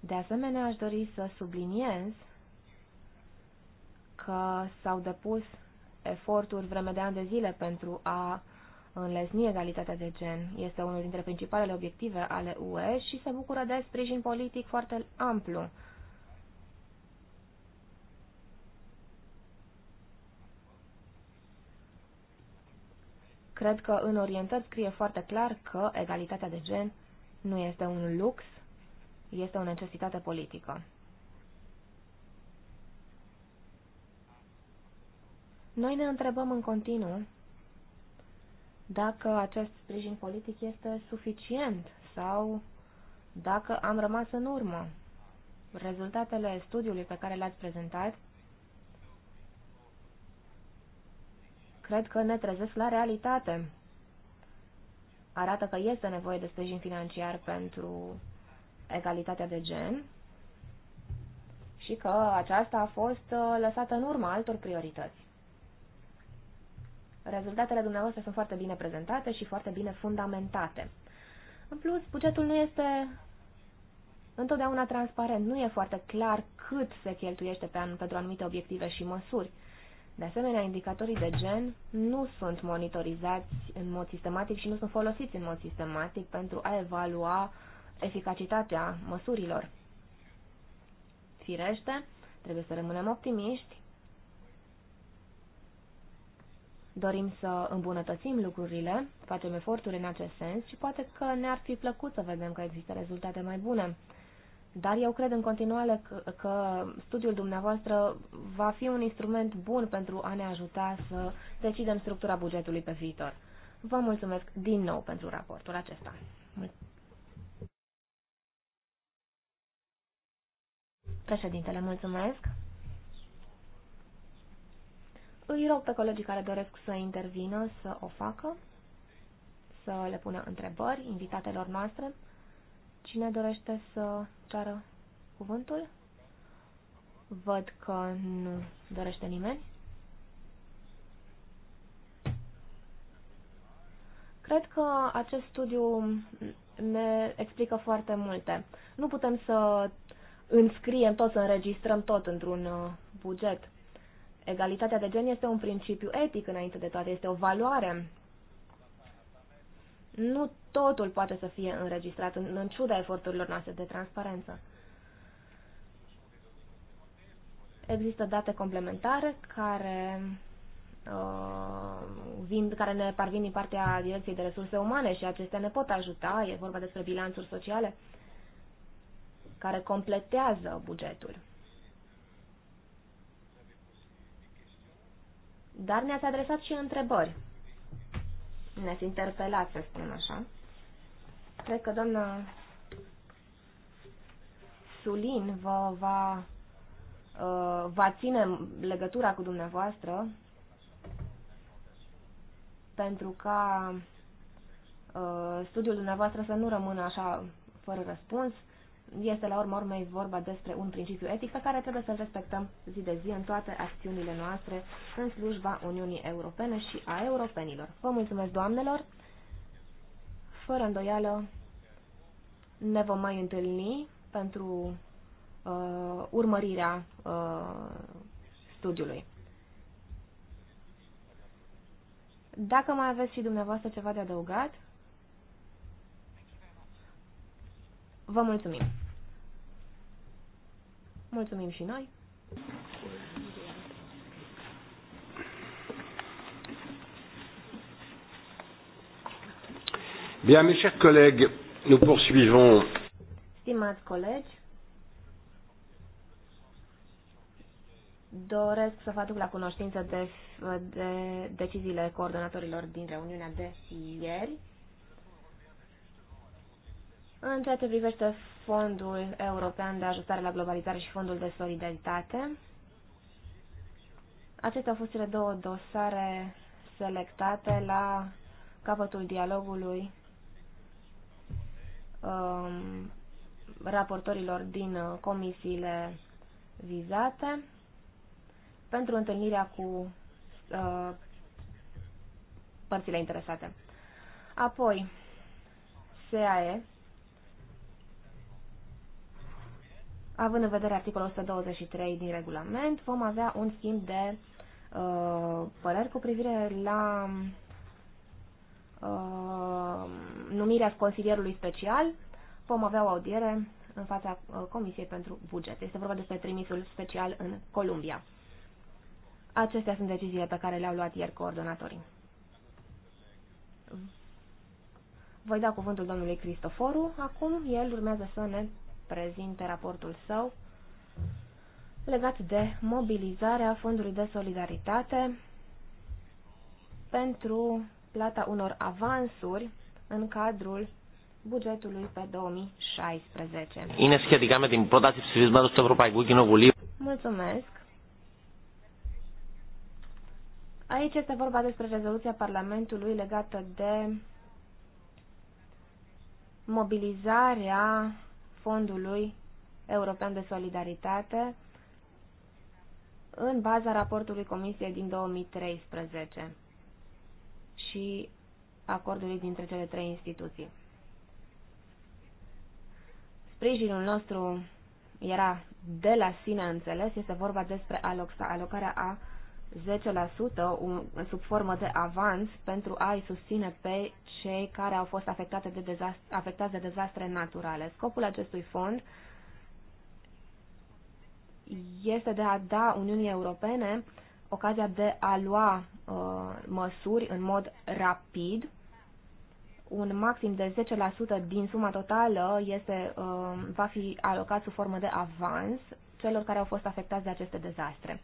De asemenea, aș dori să subliniez că s-au depus eforturi vreme de ani de zile pentru a înlesni egalitatea de gen. Este unul dintre principalele obiective ale UE și se bucură de sprijin politic foarte amplu. Cred că în orientări scrie foarte clar că egalitatea de gen nu este un lux, este o necesitate politică. Noi ne întrebăm în continuu dacă acest sprijin politic este suficient sau dacă am rămas în urmă. Rezultatele studiului pe care l-ați prezentat cred că ne trezesc la realitate. Arată că este nevoie de sprijin financiar pentru egalitatea de gen și că aceasta a fost uh, lăsată în urma altor priorități. Rezultatele dumneavoastră sunt foarte bine prezentate și foarte bine fundamentate. În plus, bugetul nu este întotdeauna transparent, nu e foarte clar cât se cheltuiește pe an pentru anumite obiective și măsuri. De asemenea, indicatorii de gen nu sunt monitorizați în mod sistematic și nu sunt folosiți în mod sistematic pentru a evalua eficacitatea măsurilor. Firește, trebuie să rămânem optimiști dorim să îmbunătățim lucrurile, facem eforturi în acest sens și poate că ne-ar fi plăcut să vedem că există rezultate mai bune. Dar eu cred în continuare că, că studiul dumneavoastră va fi un instrument bun pentru a ne ajuta să decidem structura bugetului pe viitor. Vă mulțumesc din nou pentru raportul acesta. Președintele, mulțumesc. Îi rog pe colegii care doresc să intervină să o facă, să le pună întrebări invitatelor noastre. Cine dorește să ceară cuvântul? Văd că nu dorește nimeni. Cred că acest studiu ne explică foarte multe. Nu putem să înscriem tot, să înregistrăm tot într-un uh, buget egalitatea de gen este un principiu etic înainte de toate, este o valoare. Nu totul poate să fie înregistrat în, în ciuda eforturilor noastre de transparență. Există date complementare care, uh, vin, care ne parvin din partea Direcției de Resurse Umane și acestea ne pot ajuta, e vorba despre bilanțuri sociale, care completează bugetul. Dar ne-ați adresat și întrebări. Ne-ați interpelat, să spun așa. Cred că doamna Sulin vă va, uh, va ține legătura cu dumneavoastră pentru ca uh, studiul dumneavoastră să nu rămână așa fără răspuns este la urmă urmei vorba despre un principiu etic pe care trebuie să-l respectăm zi de zi în toate acțiunile noastre în slujba Uniunii Europene și a europenilor. Vă mulțumesc, doamnelor! Fără îndoială ne vom mai întâlni pentru uh, urmărirea uh, studiului. Dacă mai aveți și dumneavoastră ceva de adăugat, Vă mulțumim! Mulțumim și noi! Bien, mes chers collègues, nous poursuivons. Stimați colegi, doresc să fac la cunoștință de, de deciziile coordonatorilor din reuniunea de ieri. În ceea ce privește Fondul European de Ajustare la Globalizare și Fondul de Solidaritate, acestea au fost cele două dosare selectate la capătul dialogului um, raportorilor din uh, comisiile vizate pentru întâlnirea cu uh, părțile interesate. Apoi, SAE, având în vedere articolul 123 din regulament, vom avea un schimb de uh, păreri cu privire la uh, numirea consilierului special. Vom avea o audiere în fața uh, Comisiei pentru Buget. Este vorba despre trimisul special în Columbia. Acestea sunt deciziile pe care le-au luat ieri coordonatorii. Voi da cuvântul domnului Cristoforu acum. El urmează să ne prezinte raportul său legat de mobilizarea Fondului de Solidaritate pentru plata unor avansuri în cadrul bugetului pe 2016. Mulțumesc. Aici este vorba despre rezoluția Parlamentului legată de mobilizarea Fondului European de Solidaritate în baza raportului Comisiei din 2013 și acordului dintre cele trei instituții. Sprijinul nostru era de la sine înțeles, este vorba despre alocarea a 10% sub formă de avans pentru a-i susține pe cei care au fost afectate de dezastre, afectați de dezastre naturale. Scopul acestui fond este de a da Uniunii Europene ocazia de a lua uh, măsuri în mod rapid. Un maxim de 10% din suma totală este, uh, va fi alocat sub formă de avans celor care au fost afectați de aceste dezastre.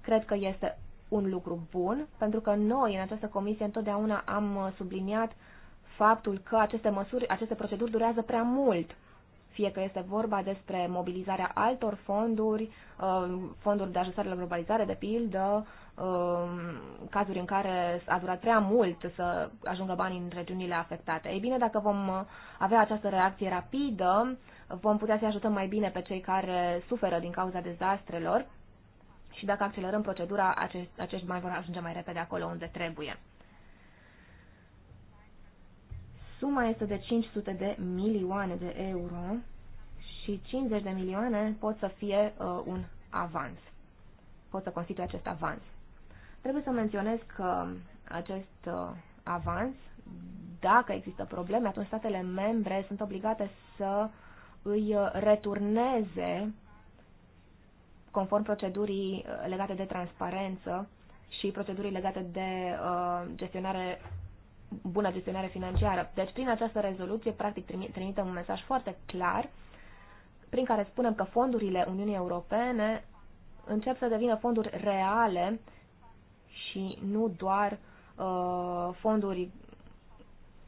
Cred că este un lucru bun, pentru că noi în această comisie întotdeauna am uh, subliniat faptul că aceste măsuri, aceste proceduri durează prea mult, fie că este vorba despre mobilizarea altor fonduri, uh, fonduri de ajustare la globalizare, de pildă, um, cazuri în care a durat prea mult să ajungă banii în regiunile afectate. Ei bine, dacă vom uh, avea această reacție rapidă, vom putea să ajutăm mai bine pe cei care suferă din cauza dezastrelor și dacă accelerăm procedura, acești, acești bani vor ajunge mai repede acolo unde trebuie. Suma este de 500 de milioane de euro și 50 de milioane pot să fie uh, un avans. Pot să constituie acest avans. Trebuie să menționez că acest uh, avans, dacă există probleme, atunci statele membre sunt obligate să îi uh, returneze conform procedurii uh, legate de transparență și procedurii legate de uh, gestionare bună gestionare financiară. Deci, prin această rezoluție, practic, trimite un mesaj foarte clar prin care spunem că fondurile Uniunii Europene încep să devină fonduri reale și nu doar uh, fonduri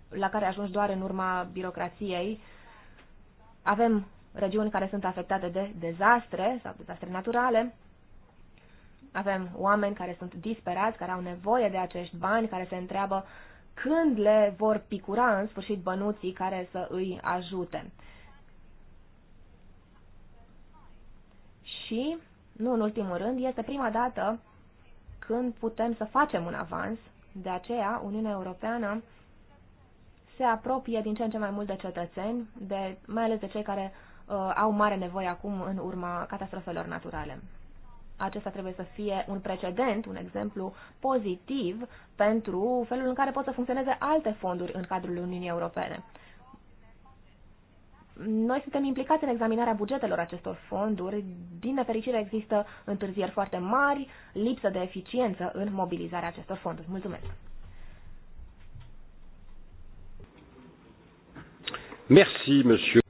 la care ajungi doar în urma birocrației. Avem regiuni care sunt afectate de dezastre sau dezastre naturale. Avem oameni care sunt disperați, care au nevoie de acești bani, care se întreabă când le vor picura în sfârșit bănuții care să îi ajute. Și, nu în ultimul rând, este prima dată când putem să facem un avans, de aceea Uniunea Europeană se apropie din ce în ce mai mult de cetățeni, de, mai ales de cei care uh, au mare nevoie acum în urma catastrofelor naturale. Acesta trebuie să fie un precedent, un exemplu pozitiv pentru felul în care pot să funcționeze alte fonduri în cadrul Uniunii Europene. Noi suntem implicați în examinarea bugetelor acestor fonduri. Din nefericire există întârzieri foarte mari, lipsă de eficiență în mobilizarea acestor fonduri. Mulțumesc! Merci, monsieur.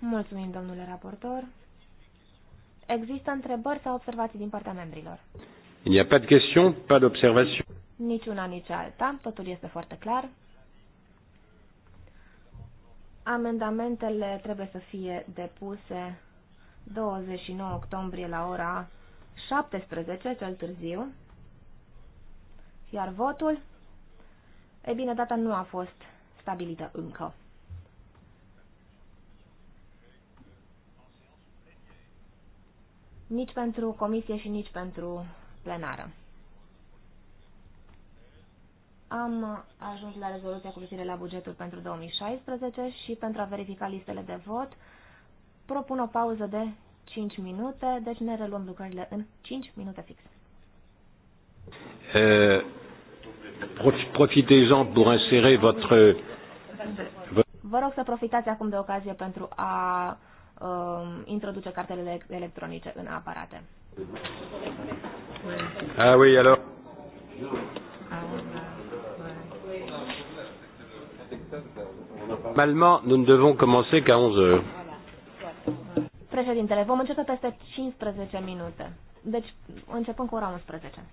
Mulțumim, domnule raportor. Există întrebări sau observații din partea membrilor? Il n'y a pas de question, pas d'observation. Nici una, nici alta. Totul este foarte clar. Amendamentele trebuie să fie depuse 29 octombrie la ora 17, cel târziu. Iar votul? Ei bine, data nu a fost stabilită încă. nici pentru comisie și nici pentru plenară. Am ajuns la rezoluția cu privire la bugetul pentru 2016 și pentru a verifica listele de vot, propun o pauză de 5 minute, deci ne reluăm lucrările în 5 minute fix. Uh, Profitez-en pour insérer votre... Vă rog să profitați acum de ocazie pentru a uh, introduce cartelele electronice în aparate. Ah oui, alors. Normalement, nous ne devons commencer qu'à 11 heures. Președintele, vom începe peste 15 minute. Deci, începând cu ora 11.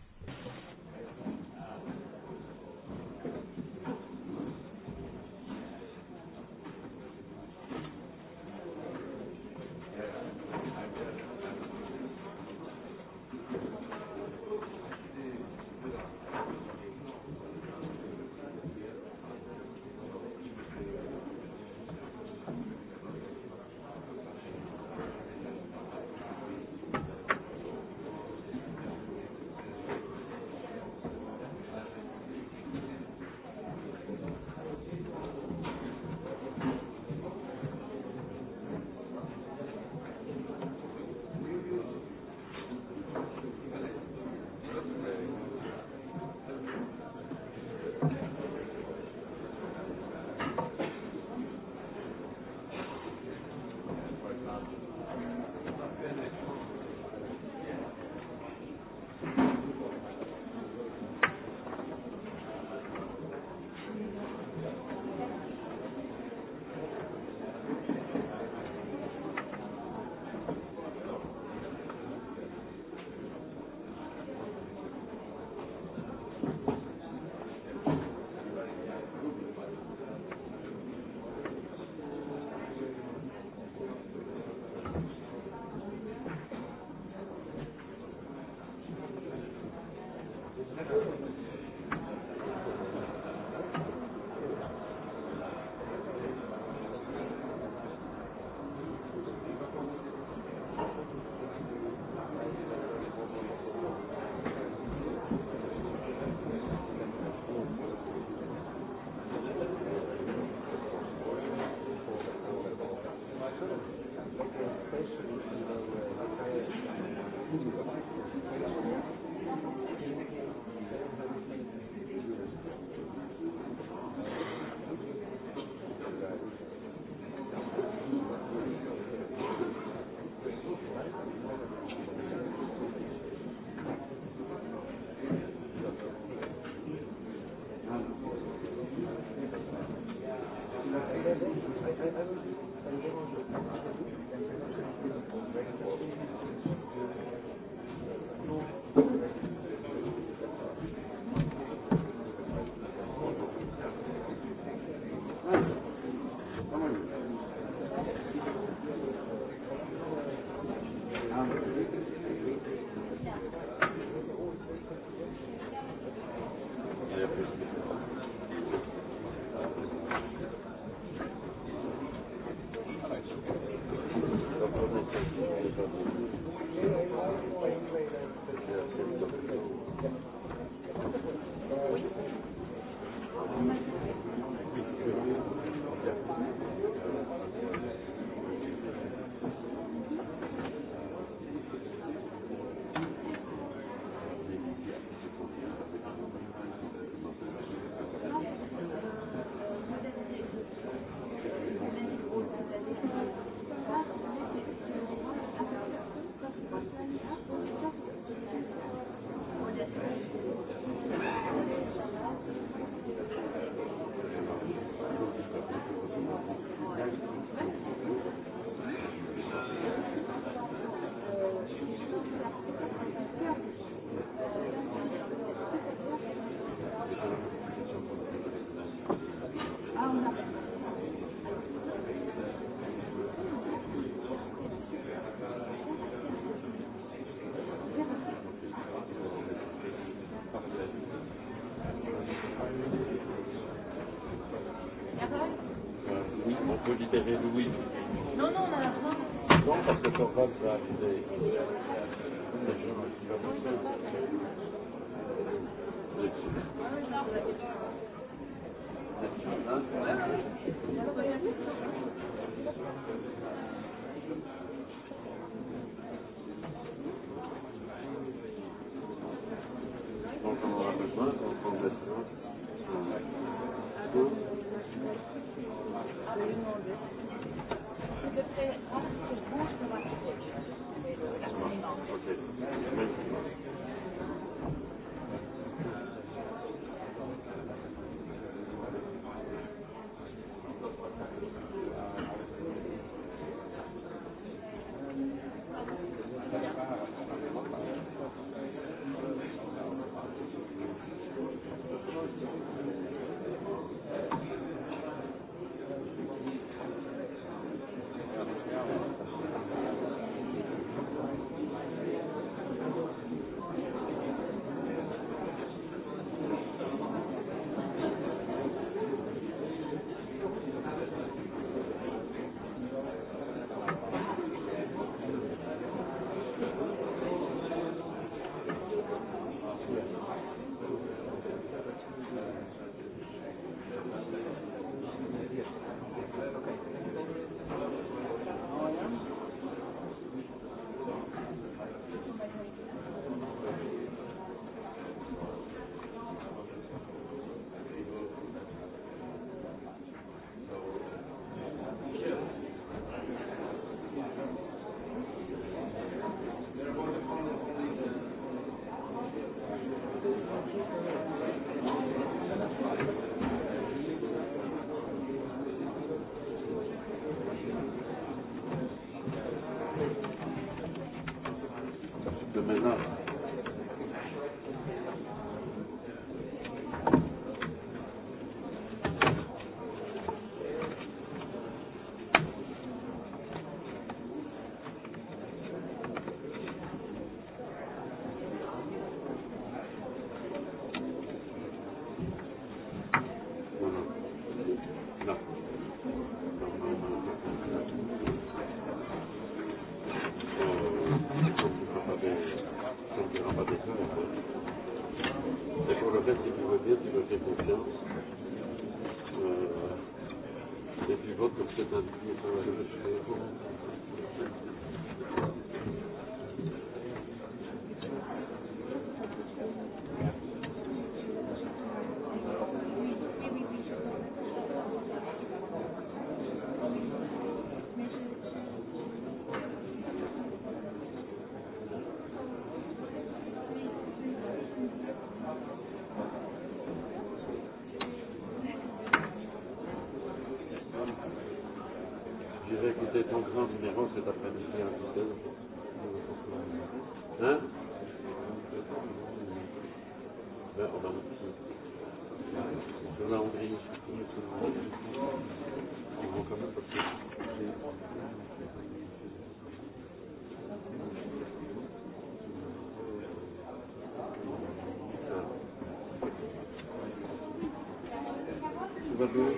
Vous avez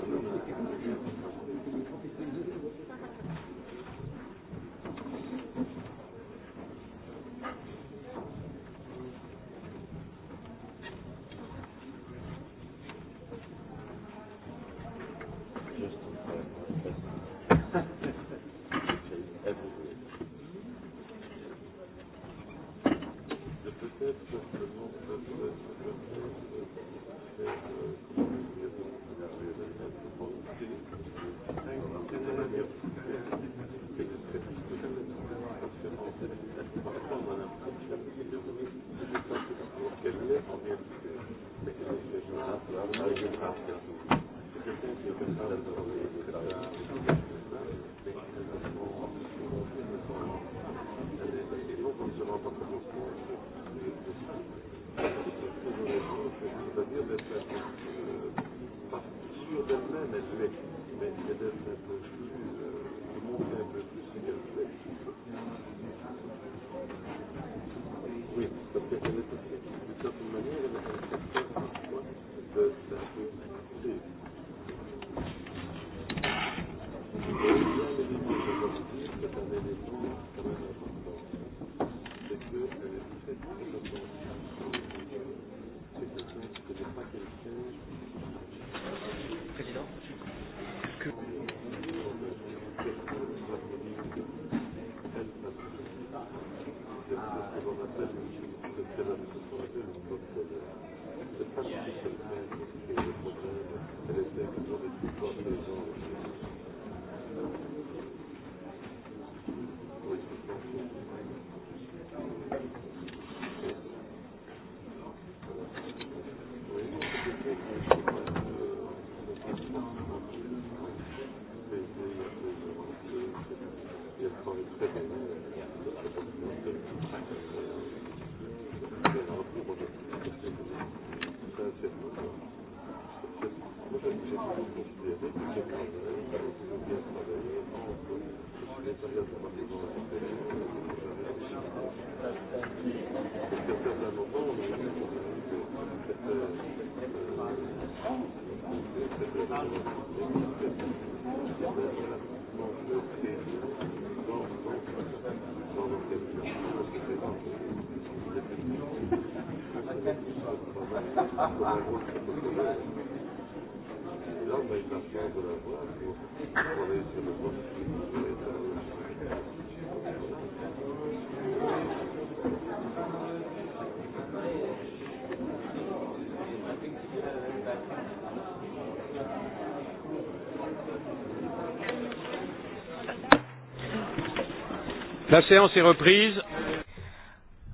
La séance est reprise.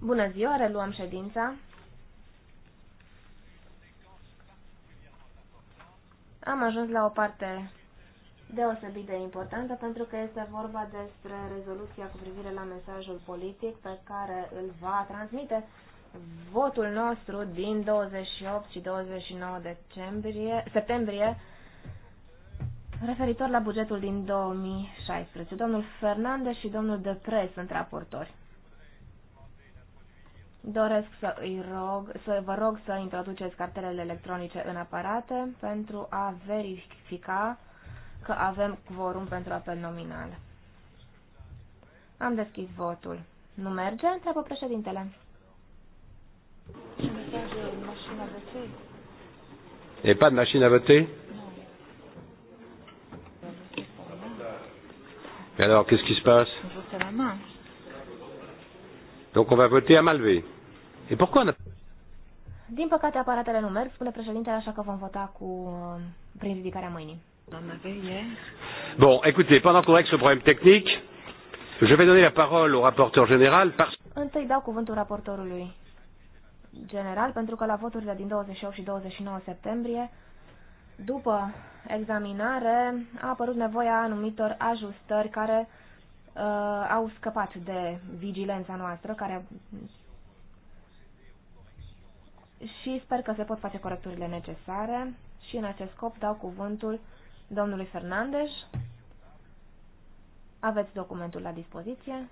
Bună ziua, reluăm ședința. Am ajuns la o parte deosebit de importantă pentru că este vorba despre rezoluția cu privire la mesajul politic pe care îl va transmite votul nostru din 28 și 29 decembrie, septembrie Referitor la bugetul din 2016, domnul Fernandez și domnul Depre sunt raportori. Doresc să, îi rog, să vă rog să introduceți cartelele electronice în aparate pentru a verifica că avem quorum pentru apel nominal. Am deschis votul. Nu merge? Întreabă președintele. E pas de mașină a voter Et alors, qu'est-ce qui se passe Donc on va voter à Malvé. Et pourquoi on a... Din păcate, aparatele nu merg, spune președintele, așa că vom vota cu, uh, prin ridicarea mâinii. Bon, écoutez, pendant qu'on règle ce problème technique, je vais donner la parole au rapporteur général. Parce... Întâi dau cuvântul raportorului general, pentru că la voturile din 28 și 29 septembrie după examinare a apărut nevoia anumitor ajustări care uh, au scăpat de vigilența noastră care și sper că se pot face corecturile necesare și în acest scop dau cuvântul domnului Fernandez. Aveți documentul la dispoziție.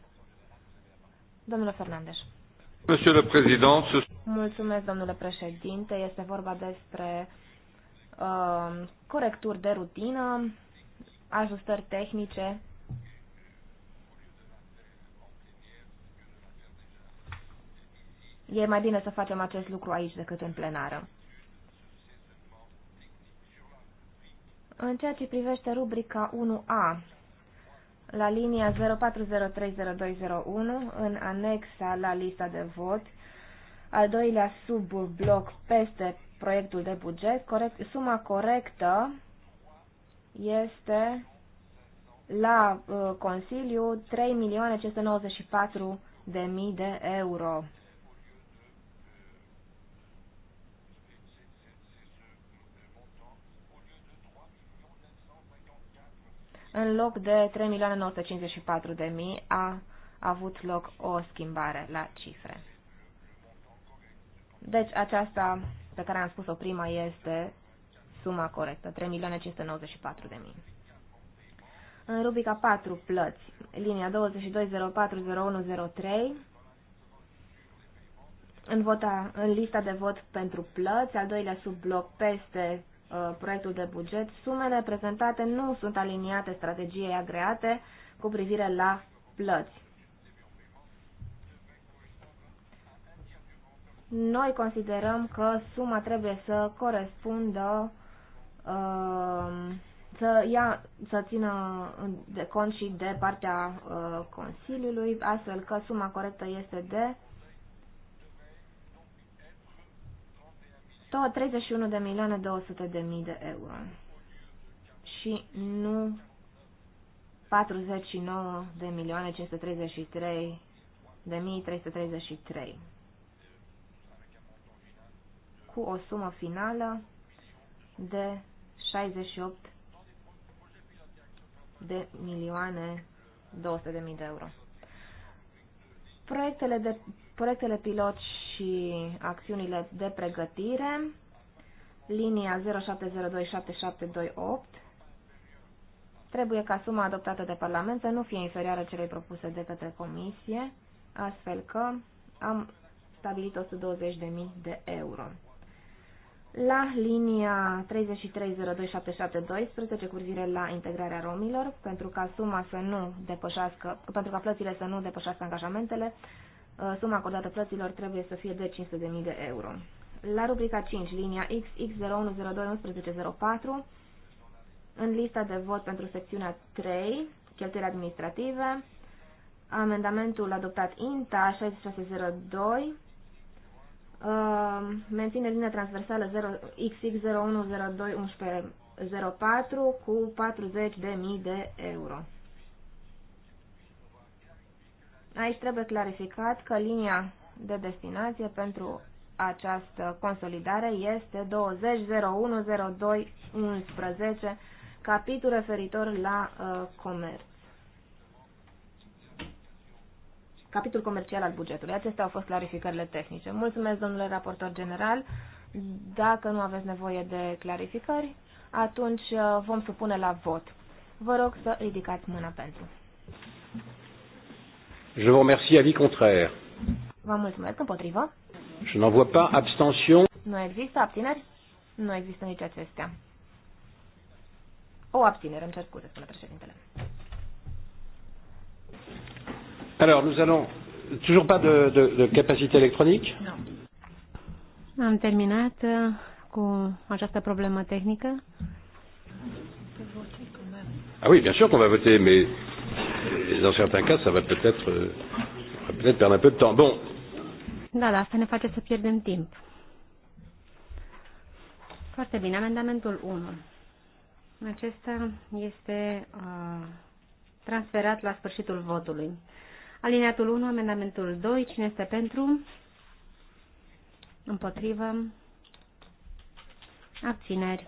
Domnule Fernandez. Mulțumesc, domnule președinte. Este vorba despre Um, corecturi de rutină, ajustări tehnice. E mai bine să facem acest lucru aici decât în plenară. În ceea ce privește rubrica 1A, la linia 04030201, în anexa la lista de vot, al doilea subbloc peste proiectul de buget, corect, suma corectă este la uh, Consiliu 3.594.000 de euro. În loc de 3.954.000 a avut loc o schimbare la cifre. Deci aceasta pe care am spus-o prima este suma corectă, 3.594.000. În rubrica 4, plăți, linia 22040103, în, vota, în lista de vot pentru plăți, al doilea subbloc peste uh, proiectul de buget, sumele prezentate nu sunt aliniate strategiei agreate cu privire la plăți. Noi considerăm că suma trebuie să corespundă um, să, ia, să țină de cont și de partea uh, Consiliului, astfel că suma corectă este de 31 de milioane 200 de mii de euro și nu 49 de milioane 533 de mii cu o sumă finală de 68 de milioane 200 de mii de euro. Proiectele, de, proiectele pilot și acțiunile de pregătire, linia 07027728, trebuie ca suma adoptată de Parlament să nu fie inferioară celei propuse de către Comisie, astfel că am stabilit 120.000 de euro. La linia 33027712, cu privire la integrarea romilor, pentru ca suma să nu depășească, pentru ca plățile să nu depășească angajamentele, uh, suma acordată plăților trebuie să fie de 500.000 de euro. La rubrica 5, linia XX01021104, în lista de vot pentru secțiunea 3, cheltuieli administrative, amendamentul adoptat INTA 6602, Ehm, menține linia transversală 0, xx 04 cu 40.000 de euro. Aici trebuie clarificat că linia de destinație pentru această consolidare este 20.01.02.11, capitol referitor la uh, comerț. capitol comercial al bugetului. Acestea au fost clarificările tehnice. Mulțumesc, domnule raportor general. Dacă nu aveți nevoie de clarificări, atunci uh, vom supune la vot. Vă rog să ridicați mâna pentru. Je vous remercie, avis contraire. Vă mulțumesc, împotrivă. Je n'en vois pas, abstention. Nu există abțineri? Nu există nici acestea. O abținere, îmi cer scuze, spune președintele. Alors, nous allons. Toujours pas de, de, de capacitate electronică? Nu. Am terminat uh, cu această problemă tehnică. Ah oui, bien sûr qu'on va voter, mais dans certains cas, ça va peut-être euh, peut perdre un peu de temps. Bon. Da, da, asta ne face să pierdem timp. Foarte bine, amendamentul 1. Acesta este uh, transferat la sfârșitul votului. Alineatul 1, amendamentul 2, cine este pentru? Împotrivă. Abțineri.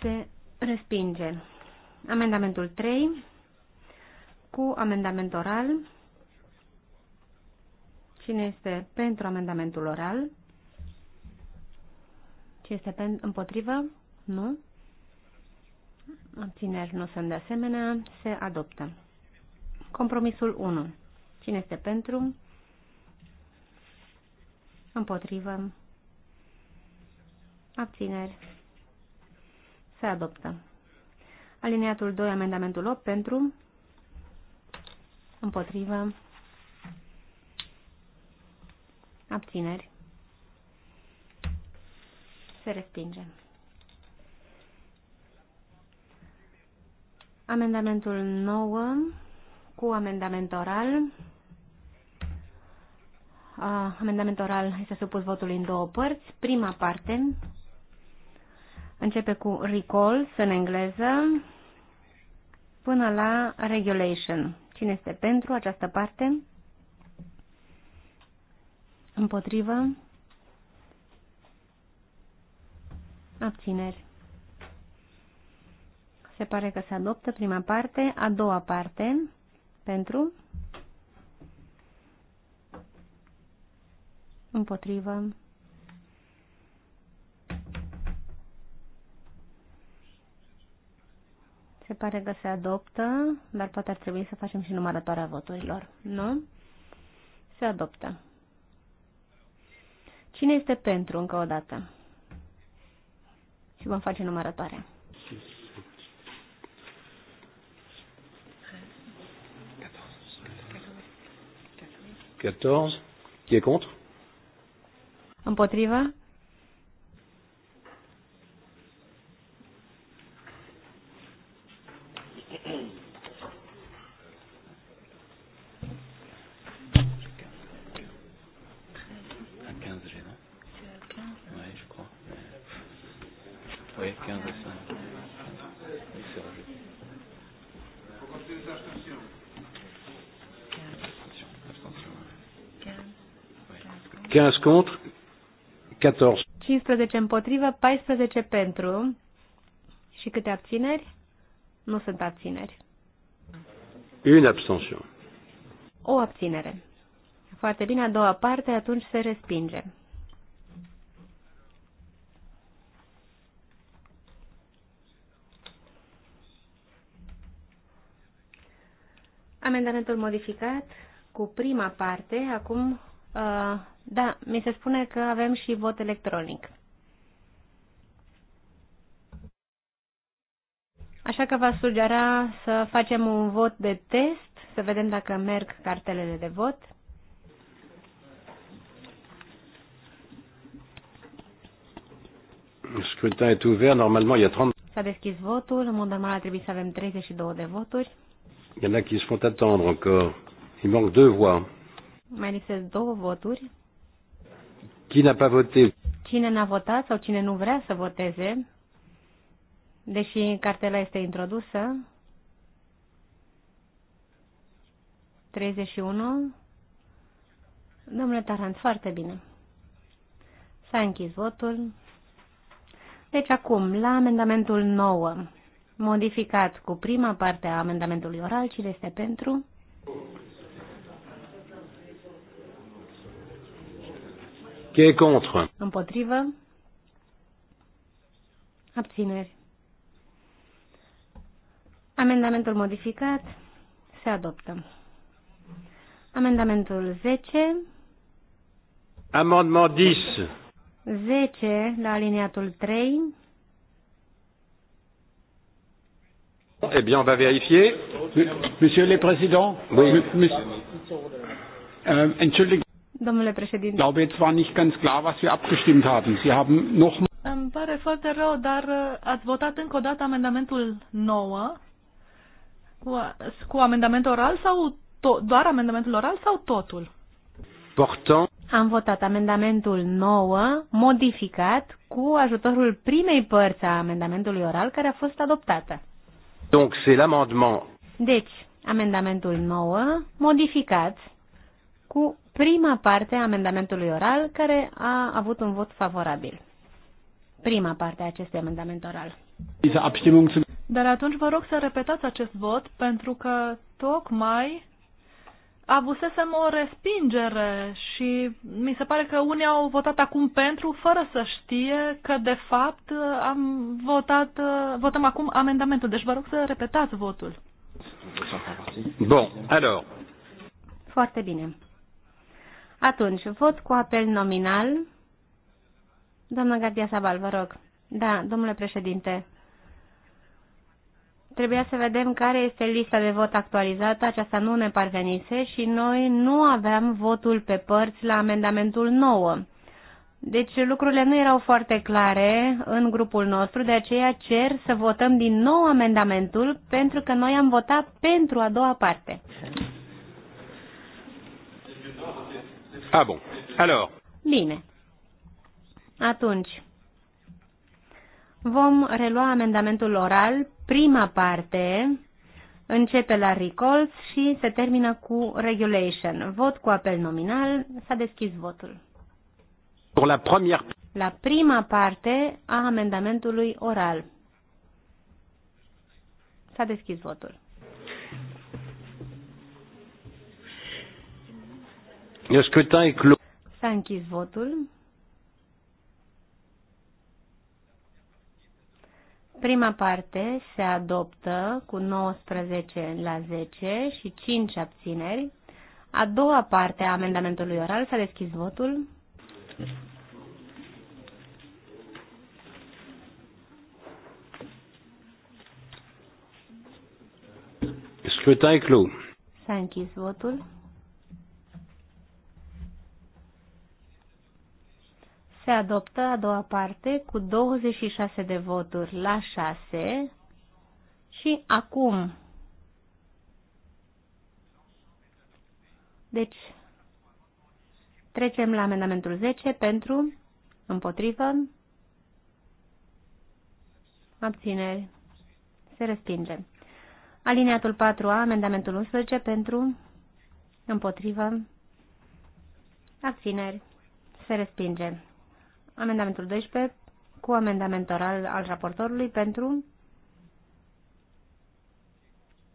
Se respinge. Amendamentul 3 cu amendament oral. Cine este pentru amendamentul oral? Cine este împotrivă? Nu. Abțineri nu sunt de asemenea. Se adoptă. Compromisul 1. Cine este pentru? Împotrivă. Abțineri. Se adoptă. Alineatul 2, amendamentul 8, pentru. Împotrivă. Abțineri. Se respinge. Amendamentul 9 cu amendament oral. Uh, amendament oral este supus votului în două părți. Prima parte începe cu recalls în engleză până la regulation. Cine este pentru această parte? Împotrivă? Abțineri. Se pare că se adoptă prima parte. A doua parte pentru, împotrivă, Se pare că se adoptă, dar poate ar trebui să facem și numărătoarea voturilor, nu? Se adoptă. Cine este pentru încă o dată? Și vom face numărătoarea. 14. Qui est contre Împotrivă? 15 contre, 14. 15 împotrivă, 14 pentru. Și câte abțineri? Nu sunt abțineri. Une abstention. O abținere. Foarte bine, a doua parte atunci se respinge. Amendamentul modificat cu prima parte, acum uh, da, mi se spune că avem și vot electronic. Așa că v-aș sugera să facem un vot de test, să vedem dacă merg cartelele de vot. Scrutin est ouvert. Normalement, il y a 30. S-a deschis votul. În mod normal ar trebui să avem 32 de voturi. Il y en a qui se font attendre encore. Il manque deux voix. Mai lipsesc două voturi. Cine n-a votat? Cine n-a votat sau cine nu vrea să voteze, deși cartela este introdusă. 31. Domnule Tarant, foarte bine. S-a închis votul. Deci acum, la amendamentul 9, modificat cu prima parte a amendamentului oral, cine este pentru? Qui est contre? Împotrivă. Abțineri. Amendamentul modificat se adoptă. Amendamentul 10. Amendement 10. 10 la aliniatul 3. Eh bien, on va vérifier. Monsieur le Président, oui. Euh, monsieur, euh, Domnule președinte. Glaube, jetzt war nicht ganz klar, was wir abgestimmt haben. Sie haben noch Îmi pare foarte rău, dar uh, ați votat încă o dată amendamentul 9 cu amendamentul oral sau doar amendamentul oral sau totul? Portant. Am votat amendamentul 9 modificat cu ajutorul primei părți a amendamentului oral care a fost adoptată. Donc c'est l'amendement. Deci, amendamentul 9 modificat cu prima parte a amendamentului oral, care a avut un vot favorabil. Prima parte a acestui amendament oral. Dar atunci vă rog să repetați acest vot, pentru că tocmai avusesem o respingere și mi se pare că unii au votat acum pentru, fără să știe că de fapt am votat, votăm acum amendamentul. Deci vă rog să repetați votul. Bun, alors. Foarte bine. Atunci, vot cu apel nominal. Doamna Gardia Sabal, vă rog. Da, domnule președinte. Trebuia să vedem care este lista de vot actualizată, aceasta nu ne parvenise și noi nu aveam votul pe părți la amendamentul 9. Deci lucrurile nu erau foarte clare în grupul nostru, de aceea cer să votăm din nou amendamentul, pentru că noi am votat pentru a doua parte. Ah, bun. Alors. Bine. Atunci, vom relua amendamentul oral. Prima parte începe la recalls și se termină cu regulation. Vot cu apel nominal. S-a deschis votul. Pour la, première... la prima parte a amendamentului oral. S-a deschis votul. Le scrutin est clos. S-a închis votul. Prima parte se adoptă cu 19 la 10 și 5 abțineri. A doua parte a amendamentului oral s-a deschis votul. Scrutin clos. S-a închis votul. Se adoptă a doua parte cu 26 de voturi la 6 și acum. Deci, trecem la amendamentul 10 pentru, împotrivă, abțineri, se respinge. Alineatul 4A, amendamentul 11 pentru, împotrivă, abțineri, se respinge. Amendamentul 12 cu amendament oral al raportorului pentru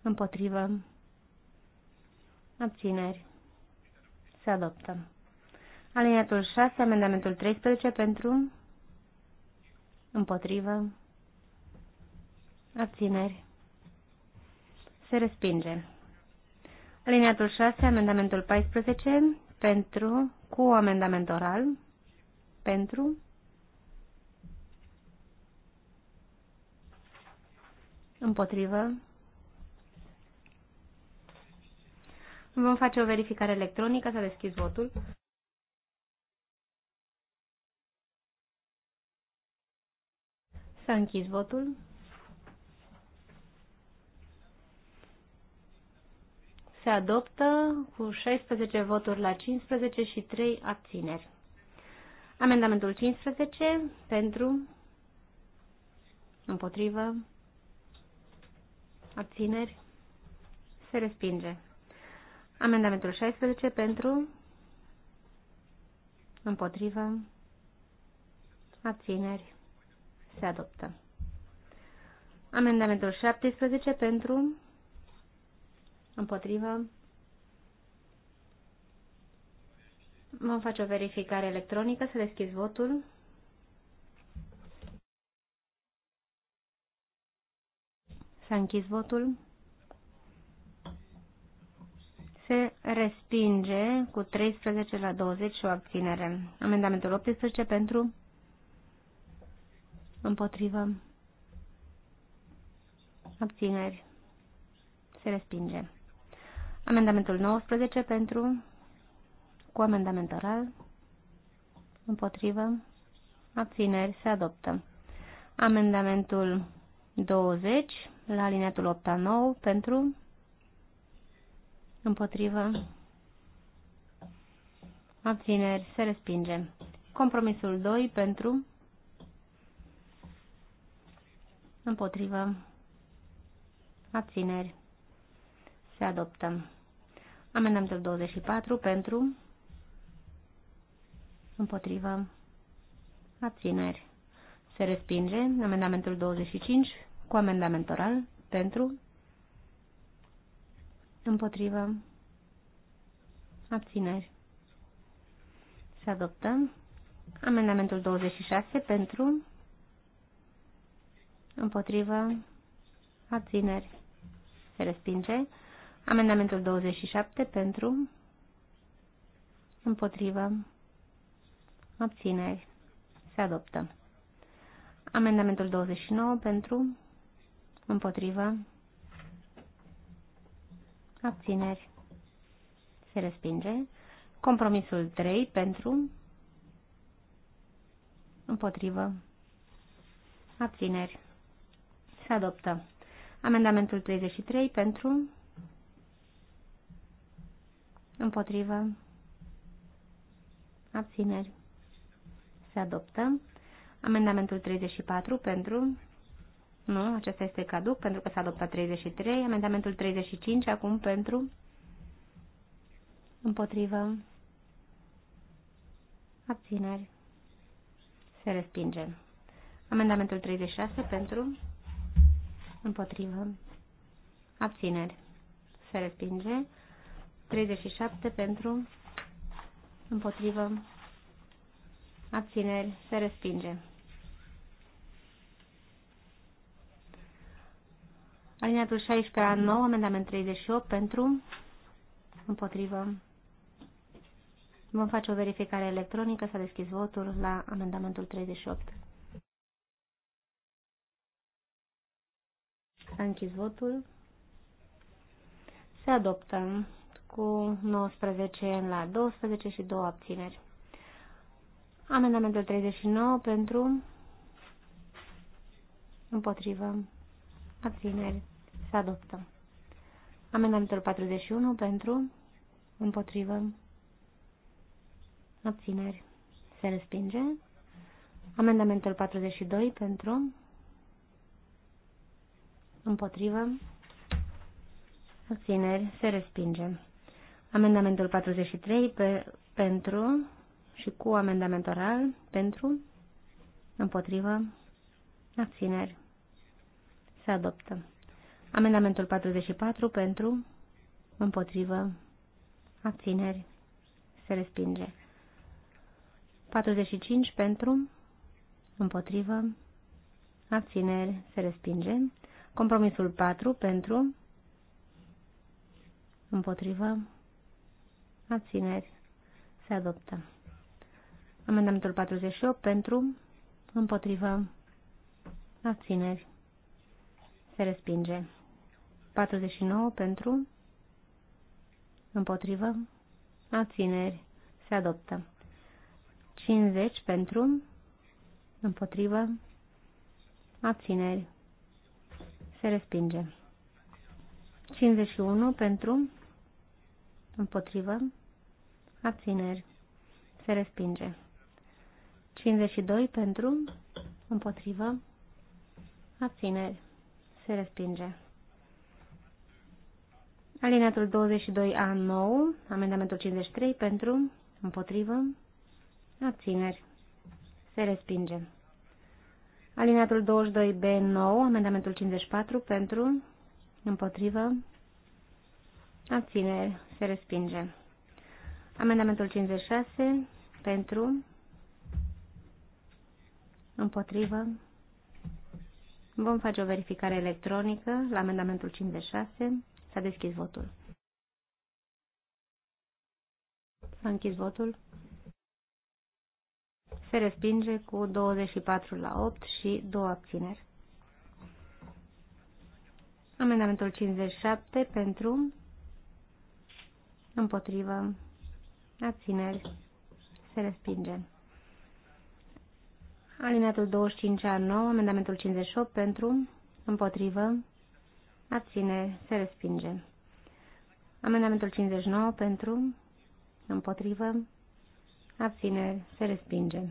împotrivă abțineri se adoptă. Aliniatul 6, amendamentul 13 pentru împotrivă abțineri se respinge. Aliniatul 6, amendamentul 14 pentru cu amendament oral pentru, împotrivă. Vom face o verificare electronică, să deschid votul. să a votul. Se adoptă cu 16 voturi la 15 și 3 abțineri. Amendamentul 15 pentru, împotrivă, abțineri, se respinge. Amendamentul 16 pentru, împotrivă, abțineri, se adoptă. Amendamentul 17 pentru, împotrivă, Vom face o verificare electronică, să deschid votul. S-a închis votul. Se respinge cu 13 la 20 și o abținere. Amendamentul 18 pentru împotrivă abțineri. Se respinge. Amendamentul 19 pentru cu amendament oral, împotrivă, abțineri, se adoptă. Amendamentul 20, la alineatul 8 a 9, pentru, împotrivă, abțineri, se respinge. Compromisul 2, pentru, împotrivă, abțineri, se adoptă. Amendamentul 24, pentru, împotrivă, abțineri. Se respinge amendamentul 25 cu amendament oral pentru, împotrivă, abțineri. Se adoptă amendamentul 26 pentru, împotrivă, abțineri. Se respinge amendamentul 27 pentru, împotrivă, abțineri, se adoptă. Amendamentul 29 pentru, împotrivă, abțineri, se respinge. Compromisul 3 pentru, împotrivă, abțineri, se adoptă. Amendamentul 33 pentru, împotrivă, abțineri, se adoptă. Amendamentul 34 pentru, nu, acesta este caduc pentru că s-a adoptat 33. Amendamentul 35 acum pentru, împotrivă, abțineri, se respinge. Amendamentul 36 pentru, împotrivă, abțineri, se respinge. 37 pentru, împotrivă, abțineri, se respinge. Alineatul 16 la 9, amendament 38 pentru, împotrivă. Vom face o verificare electronică, s-a deschis votul la amendamentul 38. S-a închis votul. Se adoptă cu 19 la 12 și 2 abțineri. Amendamentul 39 pentru împotrivă abțineri se adoptă. Amendamentul 41 pentru împotrivă abțineri se respinge. Amendamentul 42 pentru împotrivă abțineri se respinge. Amendamentul 43 pe, pentru și cu amendament oral pentru, împotrivă, abțineri. Se adoptă. Amendamentul 44 pentru, împotrivă, abțineri. Se respinge. 45 pentru, împotrivă, abțineri. Se respinge. Compromisul 4 pentru, împotrivă, abțineri. Se adoptă. Amendamentul 48 pentru, împotrivă, abțineri, se respinge. 49 pentru, împotrivă, abțineri, se adoptă. 50 pentru, împotrivă, abțineri, se respinge. 51 pentru, împotrivă, abțineri, se respinge. 52 pentru, împotrivă, abțineri, se respinge. Alineatul 22A9, amendamentul 53 pentru, împotrivă, abțineri, se respinge. Alineatul 22B9, amendamentul 54 pentru, împotrivă, abțineri, se respinge. Amendamentul 56 pentru, Împotrivă. Vom face o verificare electronică la amendamentul 56. S-a deschis votul. S-a închis votul. Se respinge cu 24 la 8 și 2 abțineri. Amendamentul 57 pentru, împotrivă, abțineri, se respinge. Alineatul 25 a 9, amendamentul 58 pentru, împotrivă, abține, se respinge. Amendamentul 59 pentru, împotrivă, abține, se respinge.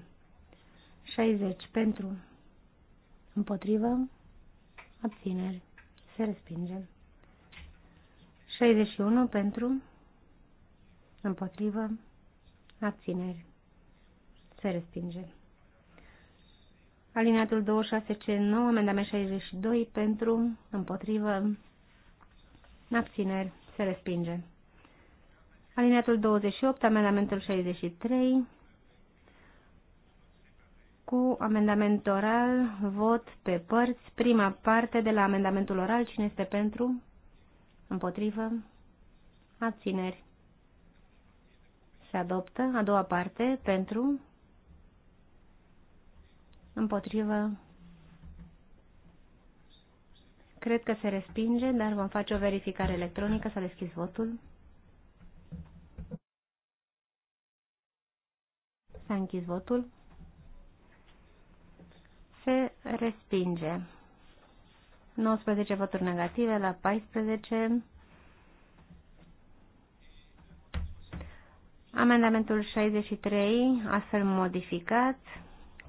60 pentru, împotrivă, abțineri, se respinge. 61 pentru, împotrivă, abțineri, se respinge. Alineatul 26C9, amendament 62 pentru, împotrivă, abțineri, se respinge. Alineatul 28, amendamentul 63, cu amendament oral, vot pe părți, prima parte de la amendamentul oral, cine este pentru, împotrivă, abțineri. Se adoptă a doua parte pentru, împotrivă, cred că se respinge, dar vom face o verificare electronică, s-a deschis votul. S-a închis votul. Se respinge. 19 voturi negative la 14. Amendamentul 63, astfel modificat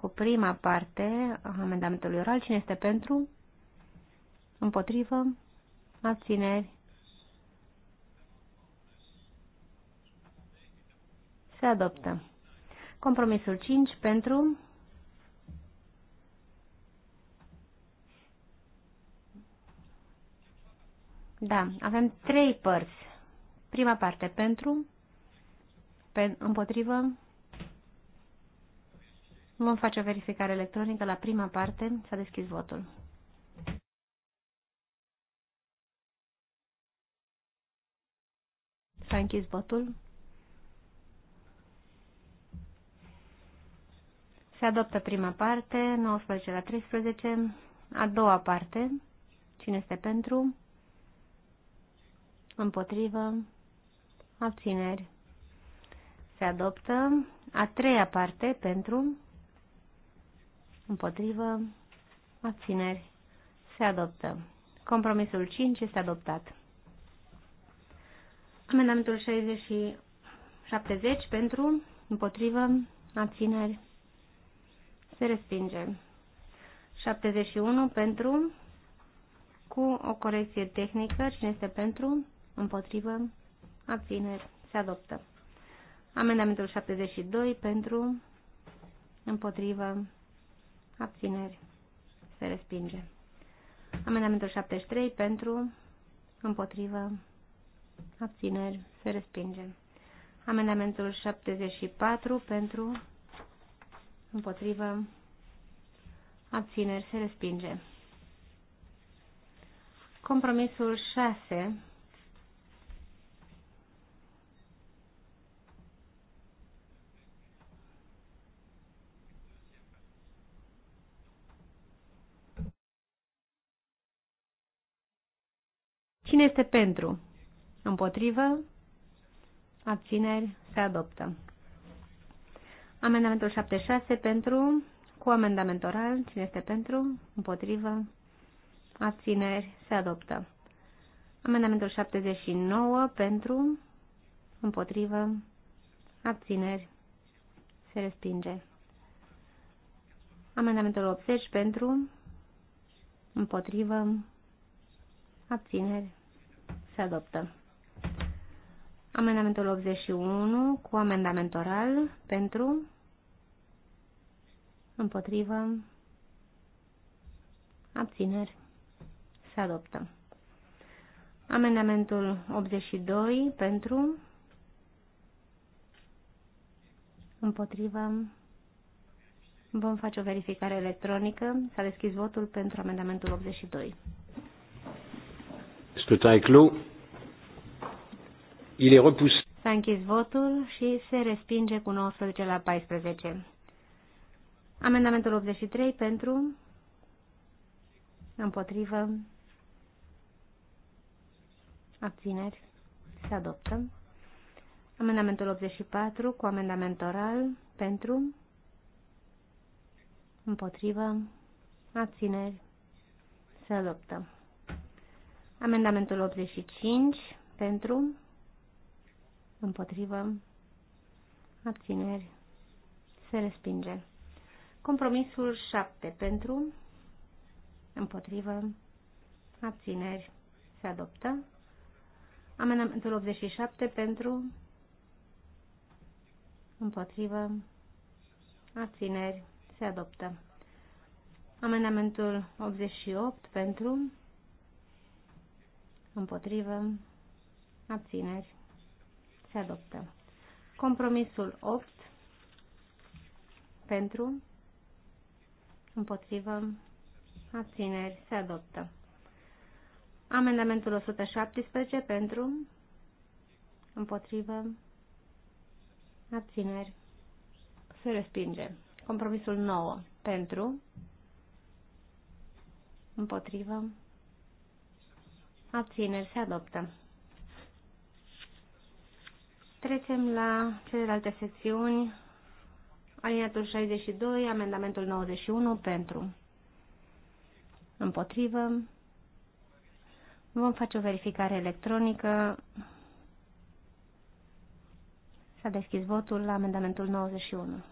cu prima parte a amendamentului oral. Cine este pentru? Împotrivă? Abțineri? Se adoptă. Compromisul 5 pentru Da, avem trei părți. Prima parte pentru, pe, împotrivă, Vom face o verificare electronică la prima parte. S-a deschis votul. S-a închis votul. Se adoptă prima parte, 19 la 13. A doua parte, cine este pentru? Împotrivă. Abțineri. Se adoptă. A treia parte, pentru împotrivă, abțineri, se adoptă. Compromisul 5 este adoptat. Amendamentul 60 și 70 pentru, împotrivă, abțineri, se respinge. 71 pentru, cu o corecție tehnică, cine este pentru, împotrivă, abțineri, se adoptă. Amendamentul 72 pentru, împotrivă, abțineri, se respinge. Amendamentul 73 pentru, împotrivă, abțineri, se respinge. Amendamentul 74 pentru, împotrivă, abțineri, se respinge. Compromisul 6 Cine este pentru? Împotrivă? Abțineri? Se adoptă. Amendamentul 76 pentru, cu amendament oral, cine este pentru, împotrivă, abțineri, se adoptă. Amendamentul 79 pentru, împotrivă, abțineri, se respinge. Amendamentul 80 pentru, împotrivă, abțineri, se adoptă. Amendamentul 81 cu amendament oral pentru, împotrivă, abțineri. Se adoptă. Amendamentul 82 pentru, împotrivă, vom face o verificare electronică. S-a deschis votul pentru amendamentul 82. Scrutin est clos. Il est repoussé. S-a închis votul și se respinge cu 19 la 14. Amendamentul 83 pentru, împotrivă, abțineri, se adoptă. Amendamentul 84 cu amendament oral pentru, împotrivă, abțineri, se adoptă. Amendamentul 85 pentru, împotrivă, abțineri, se respinge. Compromisul 7 pentru, împotrivă, abțineri, se adoptă. Amendamentul 87 pentru, împotrivă, abțineri, se adoptă. Amendamentul 88 pentru, împotrivă, abțineri, se adoptă. Compromisul 8 pentru, împotrivă, abțineri, se adoptă. Amendamentul 117 pentru, împotrivă, abțineri, se respinge. Compromisul 9 pentru, împotrivă, Abțineri se adoptă. Trecem la celelalte secțiuni. Aliniatul 62, amendamentul 91 pentru. Împotrivă. Vom face o verificare electronică. S-a deschis votul la amendamentul 91.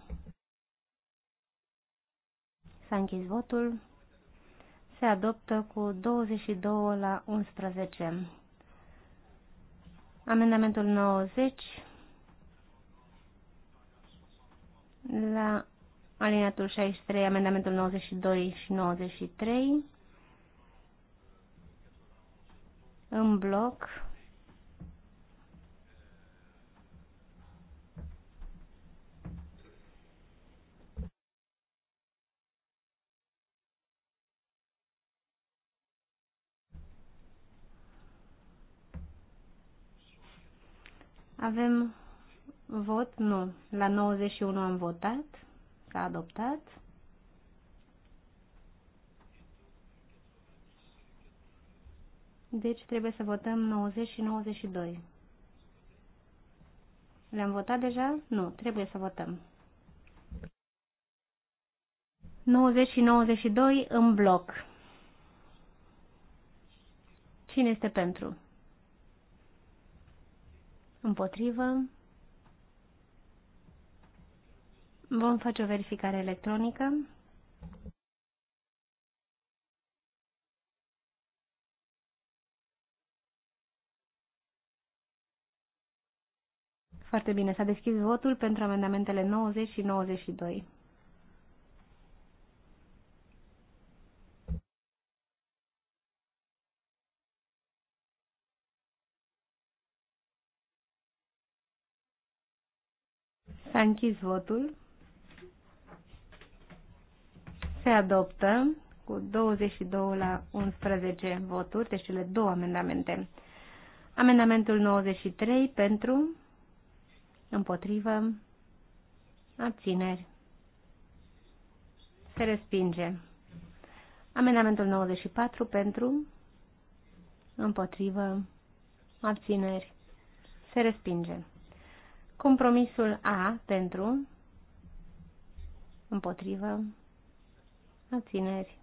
S-a închis votul se adoptă cu 22 la 11. Amendamentul 90 la alineatul 63, amendamentul 92 și 93 în bloc Avem vot? Nu. La 91 am votat. S-a adoptat. Deci trebuie să votăm 90 și 92. Le-am votat deja? Nu, trebuie să votăm. 90 și 92 în bloc. Cine este pentru? împotrivă. Vom face o verificare electronică. Foarte bine, s-a deschis votul pentru amendamentele 90 și 92. S-a închis votul. Se adoptă cu 22 la 11 voturi, deci cele două amendamente. Amendamentul 93 pentru, împotrivă, abțineri. Se respinge. Amendamentul 94 pentru, împotrivă, abțineri. Se respinge. Compromisul A pentru, împotrivă, abțineri,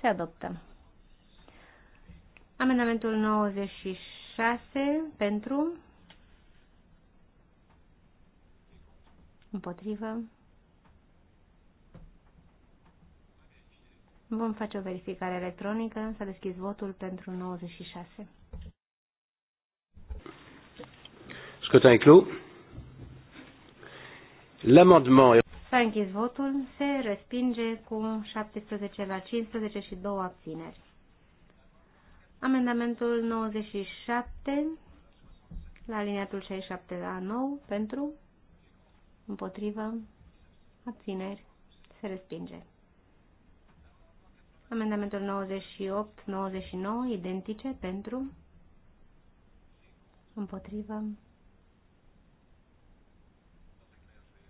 se adoptă. Amendamentul 96 pentru, împotrivă, Vom face o verificare electronică, s-a deschis votul pentru 96. Scrutin est clos. L'amendement est... S-a închis votul, se respinge cu 17 la 15 și 2 abțineri. Amendamentul 97 la liniatul 67 la 9 pentru, împotrivă, abțineri, se respinge. Amendamentul 98-99 identice pentru, împotrivă,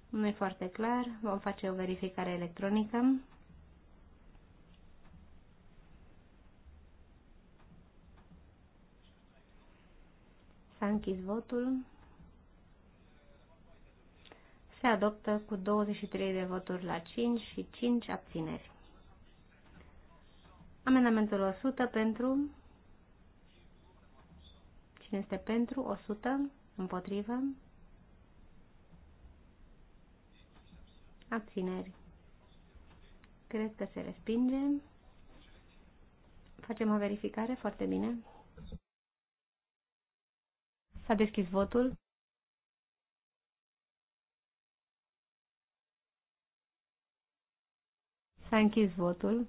Nu e foarte clar. Vom face o verificare electronică. S-a închis votul. Se adoptă cu 23 de voturi la 5 și 5 abțineri. Amendamentul 100 pentru. Cine este pentru? 100. Împotrivă. abțineri. Cred că se respinge. Facem o verificare foarte bine. S-a deschis votul. S-a închis votul.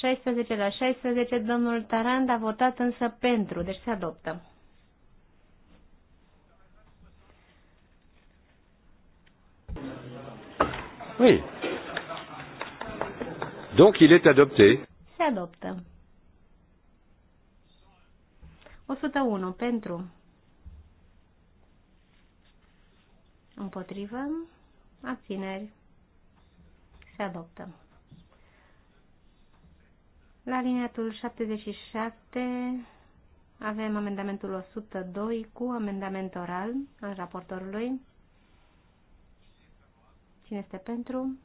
16 la 16, domnul Tarand a votat însă pentru, deci se adoptă. Oui. Donc il est adopté. Se adoptă. 101 pentru împotrivă, abțineri, se adoptă. La liniatul 77 avem amendamentul 102 cu amendament oral al raportorului. Cine este pentru?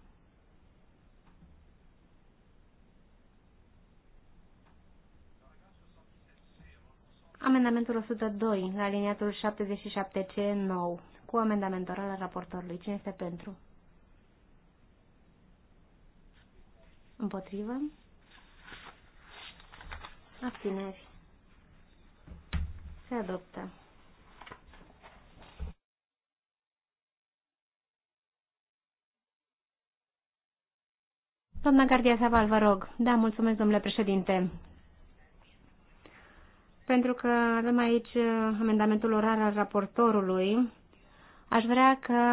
Amendamentul 102 la liniatul 77C9 cu amendament oral al raportorului. Cine este pentru? Împotrivă? Abțineri. Se adoptă. Doamna Gardia Saval, vă rog. Da, mulțumesc, domnule președinte. Pentru că avem aici uh, amendamentul orar al raportorului, aș vrea ca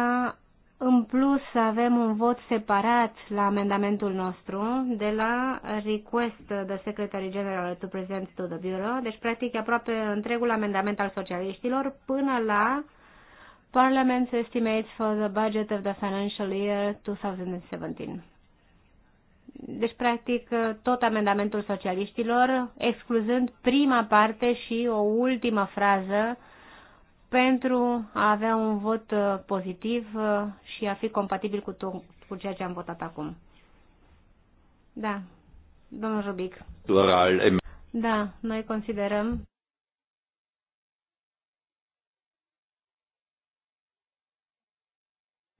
în plus să avem un vot separat la amendamentul nostru de la request de Secretary General to present to the Bureau, deci practic aproape întregul amendament al socialiștilor până la Parliament's estimates for the budget of the financial year 2017. Deci, practic, tot amendamentul socialiștilor, excluzând prima parte și o ultimă frază pentru a avea un vot uh, pozitiv uh, și a fi compatibil cu, tot, cu ceea ce am votat acum. Da, domnul Rubic. Da, noi considerăm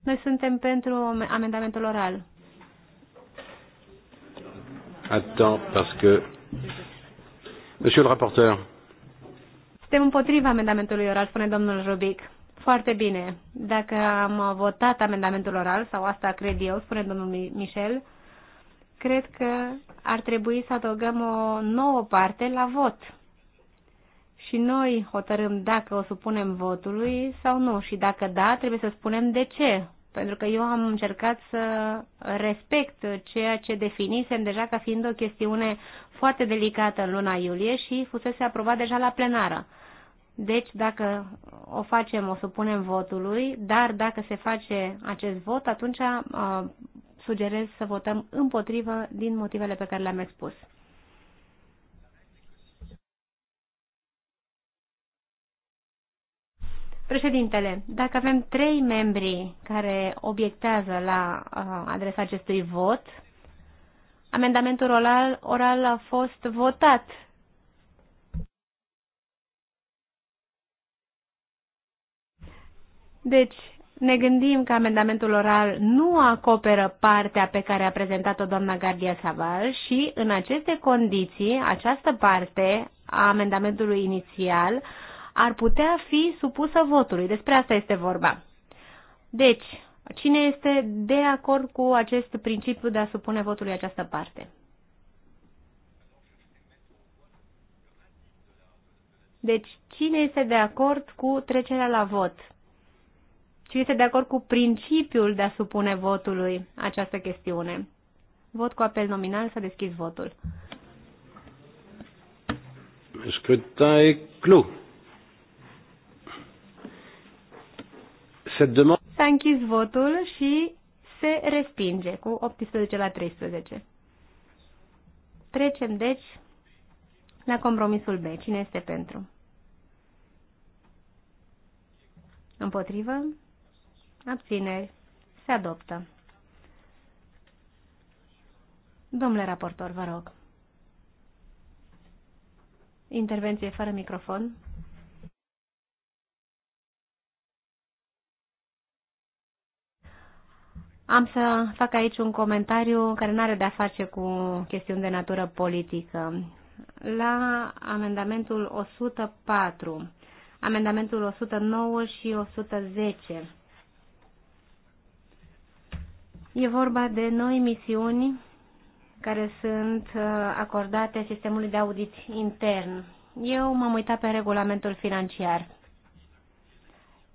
Noi suntem pentru amendamentul oral. Attends, parce que... Monsieur le rapporteur. Suntem împotriva amendamentului oral, spune domnul Rubic. Foarte bine. Dacă am votat amendamentul oral, sau asta cred eu, spune domnul Michel, cred că ar trebui să adăugăm o nouă parte la vot. Și noi hotărâm dacă o supunem votului sau nu și dacă da, trebuie să spunem de ce pentru că eu am încercat să respect ceea ce definisem deja ca fiind o chestiune foarte delicată în luna iulie și fusese aprobat deja la plenară. Deci, dacă o facem, o supunem votului, dar dacă se face acest vot, atunci uh, sugerez să votăm împotrivă din motivele pe care le-am expus. Președintele, dacă avem trei membri care obiectează la uh, adresa acestui vot, amendamentul oral, oral a fost votat. Deci, ne gândim că amendamentul oral nu acoperă partea pe care a prezentat-o doamna Gardia Saval și, în aceste condiții, această parte a amendamentului inițial ar putea fi supusă votului. Despre asta este vorba. Deci, cine este de acord cu acest principiu de a supune votului această parte? Deci, cine este de acord cu trecerea la vot? Cine este de acord cu principiul de a supune votului această chestiune? Vot cu apel nominal, să deschis votul. Scrutin e clos. S-a închis votul și se respinge cu 18 la 13. Trecem, deci, la compromisul B. Cine este pentru? Împotrivă? Abțineri. Se adoptă. Domnule raportor, vă rog. Intervenție fără microfon. Am să fac aici un comentariu care nu are de-a face cu chestiuni de natură politică. La amendamentul 104, amendamentul 109 și 110. E vorba de noi misiuni care sunt uh, acordate sistemului de audit intern. Eu m-am uitat pe regulamentul financiar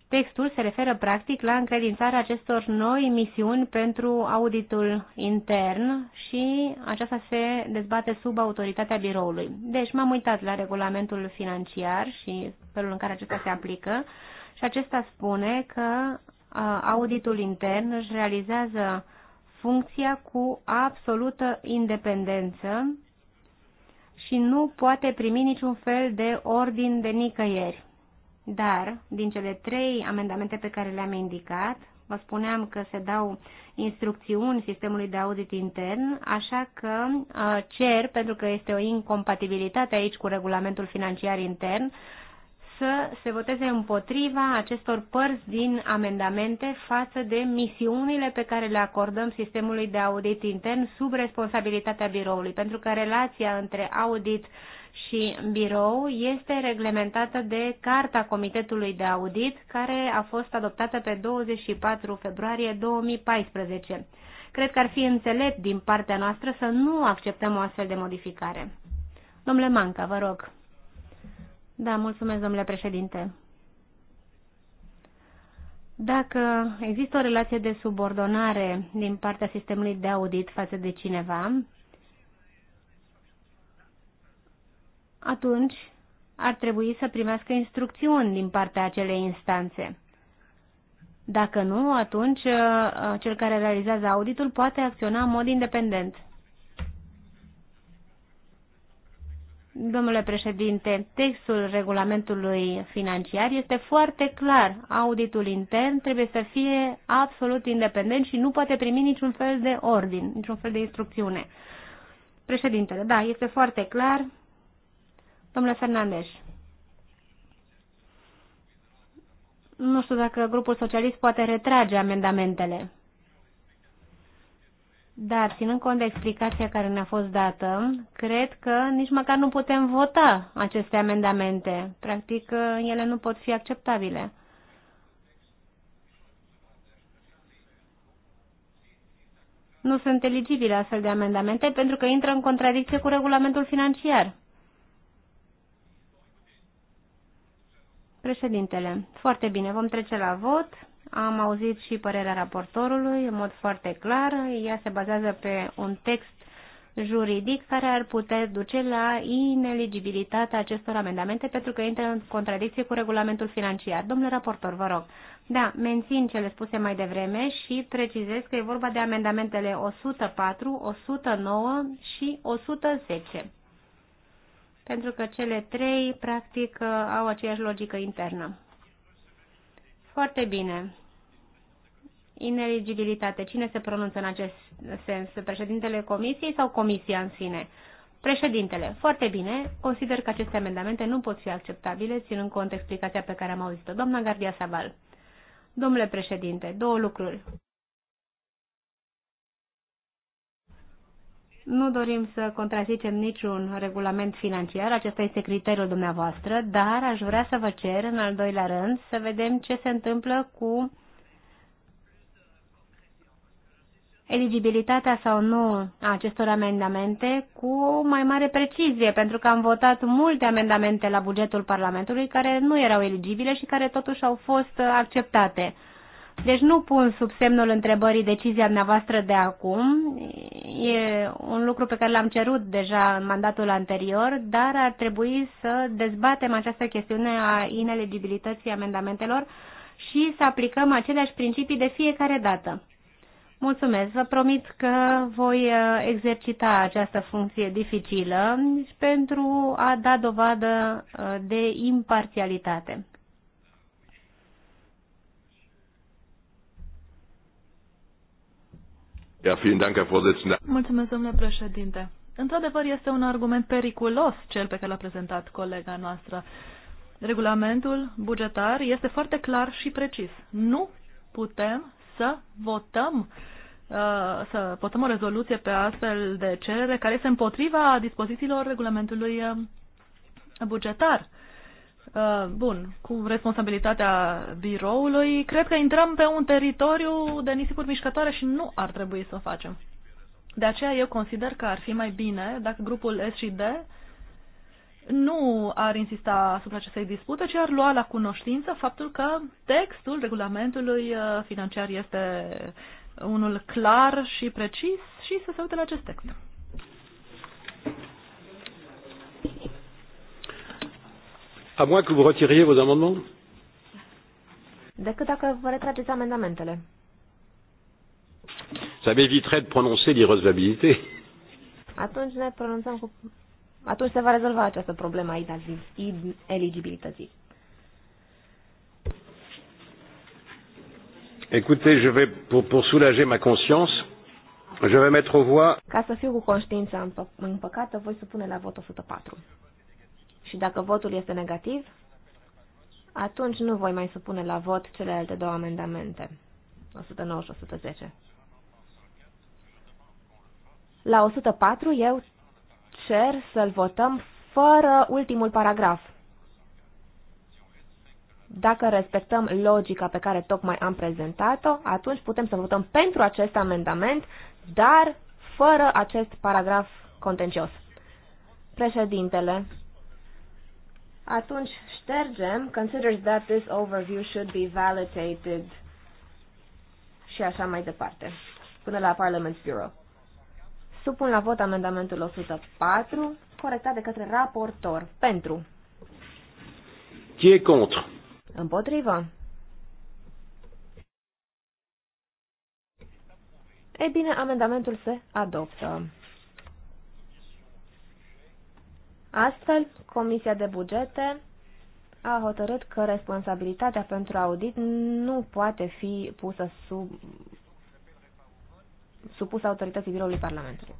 Textul se referă practic la încredințarea acestor noi misiuni pentru auditul intern și aceasta se dezbate sub autoritatea biroului. Deci m-am uitat la regulamentul financiar și felul în care acesta se aplică și acesta spune că auditul intern își realizează funcția cu absolută independență și nu poate primi niciun fel de ordin de nicăieri. Dar, din cele trei amendamente pe care le-am indicat, vă spuneam că se dau instrucțiuni sistemului de audit intern, așa că uh, cer, pentru că este o incompatibilitate aici cu regulamentul financiar intern, să se voteze împotriva acestor părți din amendamente față de misiunile pe care le acordăm sistemului de audit intern sub responsabilitatea biroului, pentru că relația între audit și birou este reglementată de Carta Comitetului de Audit, care a fost adoptată pe 24 februarie 2014. Cred că ar fi înțelept din partea noastră să nu acceptăm o astfel de modificare. Domnule Manca, vă rog. Da, mulțumesc, domnule președinte. Dacă există o relație de subordonare din partea sistemului de audit față de cineva, atunci ar trebui să primească instrucțiuni din partea acelei instanțe. Dacă nu, atunci uh, uh, cel care realizează auditul poate acționa în mod independent. Domnule președinte, textul regulamentului financiar este foarte clar. Auditul intern trebuie să fie absolut independent și nu poate primi niciun fel de ordin, niciun fel de instrucțiune. Președintele, da, este foarte clar. Domnule Fernandez. Nu știu dacă grupul socialist poate retrage amendamentele. Dar, ținând cont de explicația care ne-a fost dată, cred că nici măcar nu putem vota aceste amendamente. Practic, ele nu pot fi acceptabile. Nu sunt eligibile astfel de amendamente pentru că intră în contradicție cu regulamentul financiar. Președintele, foarte bine, vom trece la vot. Am auzit și părerea raportorului în mod foarte clar. Ea se bazează pe un text juridic care ar putea duce la ineligibilitatea acestor amendamente pentru că intră în contradicție cu regulamentul financiar. Domnule raportor, vă rog. Da, mențin cele spuse mai devreme și precizez că e vorba de amendamentele 104, 109 și 110 pentru că cele trei, practic, uh, au aceeași logică internă. Foarte bine. Ineligibilitate. Cine se pronunță în acest sens? Președintele comisiei sau comisia în sine? Președintele, foarte bine, consider că aceste amendamente nu pot fi acceptabile, ținând cont explicația pe care am auzit-o. Doamna Gardia Sabal. Domnule președinte, două lucruri. Nu dorim să contrazicem niciun regulament financiar, acesta este criteriul dumneavoastră, dar aș vrea să vă cer, în al doilea rând, să vedem ce se întâmplă cu eligibilitatea sau nu a acestor amendamente cu mai mare precizie, pentru că am votat multe amendamente la bugetul Parlamentului care nu erau eligibile și care totuși au fost acceptate. Deci nu pun sub semnul întrebării decizia dumneavoastră de acum. E un lucru pe care l-am cerut deja în mandatul anterior, dar ar trebui să dezbatem această chestiune a ineligibilității amendamentelor și să aplicăm aceleași principii de fiecare dată. Mulțumesc, vă promit că voi uh, exercita această funcție dificilă pentru a da dovadă uh, de imparțialitate. Ja, vielen Dank, Herr Vorsitzender. Mulțumesc, domnule președinte. Într-adevăr, este un argument periculos cel pe care l-a prezentat colega noastră. Regulamentul bugetar este foarte clar și precis. Nu putem să votăm uh, să votăm o rezoluție pe astfel de cerere care este împotriva dispozițiilor regulamentului uh, bugetar. Uh, bun, cu responsabilitatea biroului, cred că intrăm pe un teritoriu de nisipuri mișcătoare și nu ar trebui să o facem. De aceea eu consider că ar fi mai bine dacă grupul S și D nu ar insista asupra acestei dispute, ci ar lua la cunoștință faptul că textul regulamentului uh, financiar este unul clar și precis și să se uite la acest text. À moins que vous retiriez vos amendements Decât dacă vă retrageți amendamentele. Ça m'éviterait de prononcer l'irrecevabilité. Atunci ne pronunțăm cu... Atunci se va rezolva această problemă a eligibilității. Écoutez, je vais, pour, pour soulager ma conscience, je vais mettre au voie... Ca să fiu cu conștiința împăcată, voi supune la vot 104. Și dacă votul este negativ, atunci nu voi mai supune la vot celelalte două amendamente, 109 și 110. La 104 eu cer să-l votăm fără ultimul paragraf. Dacă respectăm logica pe care tocmai am prezentat-o, atunci putem să votăm pentru acest amendament, dar fără acest paragraf contencios. Președintele, atunci ștergem, considers that this overview should be validated și așa mai departe, până la Parliament Bureau. Supun la vot amendamentul 104, corectat de către raportor, pentru. Qui est contre? Împotrivă. E bine, amendamentul se adoptă. Astfel, Comisia de Bugete a hotărât că responsabilitatea pentru audit nu poate fi pusă sub, supusă autorității biroului Parlamentului.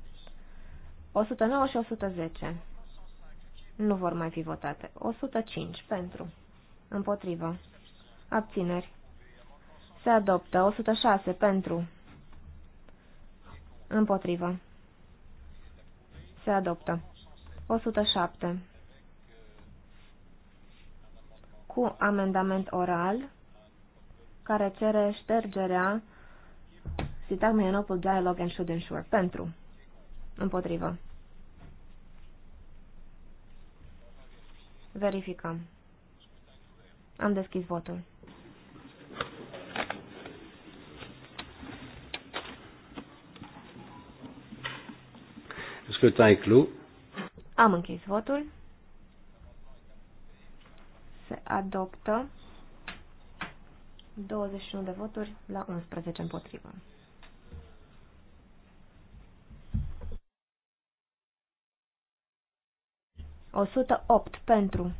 109 și 110 nu vor mai fi votate. 105 pentru, împotrivă, abțineri. Se adoptă 106 pentru, împotrivă. Se adoptă. 107. Cu amendament oral care cere ștergerea în opul Dialogue and Should Ensure. Pentru. Împotrivă. Verificăm. Am deschis votul. Scrutin clos. Am închis votul. Se adoptă 21 de voturi la 11 împotrivă. O 108 pentru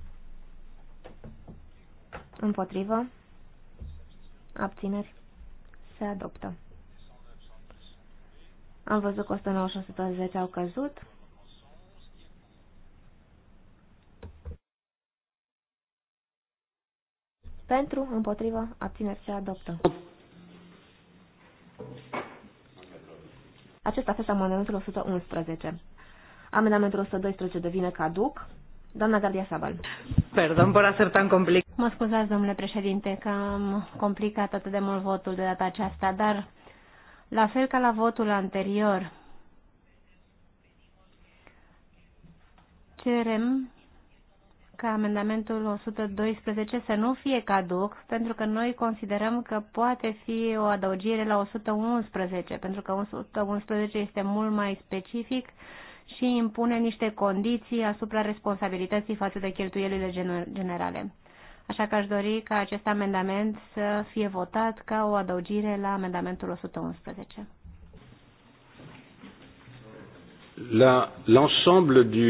împotrivă abțineri se adoptă. Am văzut că 109 și au căzut. Pentru, împotrivă, abțineri se adoptă. Acesta a fost amendamentul 111. Amendamentul 112 devine caduc. Doamna Gardia Sabal. Perdon por hacer tan complicat. Mă scuzați, domnule președinte, că am complicat atât de mult votul de data aceasta, dar la fel ca la votul anterior, cerem ca amendamentul 112 să nu fie caduc, pentru că noi considerăm că poate fi o adăugire la 111, pentru că 111 este mult mai specific și impune niște condiții asupra responsabilității față de cheltuielile generale. Așa că aș dori ca acest amendament să fie votat ca o adăugire la amendamentul 111. La L'ensemble du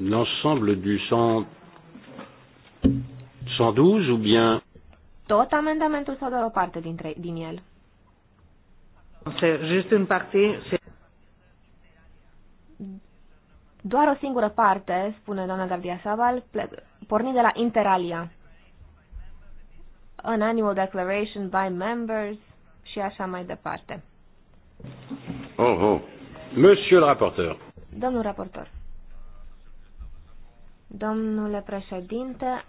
l'ensemble du 112 ou bien tot amendamentul sau doar o parte dintre, din el? Just în parte. Doar o singură parte, spune doamna Gardia Saval, pornind de la Interalia. An annual declaration by members și așa mai departe. Oh, oh. Monsieur le rapporteur. Domnul raportor. Domnule președinte,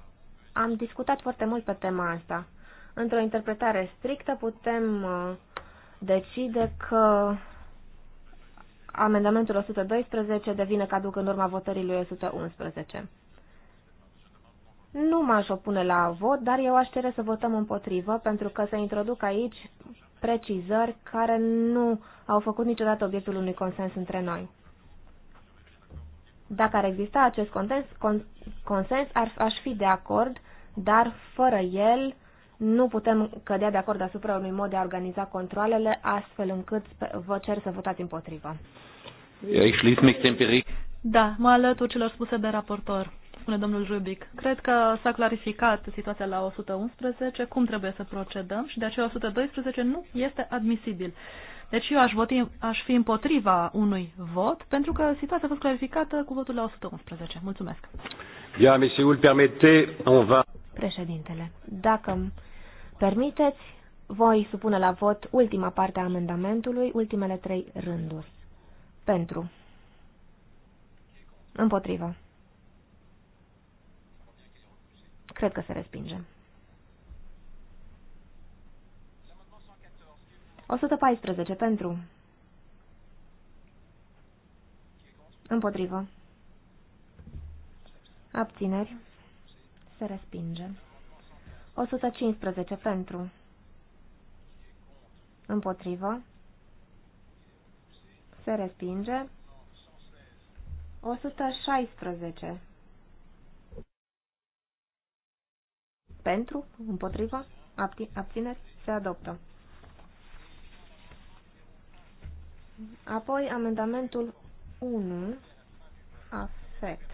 am discutat foarte mult pe tema asta. Într-o interpretare strictă putem uh, decide că amendamentul 112 devine caduc în urma votării lui 111. Nu m-aș opune la vot, dar eu aș cere să votăm împotrivă, pentru că se introduc aici precizări care nu au făcut niciodată obiectul unui consens între noi. Dacă ar exista acest consens, consens ar, aș fi de acord, dar fără el nu putem cădea de acord asupra unui mod de a organiza controlele, astfel încât vă cer să votați împotrivă. Da, mă alătur celor spuse de raportor, spune domnul Rubic. Cred că s-a clarificat situația la 111, cum trebuie să procedăm și de aceea 112 nu este admisibil. Deci eu aș, voti, aș fi împotriva unui vot, pentru că situația a fost clarificată cu votul la 111. Mulțumesc. Bien, mais si vous le permettez, on va... Președintele, dacă îmi permiteți, voi supune la vot ultima parte a amendamentului, ultimele trei rânduri. Pentru. Împotrivă. Cred că se respinge. 114 pentru. Împotrivă. Abțineri. Se respinge. 115 pentru. Împotrivă. Se respinge. 116. Pentru, împotrivă, abțineri, se adoptă. Apoi amendamentul 1, afect.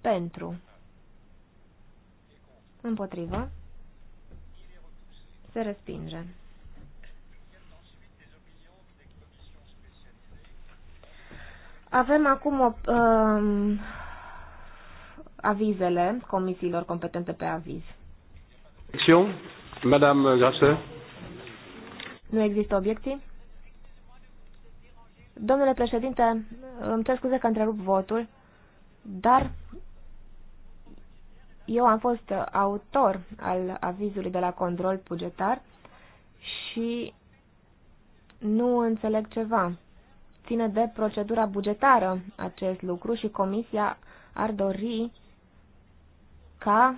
Pentru. Împotrivă. Se respinge. Avem acum o, uh, um, avizele comisiilor competente pe aviz. Madame Grasse. Nu există obiecții? Domnule președinte, îmi cer scuze că întrerup votul, dar eu am fost autor al avizului de la control bugetar și nu înțeleg ceva. Ține de procedura bugetară acest lucru și comisia ar dori ca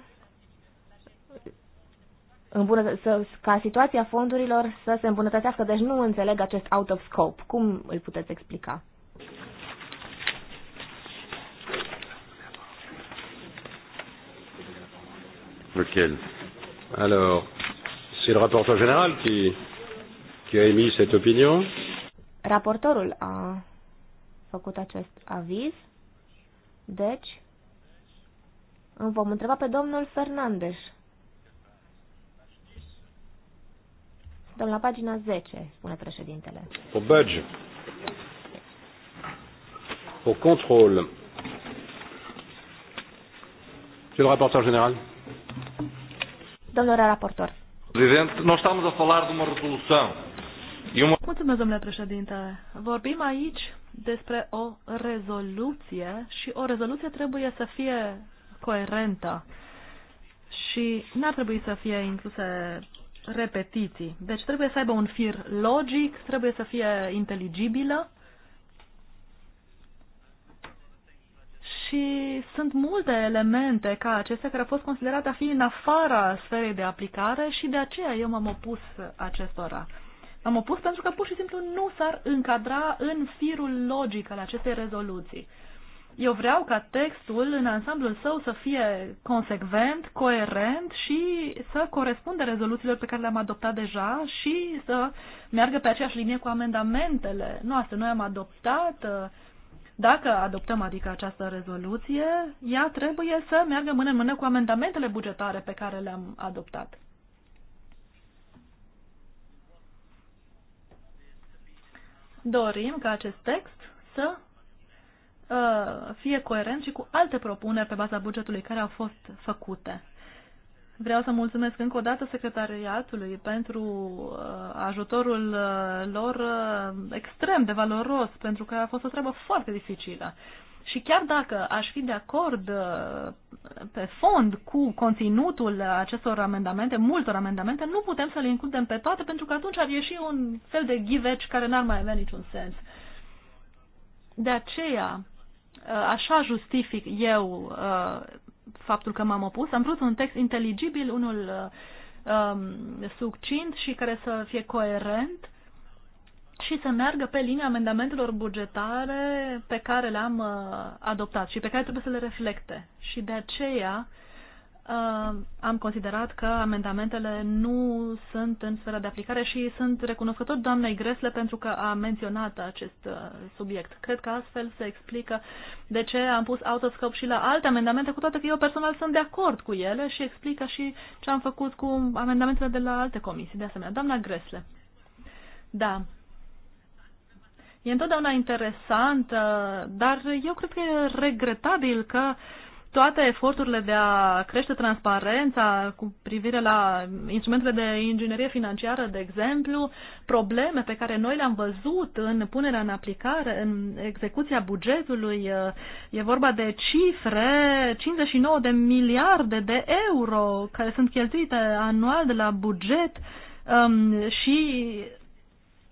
îmbunătă- să, ca situația fondurilor să se îmbunătățească. Deci nu înțeleg acest out of scope. Cum îl puteți explica? Lequel Alors, c'est le rapporteur général qui, qui a émis cette opinion. Raportorul a făcut acest aviz. Deci, îmi vom întreba pe domnul Fernandes Dăm la pagina 10, spune președintele. Pour budge, pour contrôle, Senhor raportor General. Domnule Raportor. Prezident, noi stăm să falar de o rezoluție. uma... Mulțumesc, domnule președinte. Vorbim aici despre o rezoluție și o rezoluție trebuie să fie coerentă și n-ar trebui să fie incluse repetiții. Deci trebuie să aibă un fir logic, trebuie să fie inteligibilă și sunt multe elemente ca acestea care au fost considerate a fi în afara sferei de aplicare și de aceea eu m-am opus acestora. M-am opus pentru că pur și simplu nu s-ar încadra în firul logic al acestei rezoluții. Eu vreau ca textul în ansamblul său să fie consecvent, coerent și să corespundă rezoluțiilor pe care le-am adoptat deja și să meargă pe aceeași linie cu amendamentele noastre. Noi am adoptat, uh, dacă adoptăm adică această rezoluție, ea trebuie să meargă mână în mână cu amendamentele bugetare pe care le-am adoptat. Dorim ca acest text să Uh, fie coerent și cu alte propuneri pe baza bugetului care au fost făcute. Vreau să mulțumesc încă o dată secretariatului pentru uh, ajutorul uh, lor extrem de valoros, pentru că a fost o treabă foarte dificilă. Și chiar dacă aș fi de acord pe fond cu conținutul acestor amendamente, multor amendamente, nu putem să le includem pe toate, pentru că atunci ar ieși un fel de ghiveci care n-ar mai avea niciun sens. De aceea, Uh, așa justific eu uh, faptul că m-am opus. Am vrut un text inteligibil, unul uh, um, succint și care să fie coerent și să meargă pe linia amendamentelor bugetare pe care le-am adoptat și pe care trebuie să le reflecte. Și de aceea Uh, am considerat că amendamentele nu sunt în sfera de aplicare și sunt recunoscător doamnei Gresle pentru că a menționat acest uh, subiect. Cred că astfel se explică de ce am pus autoscop și la alte amendamente, cu toate că eu personal sunt de acord cu ele și explică și ce am făcut cu amendamentele de la alte comisii. De asemenea, doamna Gresle. Da. E întotdeauna interesant, dar eu cred că e regretabil că uh, toate eforturile de a crește transparența cu privire la instrumentele de inginerie financiară, de exemplu, probleme pe care noi le-am văzut în punerea în aplicare, în execuția bugetului, e vorba de cifre, 59 de miliarde de euro care sunt cheltuite anual de la buget um, și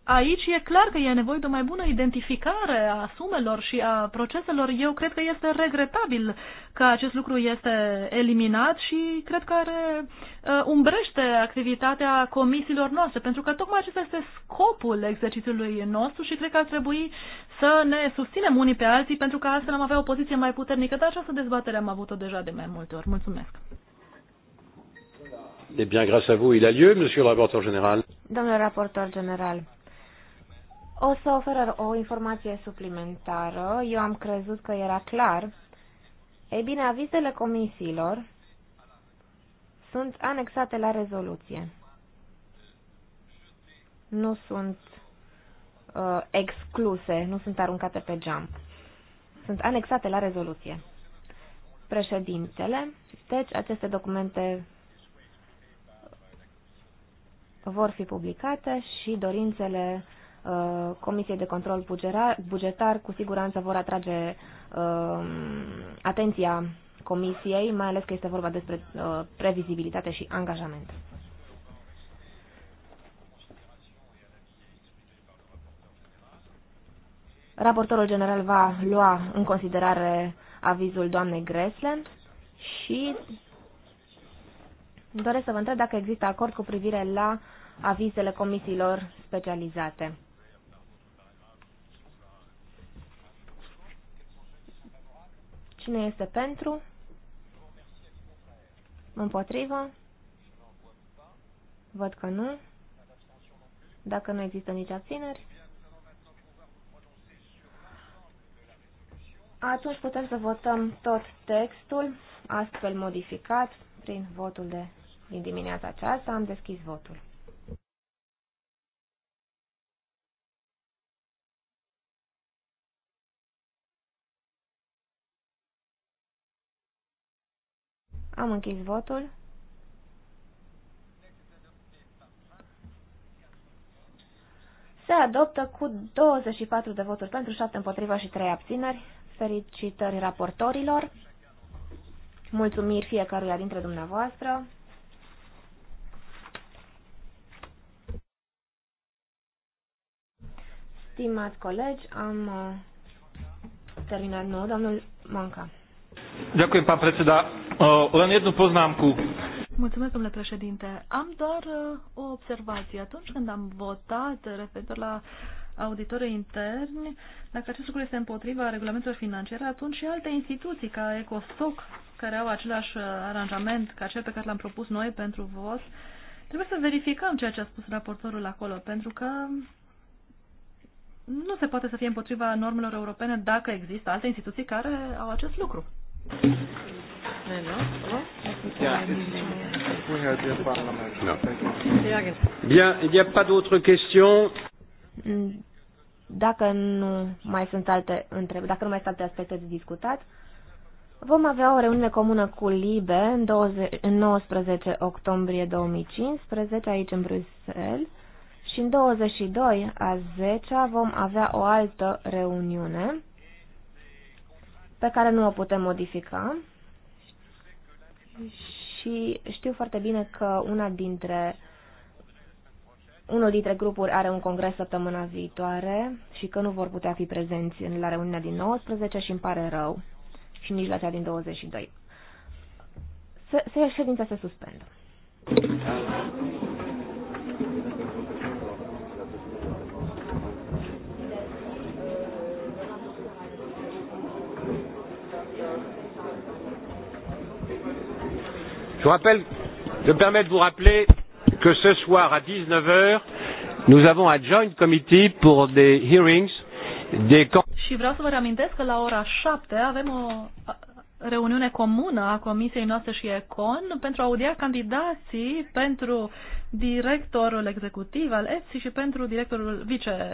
aici e clar că e nevoie de o mai bună identificare a sumelor și a proceselor. Eu cred că este regretabil că acest lucru este eliminat și cred că are, uh, umbrește activitatea comisiilor noastre, pentru că tocmai acesta este scopul exercițiului nostru și cred că ar trebui să ne susținem unii pe alții, pentru că astfel am avea o poziție mai puternică, dar această dezbatere am avut-o deja de mai multe ori. Mulțumesc! Eh bien, grâce à vous, il a lieu, monsieur le rapporteur général. Domnule raportor general, o să ofer o informație suplimentară. Eu am crezut că era clar. Ei bine, avizele comisiilor sunt anexate la rezoluție. Nu sunt uh, excluse, nu sunt aruncate pe geam. Sunt anexate la rezoluție. Președintele, deci aceste documente vor fi publicate și dorințele Uh, Comisiei de Control Bugetar cu siguranță vor atrage um, atenția Comisiei, mai ales că este vorba despre uh, previzibilitate și angajament. Raportorul general va lua în considerare avizul doamnei Gresland și doresc să vă întreb dacă există acord cu privire la avizele comisiilor specializate. Cine este pentru? Împotrivă? Văd că nu. Dacă nu există nici abțineri. Atunci putem să votăm tot textul, astfel modificat, prin votul de din dimineața aceasta. Am deschis votul. Am închis votul. Se adoptă cu 24 de voturi pentru, 7 împotriva și 3 abțineri. Felicitări raportorilor. Mulțumiri fiecăruia dintre dumneavoastră. Stimați colegi, am uh, terminat nou, domnul Manca. Ďakujem, pán predseda. Len jednu poznámku. Mulțumesc, domnule președinte. Am doar o observație. Atunci când am votat referitor la auditorii interni, dacă acest lucru este împotriva regulamentelor financiare, atunci și alte instituții ca Ecostoc, care au același aranjament ca cel pe care l-am propus noi pentru vot, trebuie să verificăm ceea ce a spus raportorul acolo, pentru că nu se poate să fie împotriva normelor europene dacă există alte instituții care au acest lucru. Bien, il n'y a pas d'autres questions. Dacă nu mai sunt alte întrebări, dacă nu mai sunt alte aspecte de discutat, vom avea o reuniune comună cu LIBE în, 20, în 19 octombrie 2015 aici în Bruxelles și în 22 a 10 -a vom avea o altă reuniune pe care nu o putem modifica. Și știu foarte bine că una dintre unul dintre grupuri are un congres săptămâna viitoare și că nu vor putea fi prezenți la reuniunea din 19 și îmi pare rău și nici la cea din 22. Se, se, ședința se suspendă. Je, rappelle, je me permets de vous rappeler que ce soir à 19h, nous avons un joint committee pour des hearings des... Și vreau să vă reamintesc că la ora 7 avem o reuniune comună a Comisiei noastre și ECON pentru a audia candidații pentru directorul executiv al EFSI și pentru directorul vice